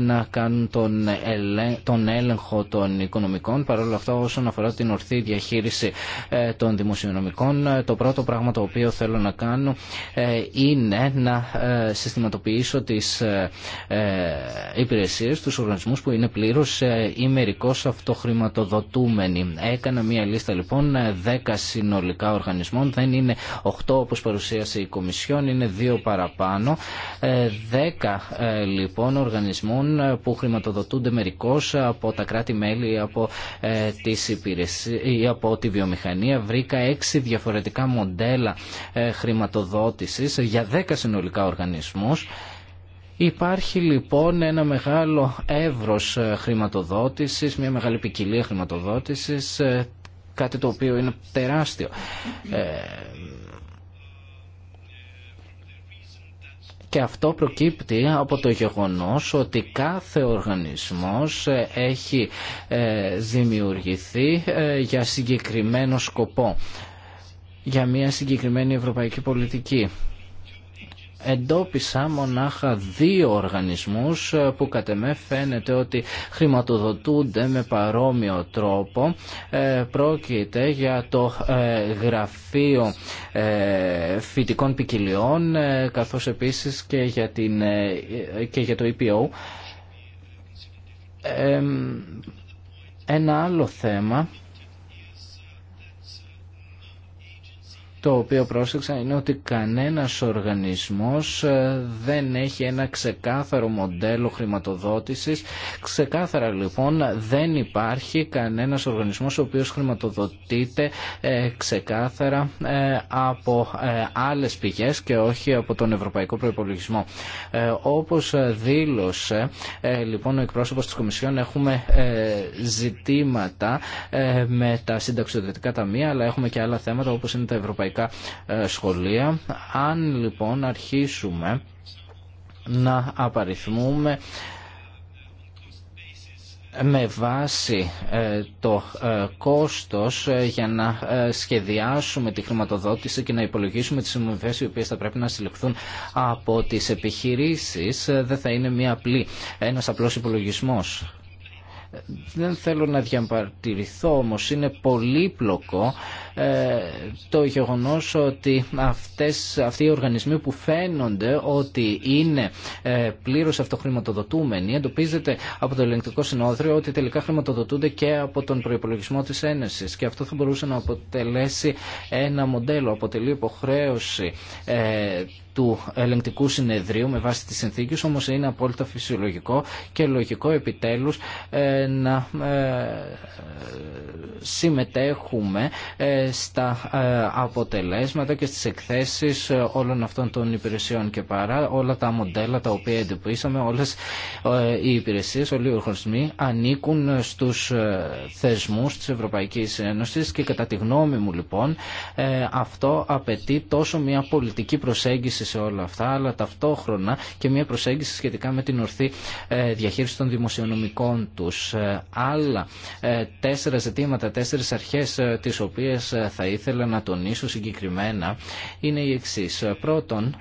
να κάνουν τον, τον έλεγχο των οικονομικών παρόλο αυτό όσον αφορά την ορθή διαχείριση των δημοσιονομικών το πρώτο πράγμα το οποίο θέλω να κάνω είναι να συστηματοποιήσω τις υπηρεσίες, τους οργανισμούς που είναι πλήρως ή μερικώς αυτοχρηματοδοτούμενοι. Έκανα μία λίστα λοιπόν 10 συνολικά οργανισμών, δεν είναι όπως παρουσίασε η Κομισιόν είναι δύο παραπάνω. 10 ε, ε, λοιπόν οργανισμών ε, που χρηματοδοτούνται μερικώς από τα κράτη-μέλη από, τις ή από τη βιομηχανία. Βρήκα έξι διαφορετικά μοντέλα χρηματοδότησης για 10 συνολικά οργανισμούς. Υπάρχει λοιπόν ένα μεγάλο εύρος χρηματοδότησης, μια μεγάλη ποικιλία χρηματοδότησης, κάτι το οποίο είναι τεράστιο. και αυτό προκύπτει από το γεγονός ότι κάθε οργανισμός ε, έχει ε, δημιουργηθεί ε, για συγκεκριμένο σκοπό, για μια συγκεκριμένη ευρωπαϊκή πολιτική εντόπισα μονάχα δύο οργανισμούς ε, που κατ' εμέ φαίνεται ότι χρηματοδοτούνται με παρόμοιο τρόπο. Ε, πρόκειται για το ε, Γραφείο Φυτικών Ποικιλιών καθώς επίσης και για, την, και για το EPO. Ένα άλλο θέμα το οποίο πρόσεξα είναι ότι κανένας οργανισμός ε, δεν έχει ένα ξεκάθαρο μοντέλο χρηματοδότησης. Ξεκάθαρα λοιπόν δεν υπάρχει κανένας οργανισμός ο οποίος χρηματοδοτείται ε, ξεκάθαρα ε, από άλλες πηγές και όχι από τον Ευρωπαϊκό Προϋπολογισμό. Όπως δήλωσε λοιπόν ο εκπρόσωπος της Κομισιόν έχουμε ζητήματα με τα συνταξιοδοτικά ταμεία αλλά έχουμε και άλλα θέματα όπως είναι τα Ευρωπαϊκά ευρωπαϊκά ε, σχολεία. Αν λοιπόν αρχίσουμε να απαριθμούμε με βάση ε, το ε, κόστος για να σχεδιάσουμε τη χρηματοδότηση και να υπολογίσουμε τις συμβουλές οι οποίες θα πρέπει να συλληφθούν από τις επιχειρήσεις δεν θα είναι μια απλή, ένας απλός υπολογισμός. Δεν θέλω να διαπαρτηρηθώ όμως είναι πολύπλοκο ε, το γεγονός ότι αυτές, αυτοί οι οργανισμοί που φαίνονται ότι είναι ε, πλήρως αυτοχρηματοδοτούμενοι εντοπίζεται από το ελεγκτικό συνόδριο ότι τελικά χρηματοδοτούνται και από τον προϋπολογισμό της Ένωσης και αυτό θα μπορούσε να αποτελέσει ένα μοντέλο, αποτελεί υποχρέωση ε, του ελεγκτικού συνεδρίου με βάση τις συνθήκες, όμως είναι απόλυτα φυσιολογικό και λογικό επιτέλους ε, να ε, συμμετέχουμε ε, στα αποτελέσματα και στις εκθέσεις όλων αυτών των υπηρεσιών και παρά όλα τα μοντέλα τα οποία εντυπώσαμε όλες οι υπηρεσίες, όλοι οι οργανισμοί ανήκουν στους θεσμούς της Ευρωπαϊκής Ένωσης και κατά τη γνώμη μου λοιπόν αυτό απαιτεί τόσο μια πολιτική προσέγγιση σε όλα αυτά, αλλά ταυτόχρονα και μια προσέγγιση σχετικά με την ορθή ε, διαχείριση των δημοσιονομικών τους. Ε, άλλα ε, τέσσερα ζητήματα, τέσσερις αρχές τις οποίες θα ήθελα να τονίσω συγκεκριμένα είναι οι εξή. Πρώτον,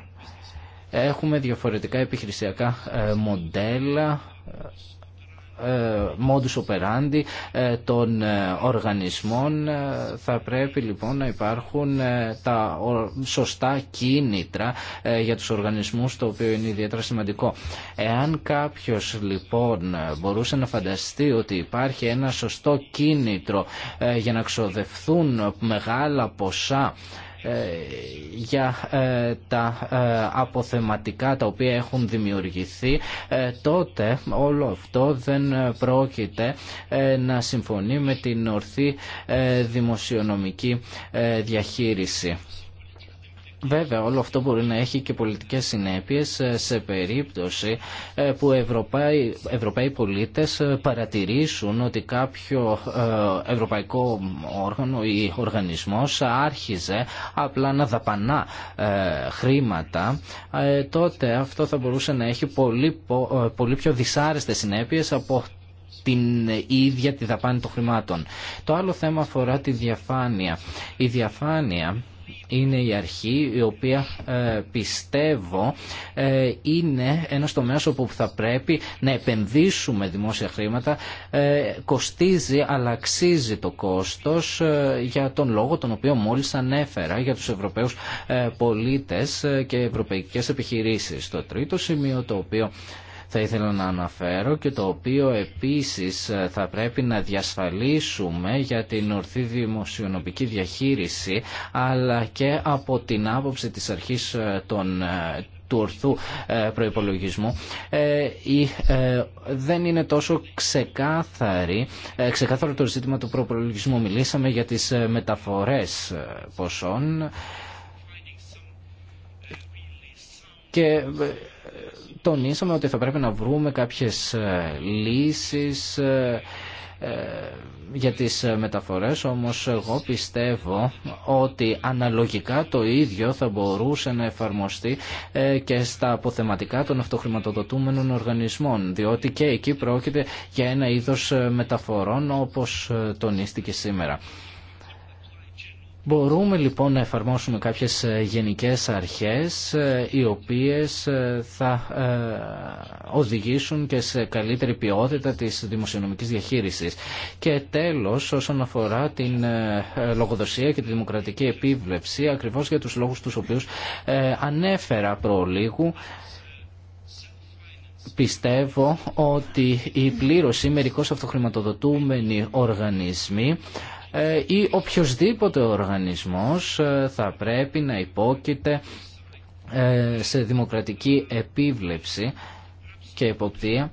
έχουμε διαφορετικά επιχειρησιακά μοντέλα ε, modus operandi ε, των ε, οργανισμών. Θα πρέπει λοιπόν να υπάρχουν τα σωστά κίνητρα για τους οργανισμούς, το οποίο είναι ιδιαίτερα σημαντικό. Εάν κάποιος λοιπόν μπορούσε να φανταστεί ότι υπάρχει ένα σωστό κίνητρο για να ξοδευθούν μεγάλα ποσά ε, για ε, τα ε, αποθεματικά τα οποία έχουν δημιουργηθεί τότε όλο αυτό δεν πρόκειται να συμφωνεί με την ορθή δημοσιονομική διαχείριση. Βέβαια όλο αυτό μπορεί να έχει και πολιτικές συνέπειες ε, σε περίπτωση ε, που Ευρωπαίοι, Ευρωπαίοι πολίτες ε, παρατηρήσουν ότι κάποιο ευρωπαϊκό όργανο ή οργανισμός άρχιζε απλά να δαπανά χρήματα τότε αυτό θα μπορούσε να έχει πολύ, πολύ πιο δυσάρεστες συνέπειες από την ίδια τη δαπάνη των χρημάτων. Το άλλο θέμα αφορά τη διαφάνεια. Η διαφάνεια είναι η αρχή η οποία ε, πιστεύω ε, είναι ένας τομέας όπου θα πρέπει να επενδύσουμε δημόσια χρήματα. Ε, κοστίζει αλλά αξίζει το κόστος για τον λόγο τον οποίο μόλις ανέφερα για τους Ευρωπαίους πολίτες και ευρωπαϊκές επιχειρήσεις. Το τρίτο σημείο το οποίο θα ήθελα να αναφέρω και το οποίο επίσης ε, θα πρέπει να διασφαλίσουμε για την ορθή δημοσιονομική διαχείριση αλλά και από την άποψη της αρχής ε, των ε, του ορθού προϋπολογισμού δεν είναι τόσο ξεκάθαρη, ξεκάθαρο το ζήτημα του προϋπολογισμού. Μιλήσαμε για τις μεταφορές ποσών τονίσαμε ότι θα πρέπει να βρούμε κάποιες ε, λύσεις ε, ε, για τις μεταφορές όμως εγώ πιστεύω ότι αναλογικά το ίδιο θα μπορούσε να εφαρμοστεί και στα αποθεματικά των αυτοχρηματοδοτούμενων οργανισμών διότι και εκεί πρόκειται για ένα είδος μεταφορών όπως τονίστηκε σήμερα. Μπορούμε λοιπόν να εφαρμόσουμε κάποιες ε, γενικές αρχές ε, οι οποίες ε, θα οδηγήσουν και σε καλύτερη ποιότητα της δημοσιονομικής διαχείρισης. Και τέλος όσον αφορά την λογοδοσία και τη δημοκρατική επίβλεψη ακριβώς για τους λόγους τους οποίους ανέφερα προλίγου πιστεύω ότι η πλήρωση μερικώς αυτοχρηματοδοτούμενοι οργανισμοί ε, ή οποιοδήποτε οργανισμός ε, θα πρέπει να υπόκειται ε, σε δημοκρατική επίβλεψη και εποπτεία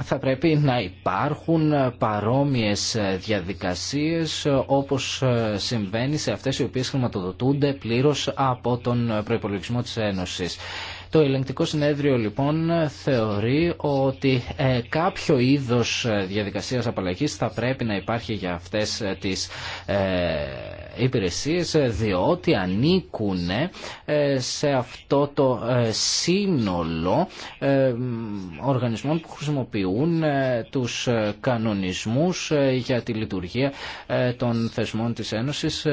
θα πρέπει να υπάρχουν παρόμοιες διαδικασίες όπως συμβαίνει σε αυτές οι οποίες χρηματοδοτούνται πλήρως από τον προϋπολογισμό της Ένωσης. Το ελεγκτικό συνέδριο λοιπόν θεωρεί ότι ε, κάποιο είδος ε, διαδικασίας απαλλαγής θα πρέπει να υπάρχει για αυτές ε, τις υπηρεσίες ε, διότι ανήκουν ε, σε αυτό το ε, σύνολο οργανισμών που χρησιμοποιούν τους κανονισμούς για τη λειτουργία των θεσμών της Ένωσης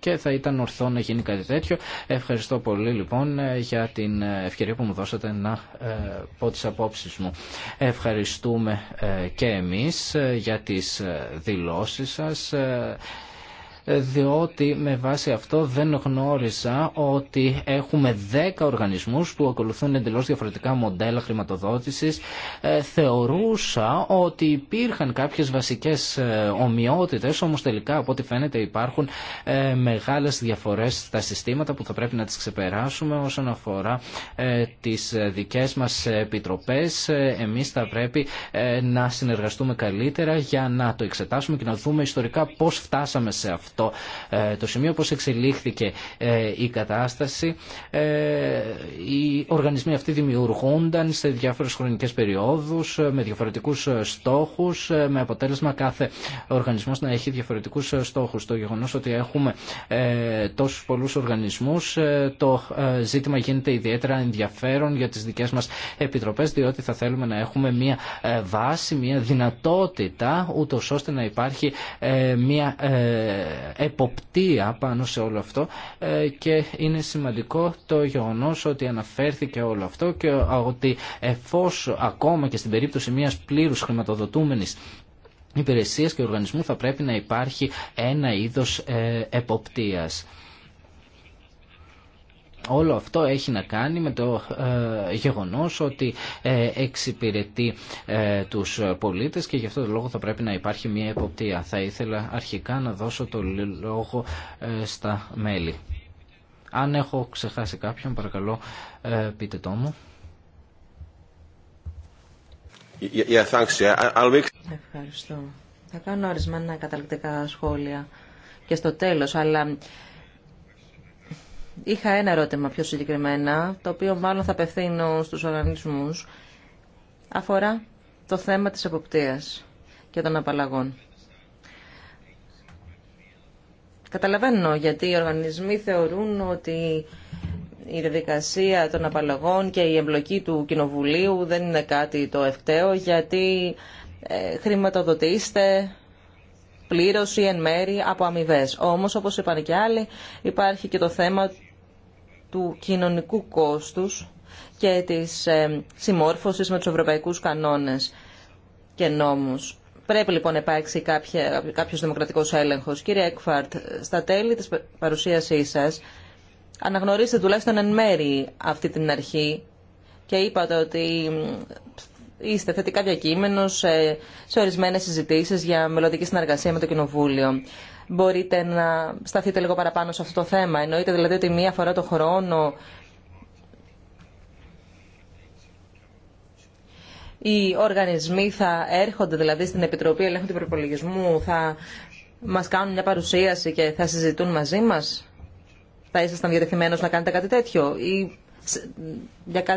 και θα ήταν ορθό να γίνει κάτι τέτοιο. Ευχαριστώ πολύ λοιπόν για την ευκαιρία που μου δώσατε να πω τις απόψεις μου. Ευχαριστούμε και εμείς για τις δηλώσεις σας διότι με βάση αυτό δεν γνώρισα ότι έχουμε 10 οργανισμούς που ακολουθούν εντελώς διαφορετικά μοντέλα χρηματοδότησης. Ε, θεωρούσα ότι υπήρχαν κάποιες βασικές ε, ομοιότητες, όμως τελικά από ό,τι φαίνεται υπάρχουν ε, μεγάλες διαφορές στα συστήματα που θα πρέπει να τις ξεπεράσουμε όσον αφορά τις δικές μας επιτροπές. Εμείς θα πρέπει να συνεργαστούμε καλύτερα για να το εξετάσουμε και να δούμε ιστορικά πώς φτάσαμε σε αυτό ε, το σημείο πώς εξελίχθηκε ε, η κατάσταση, ε, οι οργανισμοί αυτοί δημιουργούνταν σε διάφορες χρονικές περιόδους, με διαφορετικούς στόχους, με αποτέλεσμα κάθε οργανισμός να έχει διαφορετικούς στόχους. Το γεγονός ότι έχουμε τόσους πολλούς οργανισμούς, το ζήτημα γίνεται ιδιαίτερα ενδιαφέρον για τις δικές μας επιτροπές, διότι θα θέλουμε να έχουμε μια βάση, μια δυνατότητα, ούτως ώστε να υπάρχει μια εποπτεία πάνω σε όλο αυτό ε, και είναι σημαντικό το γεγονός ότι αναφέρθηκε όλο αυτό και ότι εφόσον ακόμα και στην περίπτωση μιας πλήρους χρηματοδοτούμενης υπηρεσίας και οργανισμού θα πρέπει να υπάρχει ένα είδος ε, εποπτείας. Όλο αυτό έχει να κάνει με το ε, γεγονός ότι ε, εξυπηρετεί ε, τους πολίτες και γι' αυτό το λόγο θα πρέπει να υπάρχει μια εποπτεία. Θα ήθελα αρχικά να δώσω το λόγο στα μέλη. Αν έχω ξεχάσει κάποιον, παρακαλώ πείτε το μου. Ευχαριστώ. Θα κάνω ορισμένα καταληκτικά σχόλια και στο τέλος, αλλά είχα ένα ερώτημα πιο συγκεκριμένα, το οποίο μάλλον θα απευθύνω στους οργανισμούς. Αφορά το θέμα της εποπτείας και των απαλλαγών. Καταλαβαίνω γιατί οι οργανισμοί θεωρούν ότι η διαδικασία των απαλλαγών και η εμπλοκή του Κοινοβουλίου δεν είναι κάτι το ευκταίο γιατί ε, χρηματοδοτήστε πλήρωση εν μέρη από αμοιβέ. Όμως όπως είπαν και άλλοι υπάρχει και το θέμα του κοινωνικού κόστους και της ε, συμμόρφωσης με τους ευρωπαϊκούς κανόνες και νόμους. Πρέπει λοιπόν να υπάρξει κάποια, κάποιος δημοκρατικός έλεγχος. Κύριε Εκφαρτ, στα τέλη της παρουσίασής σας αναγνωρίστε τουλάχιστον εν μέρη αυτή την αρχή και είπατε ότι είστε θετικά διακείμενος σε, σε ορισμένες συζητήσεις για μελλοντική συνεργασία με το Κοινοβούλιο μπορείτε να σταθείτε λίγο παραπάνω σε αυτό το θέμα. Εννοείται δηλαδή ότι μία φορά το χρόνο οι οργανισμοί θα έρχονται δηλαδή στην Επιτροπή Ελέγχου του Προπολογισμού, θα μας κάνουν μια παρουσίαση και θα συζητούν μαζί μας. Θα ήσασταν διατεθειμένος να κάνετε κάτι τέτοιο ή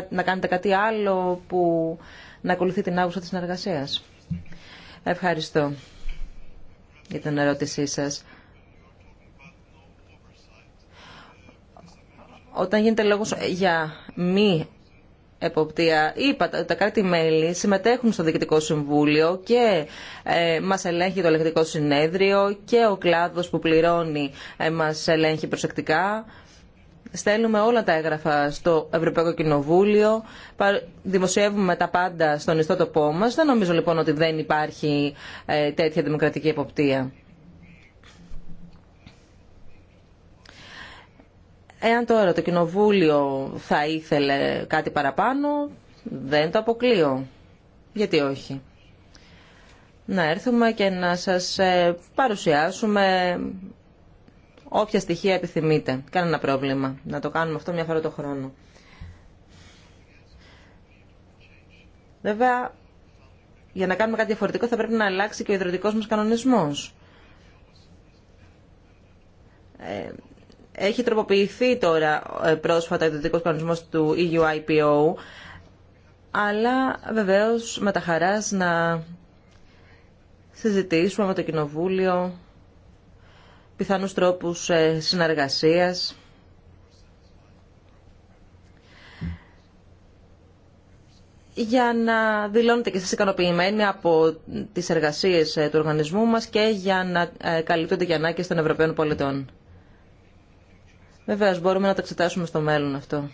να κάνετε κάτι άλλο που να ακολουθεί την άγουσα της συνεργασίας. Ευχαριστώ για την ερώτησή σας. Όταν γίνεται λόγος για μη εποπτεία, είπα τα κράτη-μέλη συμμετέχουν στο Διοικητικό Συμβούλιο και ε, μας ελέγχει το ελεκτρικό Συνέδριο και ο κλάδος που πληρώνει ε, μας ελέγχει προσεκτικά στέλνουμε όλα τα έγγραφα στο Ευρωπαϊκό Κοινοβούλιο, δημοσιεύουμε τα πάντα στον ιστότοπό μας. Δεν νομίζω λοιπόν ότι δεν υπάρχει ε, τέτοια δημοκρατική εποπτεία. Εάν τώρα το Κοινοβούλιο θα ήθελε κάτι παραπάνω, δεν το αποκλείω. Γιατί όχι. Να έρθουμε και να σας ε, παρουσιάσουμε όποια στοιχεία επιθυμείτε. Κανένα πρόβλημα. Να το κάνουμε αυτό μια φορά το χρόνο. Βέβαια, για να κάνουμε κάτι διαφορετικό θα πρέπει να αλλάξει και ο ιδρυτικός μας κανονισμός. Ε, έχει τροποποιηθεί τώρα ε, πρόσφατα ο ιδρυτικός κανονισμός του EUIPO, αλλά βεβαίως με τα χαράς να συζητήσουμε με το Κοινοβούλιο πιθανούς τρόπους ε, συνεργασίας. για να δηλώνετε και εσείς ικανοποιημένοι από τις εργασίες ε, του οργανισμού μας και για να ε, καλύπτονται και ανάγκες των Ευρωπαίων πολιτών. Βεβαίως, μπορούμε να το εξετάσουμε στο μέλλον αυτό.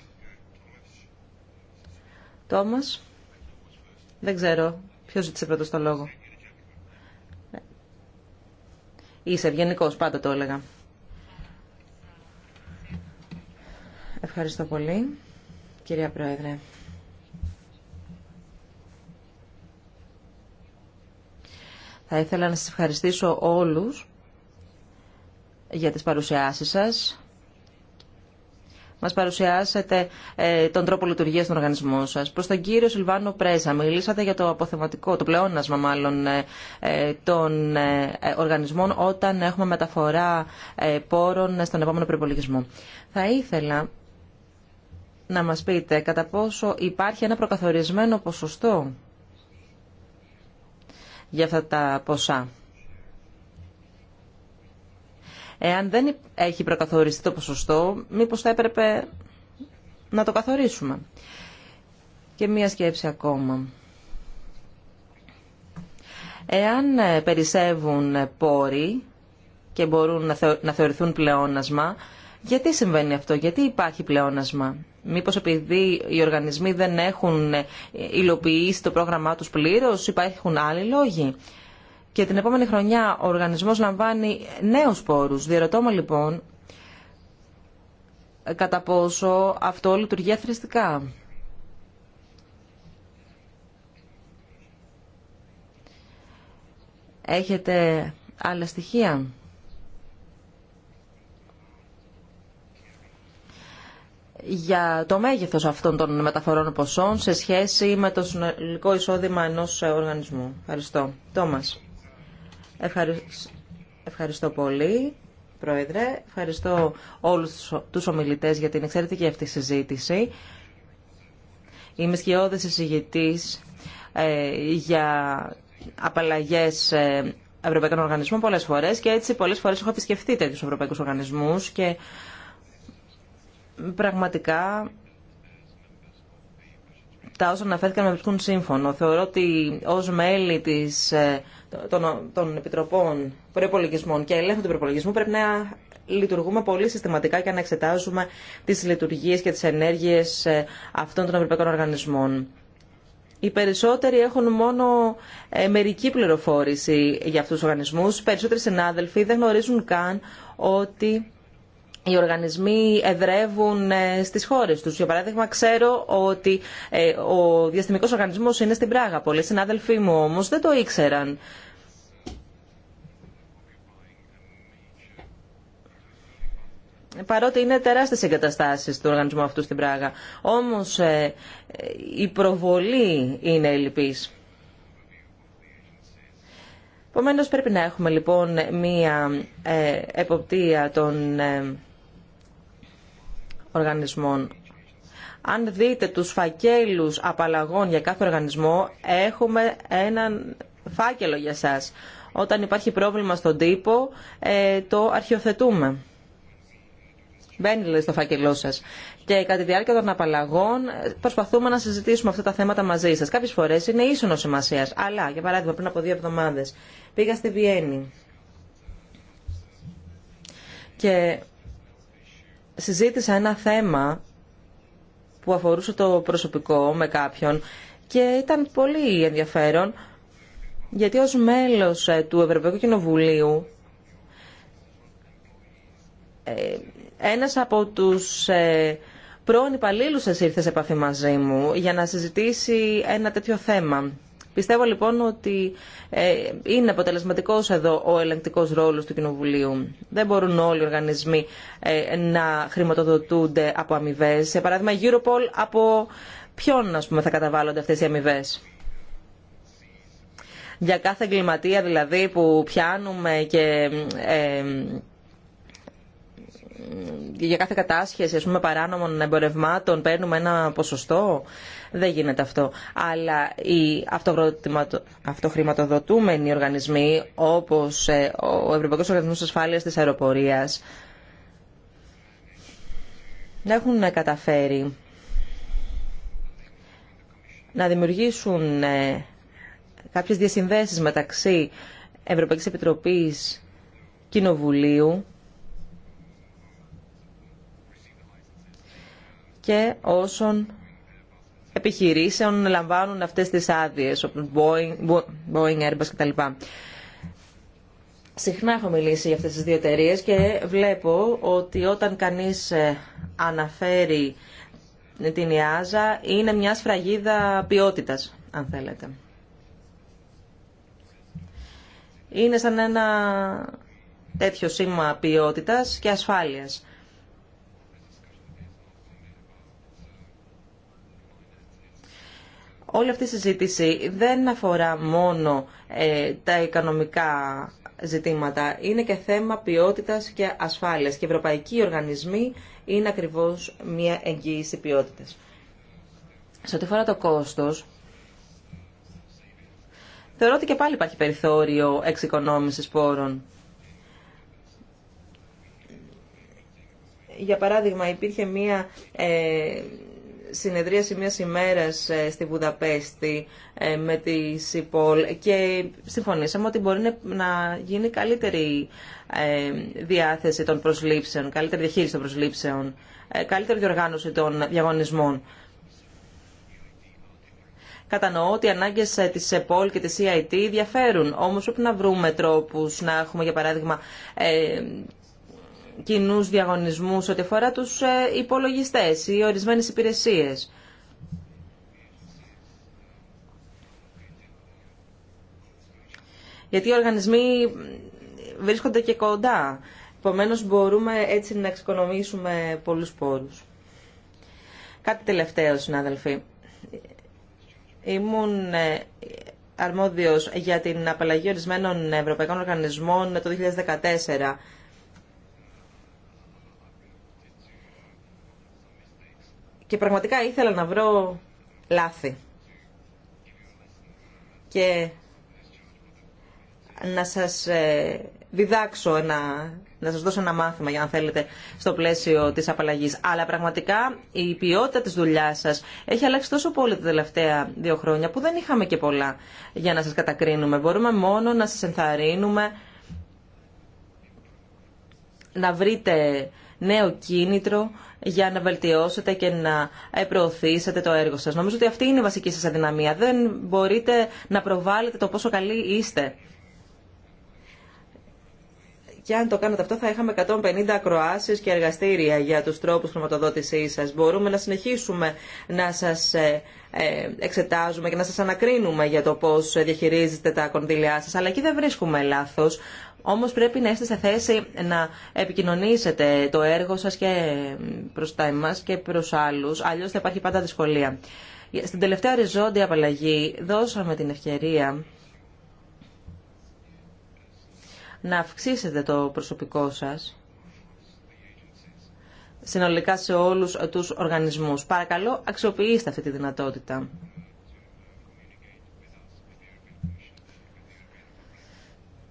Τόμας, δεν ξέρω ποιος ζήτησε πρώτος το λόγο. Είσαι ευγενικό, πάντα το έλεγα. Ευχαριστώ πολύ, κυρία Πρόεδρε. Θα ήθελα να σας ευχαριστήσω όλους για τις παρουσιάσεις σας μας παρουσιάσετε ε, τον τρόπο λειτουργίας των οργανισμών σας. Προς τον κύριο Σιλβάνο Πρέζα μιλήσατε για το αποθεματικό, το πλεόνασμα μάλλον ε, ε, των οργανισμών όταν έχουμε μεταφορά πόρων στον επόμενο προπολογισμό. Θα ήθελα να μας πείτε κατά πόσο υπάρχει ένα προκαθορισμένο ποσοστό για αυτά τα ποσά Εάν δεν έχει προκαθοριστεί το ποσοστό, μήπως θα έπρεπε να το καθορίσουμε. Και μία σκέψη ακόμα. Εάν ε, περισσεύουν πόροι και μπορούν να θεωρηθούν πλεόνασμα, γιατί συμβαίνει αυτό, γιατί υπάρχει πλεόνασμα. Μήπως επειδή οι οργανισμοί δεν έχουν ε, υλοποιήσει το πρόγραμμά τους πλήρως, υπάρχουν άλλοι λόγοι και την επόμενη χρονιά ο οργανισμός λαμβάνει νέους πόρους. Διερωτώ με λοιπόν κατά πόσο αυτό λειτουργεί αθρηστικά. Έχετε άλλα στοιχεία. για το μέγεθος αυτών των μεταφορών ποσών σε σχέση με το συνολικό εισόδημα ενός οργανισμού. Ευχαριστώ. Τόμας. Ευχαριστώ, ευχαριστώ πολύ, Πρόεδρε. Ευχαριστώ όλους τους ομιλητές για την εξαιρετική αυτή συζήτηση. Είμαι σκιώδης εισηγητής ε, για απαλλαγές ε, ευρωπαϊκών οργανισμών πολλές φορές και έτσι πολλές φορές έχω επισκεφτεί τέτοιους ευρωπαϊκούς οργανισμούς και πραγματικά τα όσα αναφέρθηκαν να βρίσκουν σύμφωνο. Θεωρώ ότι ω μέλη της, ε, των, των Επιτροπών Προπολογισμών και Ελέγχου του Προπολογισμού πρέπει να λειτουργούμε πολύ συστηματικά και να εξετάζουμε τι λειτουργίε και τι ενέργειε ε, αυτών των ευρωπαϊκών οργανισμών. Οι περισσότεροι έχουν μόνο ε, μερική πληροφόρηση για αυτούς τους οργανισμούς. Περισσότεροι συνάδελφοι δεν γνωρίζουν καν ότι οι οργανισμοί εδρεύουν ε, στις χώρες τους. Για παράδειγμα, ξέρω ότι ε, ο διαστημικός οργανισμός είναι στην Πράγα. Πολλοί συνάδελφοί μου όμως δεν το ήξεραν. παρότι είναι τεράστιες εγκαταστάσεις του οργανισμού αυτού στην Πράγα. Όμως ε, η προβολή είναι ελλειπής. Επομένως, πρέπει να έχουμε λοιπόν μία εποπτεία των οργανισμών. Αν δείτε τους φακέλους απαλλαγών για κάθε οργανισμό, έχουμε έναν φάκελο για σας. Όταν υπάρχει πρόβλημα στον τύπο, ε, το αρχιοθετούμε. Μπαίνει δηλαδή στο φάκελό σα. Και κατά τη διάρκεια των απαλλαγών ε, προσπαθούμε να συζητήσουμε αυτά τα θέματα μαζί σα. Κάποιε φορέ είναι ίσονο σημασία. Αλλά, για παράδειγμα, πριν από δύο εβδομάδε πήγα στη Βιέννη. Και συζήτησα ένα θέμα που αφορούσε το προσωπικό με κάποιον και ήταν πολύ ενδιαφέρον γιατί ως μέλος ε, του Ευρωπαϊκού Κοινοβουλίου ε, ένας από τους ε, πρώην υπαλλήλους σας ήρθε σε επαφή μαζί μου για να συζητήσει ένα τέτοιο θέμα. Πιστεύω λοιπόν ότι ε, είναι αποτελεσματικός εδώ ο ελεγκτικός ρόλος του Κοινοβουλίου. Δεν μπορούν όλοι οι οργανισμοί ε, να χρηματοδοτούνται από αμοιβέ. Σε παράδειγμα, η Europol από ποιον ας πούμε, θα καταβάλλονται αυτέ οι αμοιβέ. Για κάθε εγκληματία δηλαδή που πιάνουμε και ε, για κάθε κατάσχεση ας πούμε, παράνομων εμπορευμάτων παίρνουμε ένα ποσοστό. Δεν γίνεται αυτό. Αλλά οι αυτοχρηματοδοτούμενοι οργανισμοί, όπως ε, ο Ευρωπαϊκός Οργανισμός Ασφάλειας της Αεροπορίας, έχουν καταφέρει να δημιουργήσουν ε, κάποιες διασυνδέσεις μεταξύ Ευρωπαϊκής Επιτροπής Κοινοβουλίου και όσων επιχειρήσεων λαμβάνουν αυτές τις άδειες, όπως Boeing, Boeing Airbus κτλ. Συχνά έχω μιλήσει για αυτές τις δύο εταιρείε και βλέπω ότι όταν κανείς ε, αναφέρει την ΙΑΖΑ είναι μια σφραγίδα ποιότητας, αν θέλετε. Είναι σαν ένα τέτοιο σήμα ποιότητας και ασφάλειας. όλη αυτή η συζήτηση δεν αφορά μόνο ε, τα οικονομικά ζητήματα. Είναι και θέμα ποιότητας και ασφάλειας. Και οι ευρωπαϊκοί οργανισμοί είναι ακριβώς μια εγγύηση ποιότητας. Σε ό,τι αφορά το κόστος, θεωρώ ότι και πάλι υπάρχει περιθώριο εξοικονόμησης πόρων. Για παράδειγμα, υπήρχε μία ε, συνεδρίαση μιας ημέρας ε, στη Βουδαπέστη ε, με τη ΣΥΠΟΛ και συμφωνήσαμε ότι μπορεί να γίνει καλύτερη ε, διάθεση των προσλήψεων, καλύτερη διαχείριση των προσλήψεων, καλύτερη διοργάνωση των διαγωνισμών. Κατανοώ ότι οι ανάγκε τη ΕΠΟΛ και τη CIT διαφέρουν. Όμω πρέπει να βρούμε τρόπου να έχουμε, για παράδειγμα, κοινού διαγωνισμού ό,τι αφορά του ε, υπολογιστέ ή ορισμένε υπηρεσίε. Γιατί οι οργανισμοί βρίσκονται και κοντά. Επομένω μπορούμε έτσι να εξοικονομήσουμε πολλού πόρου. Κάτι τελευταίο, συνάδελφοι. Ήμουν ε, αρμόδιος για την απαλλαγή ορισμένων ευρωπαϊκών οργανισμών το 2014 Και πραγματικά ήθελα να βρω λάθη. Και να σας ε, διδάξω, ένα, να σας δώσω ένα μάθημα, για να θέλετε, στο πλαίσιο της απαλλαγής. Αλλά πραγματικά η ποιότητα της δουλειάς σας έχει αλλάξει τόσο πολύ τα τελευταία δύο χρόνια που δεν είχαμε και πολλά για να σας κατακρίνουμε. Μπορούμε μόνο να σας ενθαρρύνουμε να βρείτε νέο κίνητρο για να βελτιώσετε και να προωθήσετε το έργο σας. Νομίζω ότι αυτή είναι η βασική σας αδυναμία. Δεν μπορείτε να προβάλλετε το πόσο καλοί είστε. Και αν το κάνετε αυτό θα είχαμε 150 ακροάσεις και εργαστήρια για τους τρόπους χρηματοδότησής σας. Μπορούμε να συνεχίσουμε να σας ε, ε, εξετάζουμε και να σας ανακρίνουμε για το πώς διαχειρίζετε τα κονδύλια σας. Αλλά εκεί δεν βρίσκουμε λάθος. Όμως πρέπει να είστε σε θέση να επικοινωνήσετε το έργο σας και προς τα εμάς και προς άλλους, αλλιώς θα υπάρχει πάντα δυσκολία. Στην τελευταία οριζόντια απαλλαγή δώσαμε την ευκαιρία να αυξήσετε το προσωπικό σας συνολικά σε όλους τους οργανισμούς. Παρακαλώ, αξιοποιήστε αυτή τη δυνατότητα.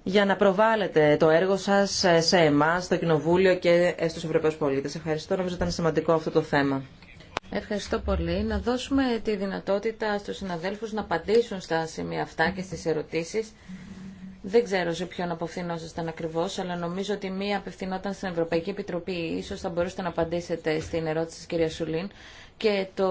για να προβάλλετε το έργο σας σε εμάς, στο Κοινοβούλιο και στους Ευρωπαίου πολίτε. Ευχαριστώ. Νομίζω ήταν σημαντικό αυτό το θέμα. Ευχαριστώ πολύ. Να δώσουμε τη δυνατότητα στους συναδέλφους να απαντήσουν στα σημεία αυτά και στις ερωτήσεις. Δεν ξέρω σε ποιον απευθυνόσασταν ακριβώ, αλλά νομίζω ότι μία απευθυνόταν στην Ευρωπαϊκή Επιτροπή. σω θα μπορούσατε να απαντήσετε στην ερώτηση τη κυρία Σουλίν και το,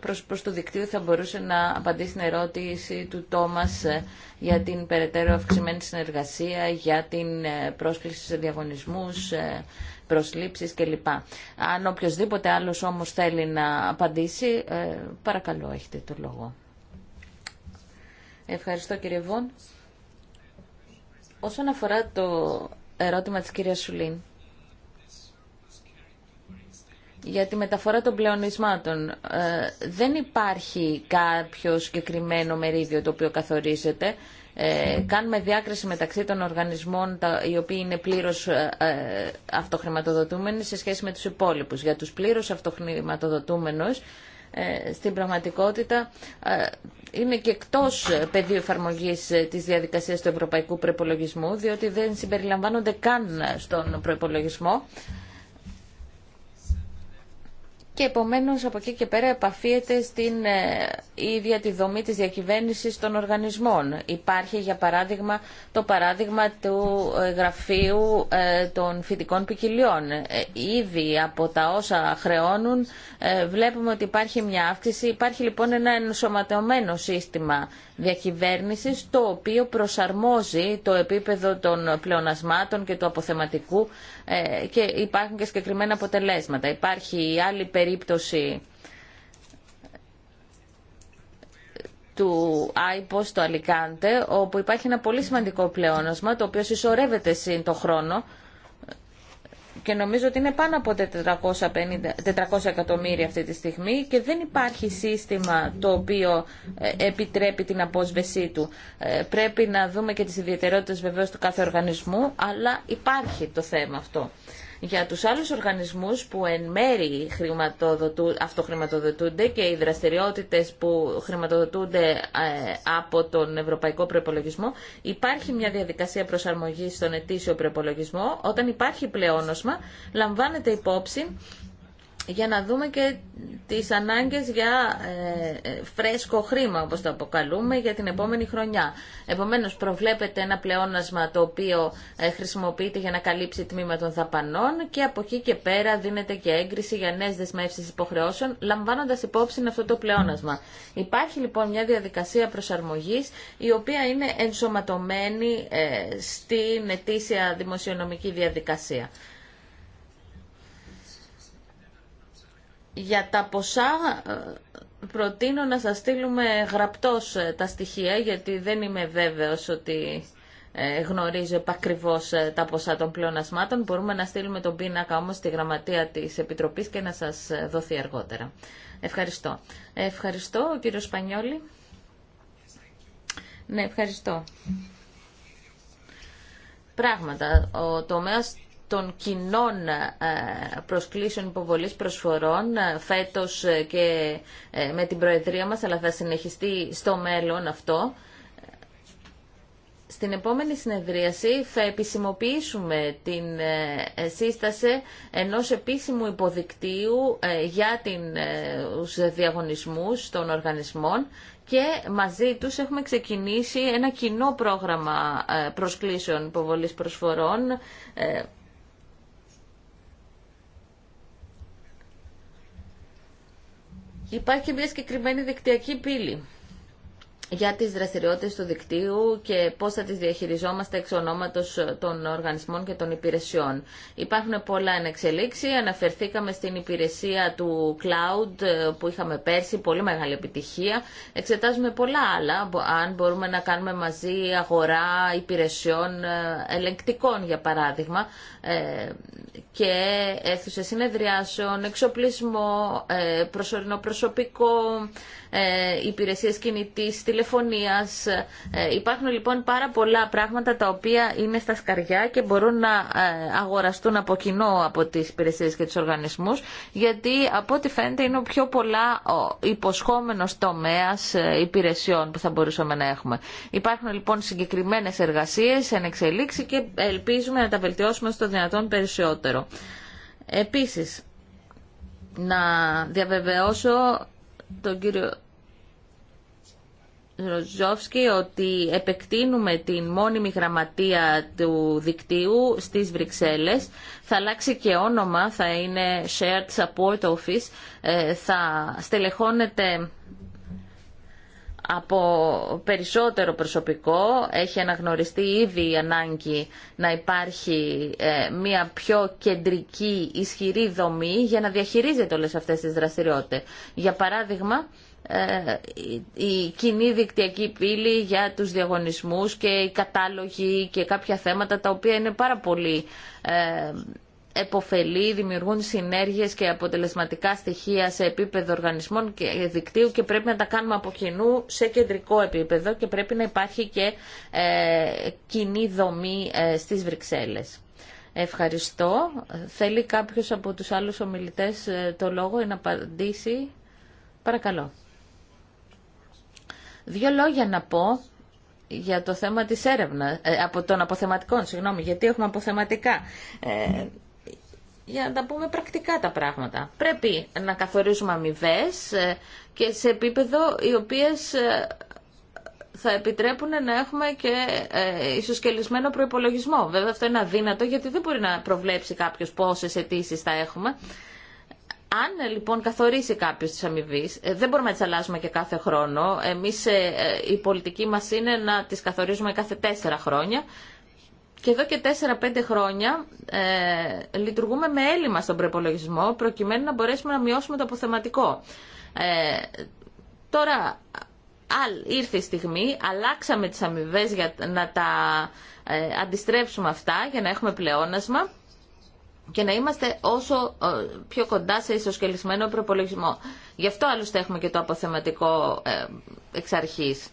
προς, προς το δικτύο θα μπορούσε να απαντήσει την ερώτηση του Τόμας ε, για την περαιτέρω αυξημένη συνεργασία, για την ε, πρόσκληση σε διαγωνισμούς, ε, προσλήψεις κλπ. Αν οποιοδήποτε άλλος όμως θέλει να απαντήσει, παρακαλώ έχετε το λόγο. Ευχαριστώ κύριε Βον. Όσον αφορά το ερώτημα της κυρίας Σουλίν, για τη μεταφορά των πλεονισμάτων. Ε, δεν υπάρχει κάποιο συγκεκριμένο μερίδιο το οποίο καθορίζεται. Ε, κάνουμε διάκριση μεταξύ των οργανισμών τα, οι οποίοι είναι πλήρως ε, ε, αυτοχρηματοδοτούμενοι σε σχέση με τους υπόλοιπους. Για τους πλήρως αυτοχρηματοδοτούμενους ε, στην πραγματικότητα είναι και εκτός πεδίου εφαρμογής της διαδικασίας του ευρωπαϊκού προπολογισμού, διότι δεν συμπεριλαμβάνονται καν στον προπολογισμό και επομένως από εκεί και πέρα επαφίεται στην ε, ίδια τη δομή της διακυβέρνησης των οργανισμών. Υπάρχει για παράδειγμα το παράδειγμα του ε, γραφείου ε, των φοιτικών ποικιλιών. Ήδη από τα όσα χρεώνουν βλέπουμε ότι υπάρχει μια αύξηση. Υπάρχει λοιπόν ένα ενσωματωμένο σύστημα διακυβέρνησης το οποίο προσαρμόζει το επίπεδο των πλεονασμάτων και του αποθεματικού ε, και υπάρχουν και συγκεκριμένα αποτελέσματα. Υπάρχει η άλλη περίπτωση του ΆΙΠΟ στο Αλικάντε, όπου υπάρχει ένα πολύ σημαντικό πλεόνασμα, το οποίο συσσωρεύεται σύν το χρόνο, και νομίζω ότι είναι πάνω από 450, 400 εκατομμύρια αυτή τη στιγμή και δεν υπάρχει σύστημα το οποίο ε, επιτρέπει την απόσβεσή του. Ε, πρέπει να δούμε και τις ιδιαιτερότητες βεβαίως του κάθε οργανισμού, αλλά υπάρχει το θέμα αυτό για τους άλλους οργανισμούς που εν μέρη αυτοχρηματοδοτούνται και οι δραστηριότητες που χρηματοδοτούνται ε, από τον Ευρωπαϊκό Προπολογισμό, υπάρχει μια διαδικασία προσαρμογής στον ετήσιο προπολογισμό. Όταν υπάρχει πλεόνοσμα, λαμβάνεται υπόψη για να δούμε και τις ανάγκες για ε, ε, φρέσκο χρήμα, όπως το αποκαλούμε, για την επόμενη χρονιά. Επομένως, προβλέπεται ένα πλεόνασμα το οποίο ε, χρησιμοποιείται για να καλύψει τμήμα των δαπανών και από εκεί και πέρα δίνεται και έγκριση για νέες δεσμεύσεις υποχρεώσεων, λαμβάνοντας υπόψη αυτό το πλεόνασμα. Υπάρχει λοιπόν μια διαδικασία προσαρμογής, η οποία είναι ενσωματωμένη ε, στην ετήσια δημοσιονομική διαδικασία. Για τα ποσά ε, προτείνω να σας στείλουμε γραπτός ε, τα στοιχεία γιατί δεν είμαι βέβαιος ότι ε, γνωρίζω επακριβώς τα ποσά των πλεονασμάτων. Μπορούμε να στείλουμε τον πίνακα όμως στη γραμματεία της Επιτροπής και να σας δοθεί αργότερα. Ευχαριστώ. Ευχαριστώ, ο κύριος Σπανιόλη. Ναι, ευχαριστώ. Πράγματα. Ο τομέας των κοινών ε, προσκλήσεων υποβολής προσφορών ε, φέτος ε, και με την Προεδρία μας, αλλά θα συνεχιστεί στο μέλλον αυτό. Στην επόμενη συνεδρίαση θα επισημοποιήσουμε την σύσταση ενός επίσημου υποδικτύου για του διαγωνισμούς των οργανισμών και μαζί τους έχουμε ξεκινήσει ένα κοινό πρόγραμμα προσκλήσεων υποβολής προσφορών Υπάρχει μια συγκεκριμένη δικτυακή πύλη για τις δραστηριότητες του δικτύου και πώς θα τις διαχειριζόμαστε εξ ονόματος των οργανισμών και των υπηρεσιών. Υπάρχουν πολλά ενεξελίξη. Αναφερθήκαμε στην υπηρεσία του cloud ε, που είχαμε πέρσι, πολύ μεγάλη επιτυχία. Εξετάζουμε πολλά άλλα, αν μπορούμε να κάνουμε μαζί αγορά υπηρεσιών ε, ελεγκτικών, για παράδειγμα, ε, και αίθουσες συνεδριάσεων, εξοπλισμό, προσωρινό προσωπικό, ε, υπηρεσίες κινητής, τηλεφωνίας. Ε, υπάρχουν λοιπόν πάρα πολλά πράγματα τα οποία είναι στα σκαριά και μπορούν να ε, αγοραστούν από κοινό από τις υπηρεσίες και τους οργανισμούς γιατί από ό,τι φαίνεται είναι ο πιο πολλά υποσχόμενος τομέας υπηρεσιών που θα μπορούσαμε να έχουμε. Υπάρχουν λοιπόν συγκεκριμένες εργασίες εν εξελίξη και ελπίζουμε να τα βελτιώσουμε στο δυνατόν περισσότερο. Επίσης, να διαβεβαιώσω τον κύριο Ροζόφσκι ότι επεκτείνουμε την μόνιμη γραμματεία του δικτύου στις Βρυξέλλες. Θα αλλάξει και όνομα, θα είναι Shared Support Office, ε, θα στελεχώνεται από περισσότερο προσωπικό. Έχει αναγνωριστεί ήδη η ανάγκη να υπάρχει ε, μια πιο κεντρική, ισχυρή δομή για να διαχειρίζεται όλες αυτές τις δραστηριότητες. Για παράδειγμα, ε, η κοινή δικτυακή πύλη για τους διαγωνισμούς και οι κατάλογοι και κάποια θέματα τα οποία είναι πάρα πολύ ε, εποφελεί, δημιουργούν συνέργειες και αποτελεσματικά στοιχεία σε επίπεδο οργανισμών και δικτύου και πρέπει να τα κάνουμε από κοινού σε κεντρικό επίπεδο και πρέπει να υπάρχει και ε, κοινή δομή ε, στις Βρυξέλλες. Ευχαριστώ. Θέλει κάποιος από τους άλλους ομιλητές ε, το λόγο ή να απαντήσει. Παρακαλώ. Δύο λόγια να πω για το θέμα της έρευνας, ε, από των αποθεματικών, συγγνώμη, γιατί έχουμε αποθεματικά. Ε, για να τα πούμε πρακτικά τα πράγματα. Πρέπει να καθορίζουμε αμοιβέ ε, και σε επίπεδο οι οποίες ε, θα επιτρέπουν να έχουμε και ε, ισοσκελισμένο προϋπολογισμό. Βέβαια αυτό είναι αδύνατο γιατί δεν μπορεί να προβλέψει κάποιος πόσες αιτήσει θα έχουμε. Αν λοιπόν καθορίσει κάποιο τι αμοιβή, δεν μπορούμε να τι αλλάζουμε και κάθε χρόνο. Εμεί η πολιτική μα είναι να τι καθορίζουμε κάθε τέσσερα χρόνια και εδώ και 4-5 χρόνια ε, λειτουργούμε με έλλειμμα στον προπολογισμό προκειμένου να μπορέσουμε να μειώσουμε το αποθεματικό. Ε, τώρα α, ήρθε η στιγμή, αλλάξαμε τις αμοιβέ για να τα ε, αντιστρέψουμε αυτά για να έχουμε πλεόνασμα και να είμαστε όσο ε, πιο κοντά σε ισοσκελισμένο προπολογισμό. Γι' αυτό άλλωστε έχουμε και το αποθεματικό ε, εξ αρχής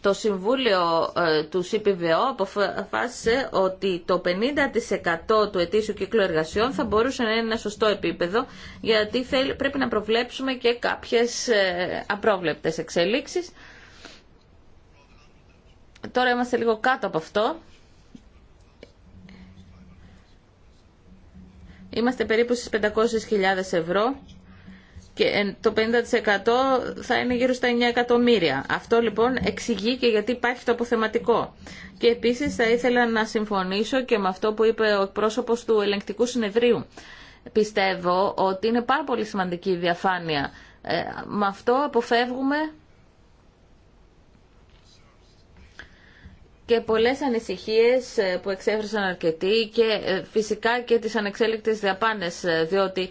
το Συμβούλιο ε, του ΣΥΠΙΒΕΟ αποφάσισε ότι το 50% του ετήσιου κύκλου εργασιών θα μπορούσε να είναι ένα σωστό επίπεδο γιατί πρέπει να προβλέψουμε και κάποιες ε, απρόβλεπτες εξελίξεις. Τώρα είμαστε λίγο κάτω από αυτό. Είμαστε περίπου στις 500.000 ευρώ και το 50% θα είναι γύρω στα 9 εκατομμύρια. Αυτό λοιπόν εξηγεί και γιατί υπάρχει το αποθεματικό. Και επίσης θα ήθελα να συμφωνήσω και με αυτό που είπε ο πρόσωπος του ελεγκτικού συνεδρίου. Πιστεύω ότι είναι πάρα πολύ σημαντική η διαφάνεια. Ε, με αυτό αποφεύγουμε και πολλές ανησυχίες ε, που εξέφρασαν αρκετοί και ε, φυσικά και τις ανεξέλεκτες διαπάνες ε, διότι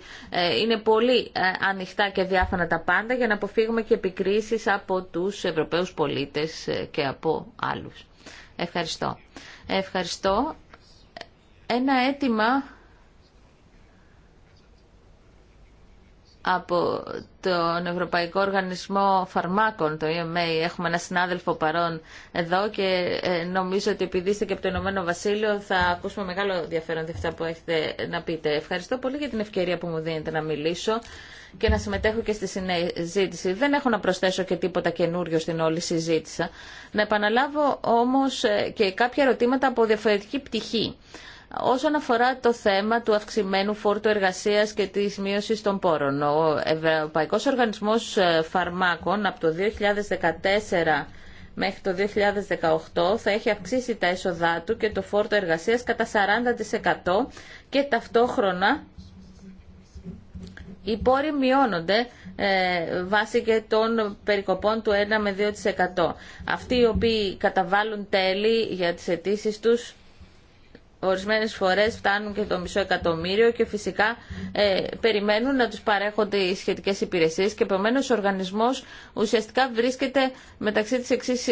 είναι πολύ ανοιχτά και διάφανα τα πάντα για να αποφύγουμε και επικρίσεις από τους Ευρωπαίους πολίτες και από άλλους. Ευχαριστώ. Ευχαριστώ. Ένα αίτημα από τον Ευρωπαϊκό Οργανισμό Φαρμάκων, το EMA. Έχουμε ένα συνάδελφο παρόν εδώ και ε, νομίζω ότι επειδή είστε και από το Ηνωμένο Βασίλειο θα ακούσουμε μεγάλο ενδιαφέρον αυτά που έχετε να πείτε. Ευχαριστώ πολύ για την ευκαιρία που μου δίνετε να μιλήσω και να συμμετέχω και στη συζήτηση. Δεν έχω να προσθέσω και τίποτα καινούριο στην όλη συζήτηση. Να επαναλάβω όμως ε, και κάποια ερωτήματα από διαφορετική πτυχή όσον αφορά το θέμα του αυξημένου φόρτου εργασία και τη μείωση των πόρων. Ο Ευρωπαϊκό Οργανισμό ε, Φαρμάκων από το 2014 μέχρι το 2018 θα έχει αυξήσει τα έσοδά του και το φόρτο εργασία κατά 40% και ταυτόχρονα οι πόροι μειώνονται ε, βάσει και των περικοπών του 1 με 2%. Αυτοί οι οποίοι καταβάλουν τέλη για τις αιτήσει τους Ορισμένες φορές φτάνουν και το μισό εκατομμύριο και φυσικά ε, περιμένουν να τους παρέχονται οι σχετικές υπηρεσίες και επομένως ο οργανισμός ουσιαστικά βρίσκεται μεταξύ της εξής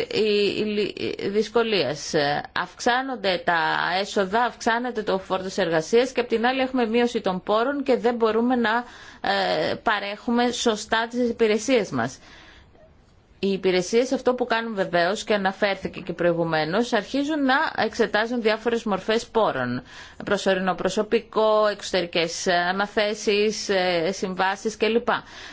δυσκολίας. Ε, αυξάνονται τα έσοδα, αυξάνεται το φόρτος εργασίας και απ' την άλλη έχουμε μείωση των πόρων και δεν μπορούμε να ε, παρέχουμε σωστά τις υπηρεσίες μας οι υπηρεσίε αυτό που κάνουν βεβαίω και αναφέρθηκε και προηγουμένω, αρχίζουν να εξετάζουν διάφορε μορφέ πόρων. Προσωρινό προσωπικό, εξωτερικέ αναθέσει, ε, συμβάσει κλπ.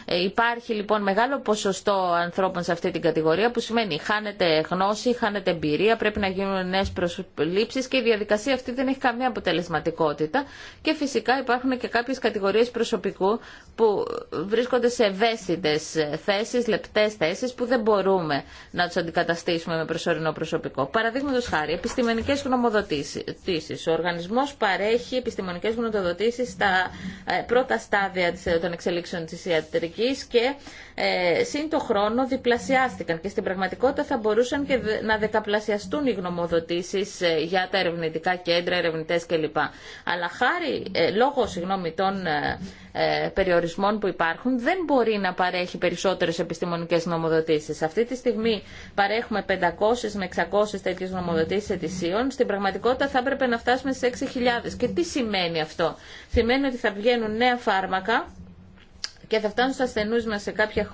Ε, υπάρχει λοιπόν μεγάλο ποσοστό ανθρώπων σε αυτή την κατηγορία που σημαίνει χάνεται γνώση, χάνεται εμπειρία, πρέπει να γίνουν νέε προσλήψει και η διαδικασία αυτή δεν έχει καμία αποτελεσματικότητα και φυσικά υπάρχουν και κάποιε κατηγορίε προσωπικού που βρίσκονται σε ευαίσθητε θέσει, λεπτέ θέσει δεν μπορούμε να του αντικαταστήσουμε με προσωρινό προσωπικό. Παραδείγματο χάρη, επιστημονικέ γνωμοδοτήσει. Ο οργανισμό παρέχει επιστημονικέ γνωμοδοτήσει στα ε, πρώτα στάδια των εξελίξεων τη ιατρική και ε, σύν το χρόνο διπλασιάστηκαν και στην πραγματικότητα θα μπορούσαν και να δεκαπλασιαστούν οι γνωμοδοτήσεις ε, για τα ερευνητικά κέντρα, ερευνητές κλπ. Αλλά χάρη, ε, λόγω συγγνώμη, των ε, περιορισμών που υπάρχουν δεν μπορεί να παρέχει περισσότερες επιστημονικές νομοδοτήσεις. Αυτή τη στιγμή παρέχουμε 500 με 600 τέτοιες νομοδοτήσεις ετησίων. Στην πραγματικότητα θα έπρεπε να φτάσουμε στις 6.000. Και τι σημαίνει αυτό. Σημαίνει ότι θα βγαίνουν νέα φάρμακα και θα φτάνουν στους ασθενούς μας σε κάποια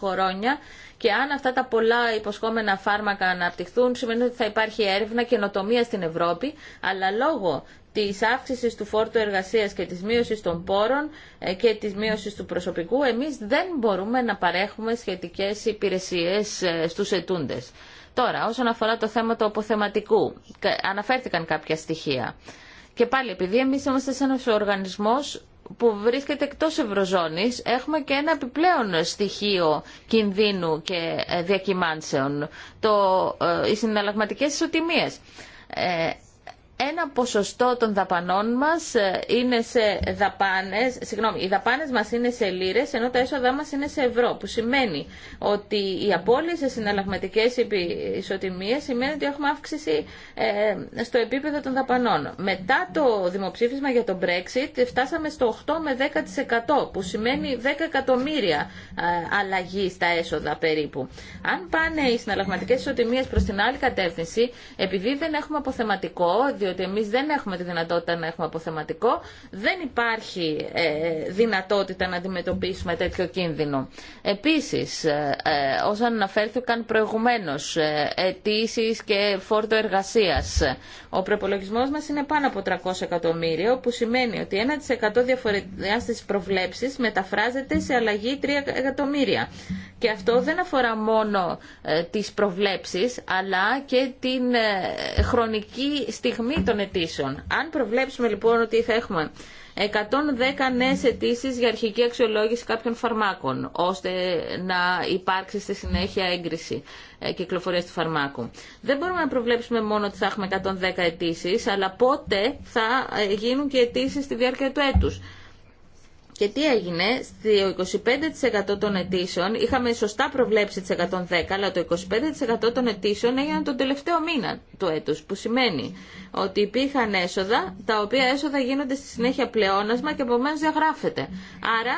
χρόνια και αν αυτά τα πολλά υποσχόμενα φάρμακα αναπτυχθούν σημαίνει ότι θα υπάρχει έρευνα και στην Ευρώπη αλλά λόγω της αύξησης του φόρτου εργασίας και της μείωσης των πόρων ε, και της μείωσης του προσωπικού εμείς δεν μπορούμε να παρέχουμε σχετικές υπηρεσίες ε, στους ετούντες. Τώρα, όσον αφορά το θέμα του αποθεματικού, αναφέρθηκαν κάποια στοιχεία. Και πάλι, επειδή εμεί είμαστε σε ένα οργανισμό που βρίσκεται εκτός Ευρωζώνης έχουμε και ένα επιπλέον στοιχείο κινδύνου και ε, διακυμάνσεων, το, ε, οι συναλλαγματικές ισοτιμίες. Ε, ένα ποσοστό των δαπανών μας ε, είναι σε δαπάνες, συγγνώμη, οι δαπάνες μας είναι σε λίρες, ενώ τα έσοδά μας είναι σε ευρώ, που σημαίνει ότι οι απώλειες σε συναλλαγματικές ισοτιμίες σημαίνει ότι έχουμε αύξηση ε, στο επίπεδο των δαπανών. Μετά το δημοψήφισμα για το Brexit φτάσαμε στο 8 με 10%, που σημαίνει 10 εκατομμύρια ε, αλλαγή στα έσοδα περίπου. Αν πάνε οι συναλλαγματικές ισοτιμίες προς την άλλη κατεύθυνση, επειδή δεν έχουμε αποθεματικό, ότι εμείς δεν έχουμε τη δυνατότητα να έχουμε αποθεματικό, δεν υπάρχει ε, δυνατότητα να αντιμετωπίσουμε τέτοιο κίνδυνο. Επίσης, ε, ε αναφέρθηκαν προηγουμένως, ε, αιτήσει και φόρτο εργασίας, ο προπολογισμό μας είναι πάνω από 300 εκατομμύρια, που σημαίνει ότι 1% διαφορετικά στις προβλέψεις μεταφράζεται σε αλλαγή 3 εκατομμύρια. Και αυτό δεν αφορά μόνο ε, τις προβλέψεις, αλλά και την ε, χρονική στιγμή των αιτήσεων. Αν προβλέψουμε λοιπόν ότι θα έχουμε 110 νέες αιτήσει για αρχική αξιολόγηση κάποιων φαρμάκων, ώστε να υπάρξει στη συνέχεια έγκριση ε, κυκλοφορίας του φαρμάκου. Δεν μπορούμε να προβλέψουμε μόνο ότι θα έχουμε 110 αιτήσει, αλλά πότε θα γίνουν και αιτήσει στη διάρκεια του έτους. Και τι έγινε, στο 25% των αιτήσεων, είχαμε σωστά προβλέψει τις 110, αλλά το 25% των αιτήσεων έγιναν τον τελευταίο μήνα του έτους, που σημαίνει ότι υπήρχαν έσοδα, τα οποία έσοδα γίνονται στη συνέχεια πλεόνασμα και επομένω διαγράφεται. Άρα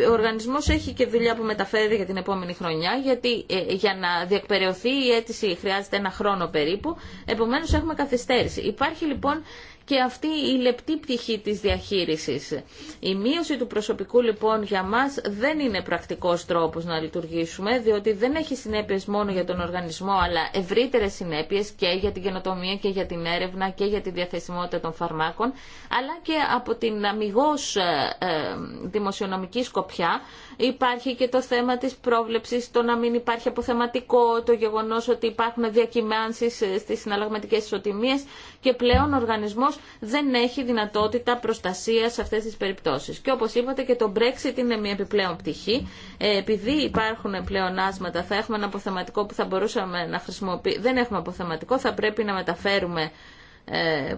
ε, ο οργανισμός έχει και δουλειά που μεταφέρει για την επόμενη χρονιά, γιατί ε, για να διεκπαιρεωθεί η αίτηση χρειάζεται ένα χρόνο περίπου, επομένω έχουμε καθυστέρηση. Υπάρχει λοιπόν και αυτή η λεπτή πτυχή της διαχείρισης. Η μείωση του προσωπικού λοιπόν για μας δεν είναι πρακτικός τρόπος να λειτουργήσουμε διότι δεν έχει συνέπειες μόνο για τον οργανισμό αλλά ευρύτερε συνέπειες και για την καινοτομία και για την έρευνα και για τη διαθεσιμότητα των φαρμάκων αλλά και από την αμυγός ε, ε, δημοσιονομική σκοπιά υπάρχει και το θέμα της πρόβλεψης, το να μην υπάρχει αποθεματικό, το γεγονός ότι υπάρχουν διακυμάνσεις ε, στις συναλλαγματικές ισοτιμίες και πλέον ο οργανισμός δεν έχει δυνατότητα προστασία σε αυτέ τι περιπτώσει. Και όπω είπατε και το Brexit είναι μια επιπλέον πτυχή. Ε, επειδή υπάρχουν πλεονάσματα θα έχουμε ένα αποθεματικό που θα μπορούσαμε να χρησιμοποιήσουμε. Δεν έχουμε αποθεματικό, θα πρέπει να μεταφέρουμε ε,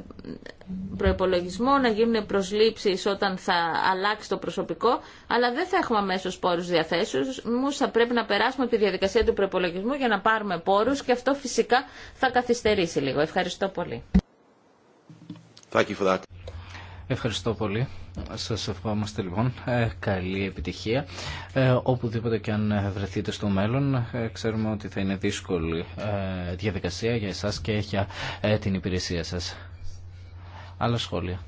προπολογισμό, να γίνουν προσλήψεις όταν θα αλλάξει το προσωπικό, αλλά δεν θα έχουμε αμέσω πόρους διαθέσιμους, θα πρέπει να περάσουμε τη διαδικασία του προπολογισμού για να πάρουμε πόρους και αυτό φυσικά θα καθυστερήσει λίγο. Ευχαριστώ πολύ. Ευχαριστώ πολύ. Σας ευχόμαστε λοιπόν ε, καλή επιτυχία. Ε, οπουδήποτε και αν βρεθείτε στο μέλλον, ε, ξέρουμε ότι θα είναι δύσκολη διαδικασία για εσάς και για την υπηρεσία σας. Άλλα σχόλια.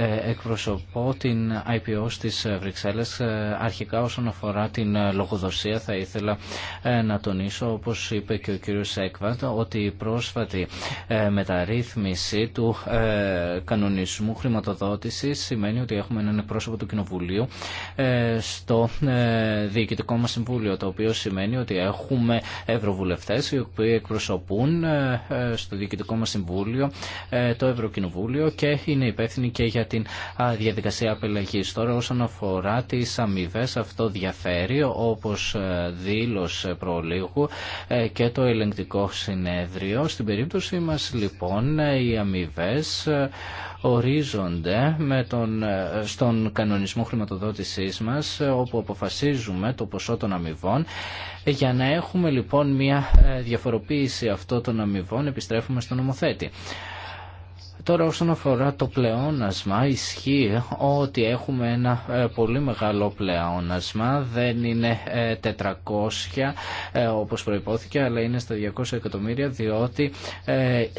Ε, εκπροσωπώ την IPO στις Βρυξέλλες. Ε, αρχικά όσον αφορά την ε, λογοδοσία θα ήθελα να τονίσω όπως είπε και ο κύριος Σέκβατ ότι η πρόσφατη μεταρρύθμιση του κανονισμού χρηματοδότησης σημαίνει ότι έχουμε έναν πρόσωπο του Κοινοβουλίου στο Διοικητικό μας Συμβούλιο το οποίο σημαίνει ότι έχουμε ευρωβουλευτές οι οποίοι εκπροσωπούν στο Διοικητικό μας Συμβούλιο το Ευρωκοινοβούλιο και είναι υπεύθυνοι και για την διαδικασία απελαγής. Τώρα όσον αφορά τις αμοιβέ, αυτό διαφέρει όπως ε, δήλωσε προλίγου ε, και το ελεγκτικό συνέδριο. Στην περίπτωση μας λοιπόν ε, οι αμοιβέ ορίζονται με τον, στον κανονισμό χρηματοδότησής μας όπου αποφασίζουμε το ποσό των αμοιβών. Για να έχουμε λοιπόν μια διαφοροποίηση αυτών των αμοιβών επιστρέφουμε στον νομοθέτη. Τώρα όσον αφορά το πλεόνασμα ισχύει ότι έχουμε ένα ε, πολύ μεγάλο πλεόνασμα δεν είναι 400 ε, ε, όπως προϋπόθηκε αλλά είναι στα 200 εκατομμύρια διότι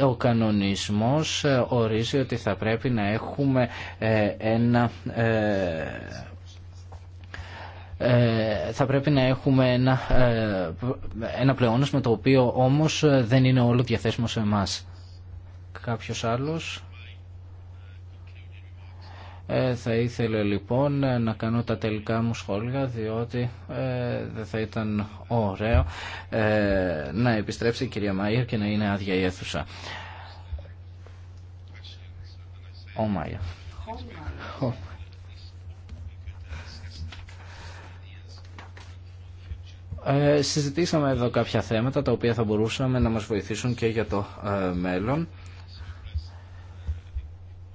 ο κανονισμός ορίζει ότι θα πρέπει να έχουμε ένα θα πρέπει να έχουμε ένα, ένα πλεόνασμα το οποίο όμως δεν είναι όλο διαθέσιμο σε εμάς κάποιος άλλος. Ε, θα ήθελε λοιπόν να κάνω τα τελικά μου σχόλια διότι ε, δεν θα ήταν ωραίο ε, να επιστρέψει η κυρία Μάιερ και να είναι άδεια η αίθουσα. Ο συζητήσαμε εδώ κάποια θέματα τα οποία θα μπορούσαμε να μας βοηθήσουν και για το μέλλον.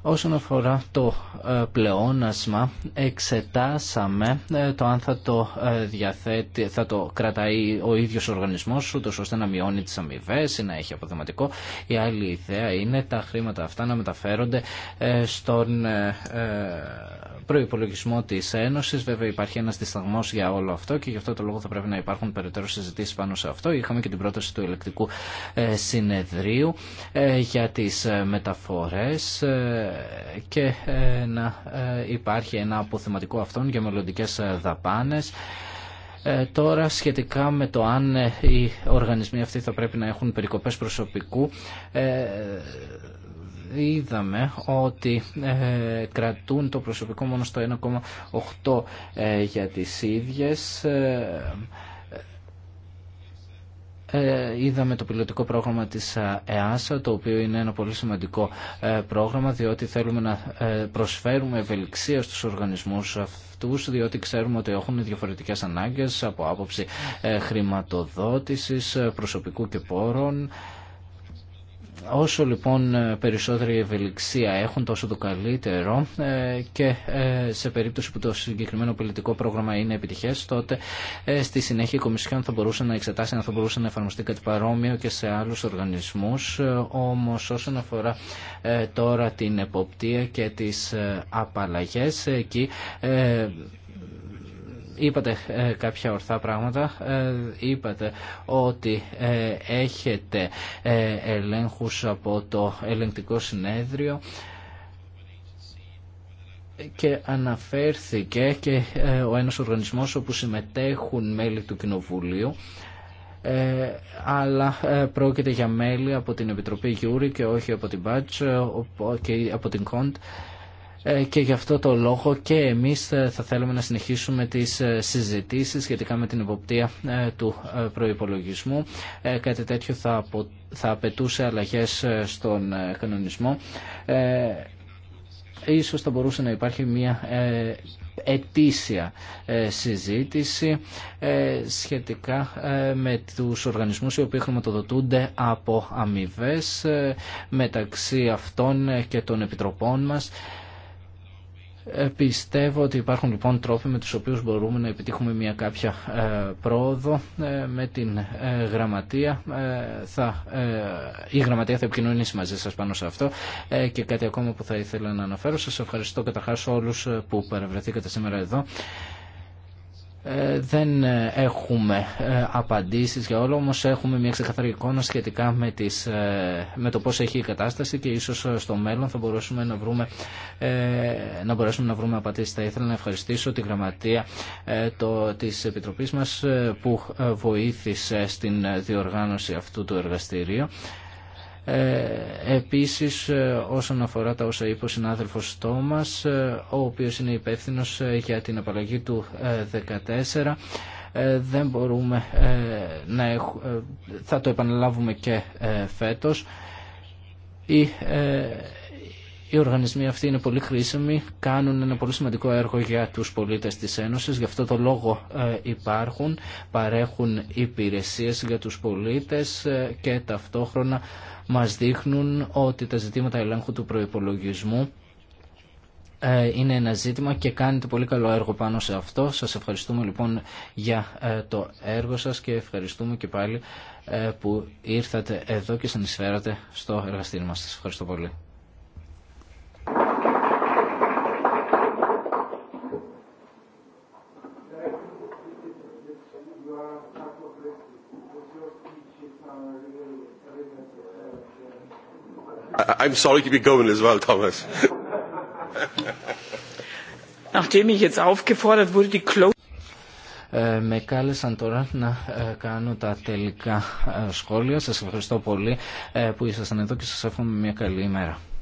Όσον αφορά το ε, πλεόνασμα, εξετάσαμε ε, το αν θα το, ε, διαθέτει, θα το κρατάει ο ίδιος ο οργανισμός, ούτως ώστε να μειώνει τις αμοιβέ ή να έχει αποδεματικό. Η άλλη ιδέα είναι τα χρήματα αυτά να μεταφέρονται στον προπολογισμό τη Ένωση. Βέβαια υπάρχει ένα δισταγμό για όλο αυτό και γι' αυτό το λόγο θα πρέπει να υπάρχουν περαιτέρω συζητήσει πάνω σε αυτό. Είχαμε και την πρόταση του ελεκτικού ε, συνεδρίου ε, για τι ε, μεταφορέ και να υπάρχει ένα αποθεματικό αυτών για μελλοντικέ δαπάνε. τώρα σχετικά με το αν οι οργανισμοί αυτοί θα πρέπει να έχουν περικοπές προσωπικού είδαμε ότι ε, κρατούν το προσωπικό μόνο στο 1,8 ε, για τις ίδιες. Ε, είδαμε το πιλωτικό πρόγραμμα της ΕΑΣΑ, το οποίο είναι ένα πολύ σημαντικό πρόγραμμα, διότι θέλουμε να προσφέρουμε ευελιξία στους οργανισμούς αυτούς, διότι ξέρουμε ότι έχουν διαφορετικές ανάγκες από άποψη χρηματοδότησης, προσωπικού και πόρων. Όσο λοιπόν ε, περισσότερη ευελιξία έχουν τόσο το καλύτερο ε, και ε, σε περίπτωση που το συγκεκριμένο πολιτικό πρόγραμμα είναι επιτυχές τότε στη συνέχεια η Κομισιόν θα μπορούσε να εξετάσει αν θα μπορούσε να εφαρμοστεί κάτι παρόμοιο και σε άλλους οργανισμούς όμως όσον αφορά τώρα την εποπτεία και τις απαλλαγέ εκεί είπατε ε, κάποια ορθά πράγματα. Ε, είπατε ότι ε, έχετε ελέγχους από το ελεγκτικό συνέδριο και αναφέρθηκε και ο ένας οργανισμός όπου συμμετέχουν μέλη του Κοινοβουλίου αλλά πρόκειται για μέλη από την Επιτροπή Γιούρη και όχι από την ΠΑΤΣ και από την Κοντ ε, και γι' αυτό το λόγο και εμείς ε, θα θέλουμε να συνεχίσουμε τις ε, συζητήσεις σχετικά με την υποπτία του προϋπολογισμού. Κάτι τέτοιο θα, θα απαιτούσε αλλαγές στον κανονισμό. Ίσως θα μπορούσε να υπάρχει μια ετήσια συζήτηση σχετικά με τους οργανισμούς οι οποίοι χρηματοδοτούνται από αμοιβέ μεταξύ αυτών και των επιτροπών μας ε, πιστεύω ότι υπάρχουν λοιπόν τρόποι με τους οποίους μπορούμε να επιτύχουμε μια κάποια ε, πρόοδο ε, με την γραμματεία. Θα, η γραμματεία θα επικοινωνήσει μαζί σας πάνω σε αυτό και κάτι ακόμα που θα ήθελα να αναφέρω. Σας ευχαριστώ καταρχάς όλους που παρευρεθήκατε σήμερα εδώ. Ε, δεν έχουμε ε, απαντήσεις για όλο, όμως έχουμε μια ξεκαθαρή εικόνα σχετικά με, ε, το πώς έχει η κατάσταση και ίσως στο μέλλον θα μπορέσουμε να βρούμε, να μπορέσουμε να βρούμε απαντήσεις. Θα ήθελα να ευχαριστήσω τη γραμματεία το, της Επιτροπής μας που βοήθησε στην διοργάνωση αυτού του εργαστηρίου. Ε, επίσης ε, όσον αφορά τα όσα είπε ο συνάδελφος Τόμας, ε, ο οποίος είναι υπεύθυνος για την απαλλαγή του 14, δεν μπορούμε να θα το επαναλάβουμε και φέτος. Οι, οι οργανισμοί αυτοί είναι πολύ χρήσιμοι, κάνουν ένα πολύ σημαντικό έργο για τους πολίτες της Ένωσης, γι' αυτό το λόγο υπάρχουν, παρέχουν υπηρεσίες για τους πολίτες και ταυτόχρονα μας δείχνουν ότι τα ζητήματα ελέγχου του προϋπολογισμού ε, είναι ένα ζήτημα και κάνετε πολύ καλό έργο πάνω σε αυτό. Σας ευχαριστούμε λοιπόν για ε, το έργο σας και ευχαριστούμε και πάλι ε, που ήρθατε εδώ και συνεισφέρατε στο εργαστήρι μας. Σας ευχαριστώ πολύ. I'm με κάλεσαν τώρα να ε, κάνω τα τελικά ε, σχόλια. Σας ευχαριστώ πολύ ε, που ήσασταν εδώ και σας εύχομαι μια καλή ημέρα.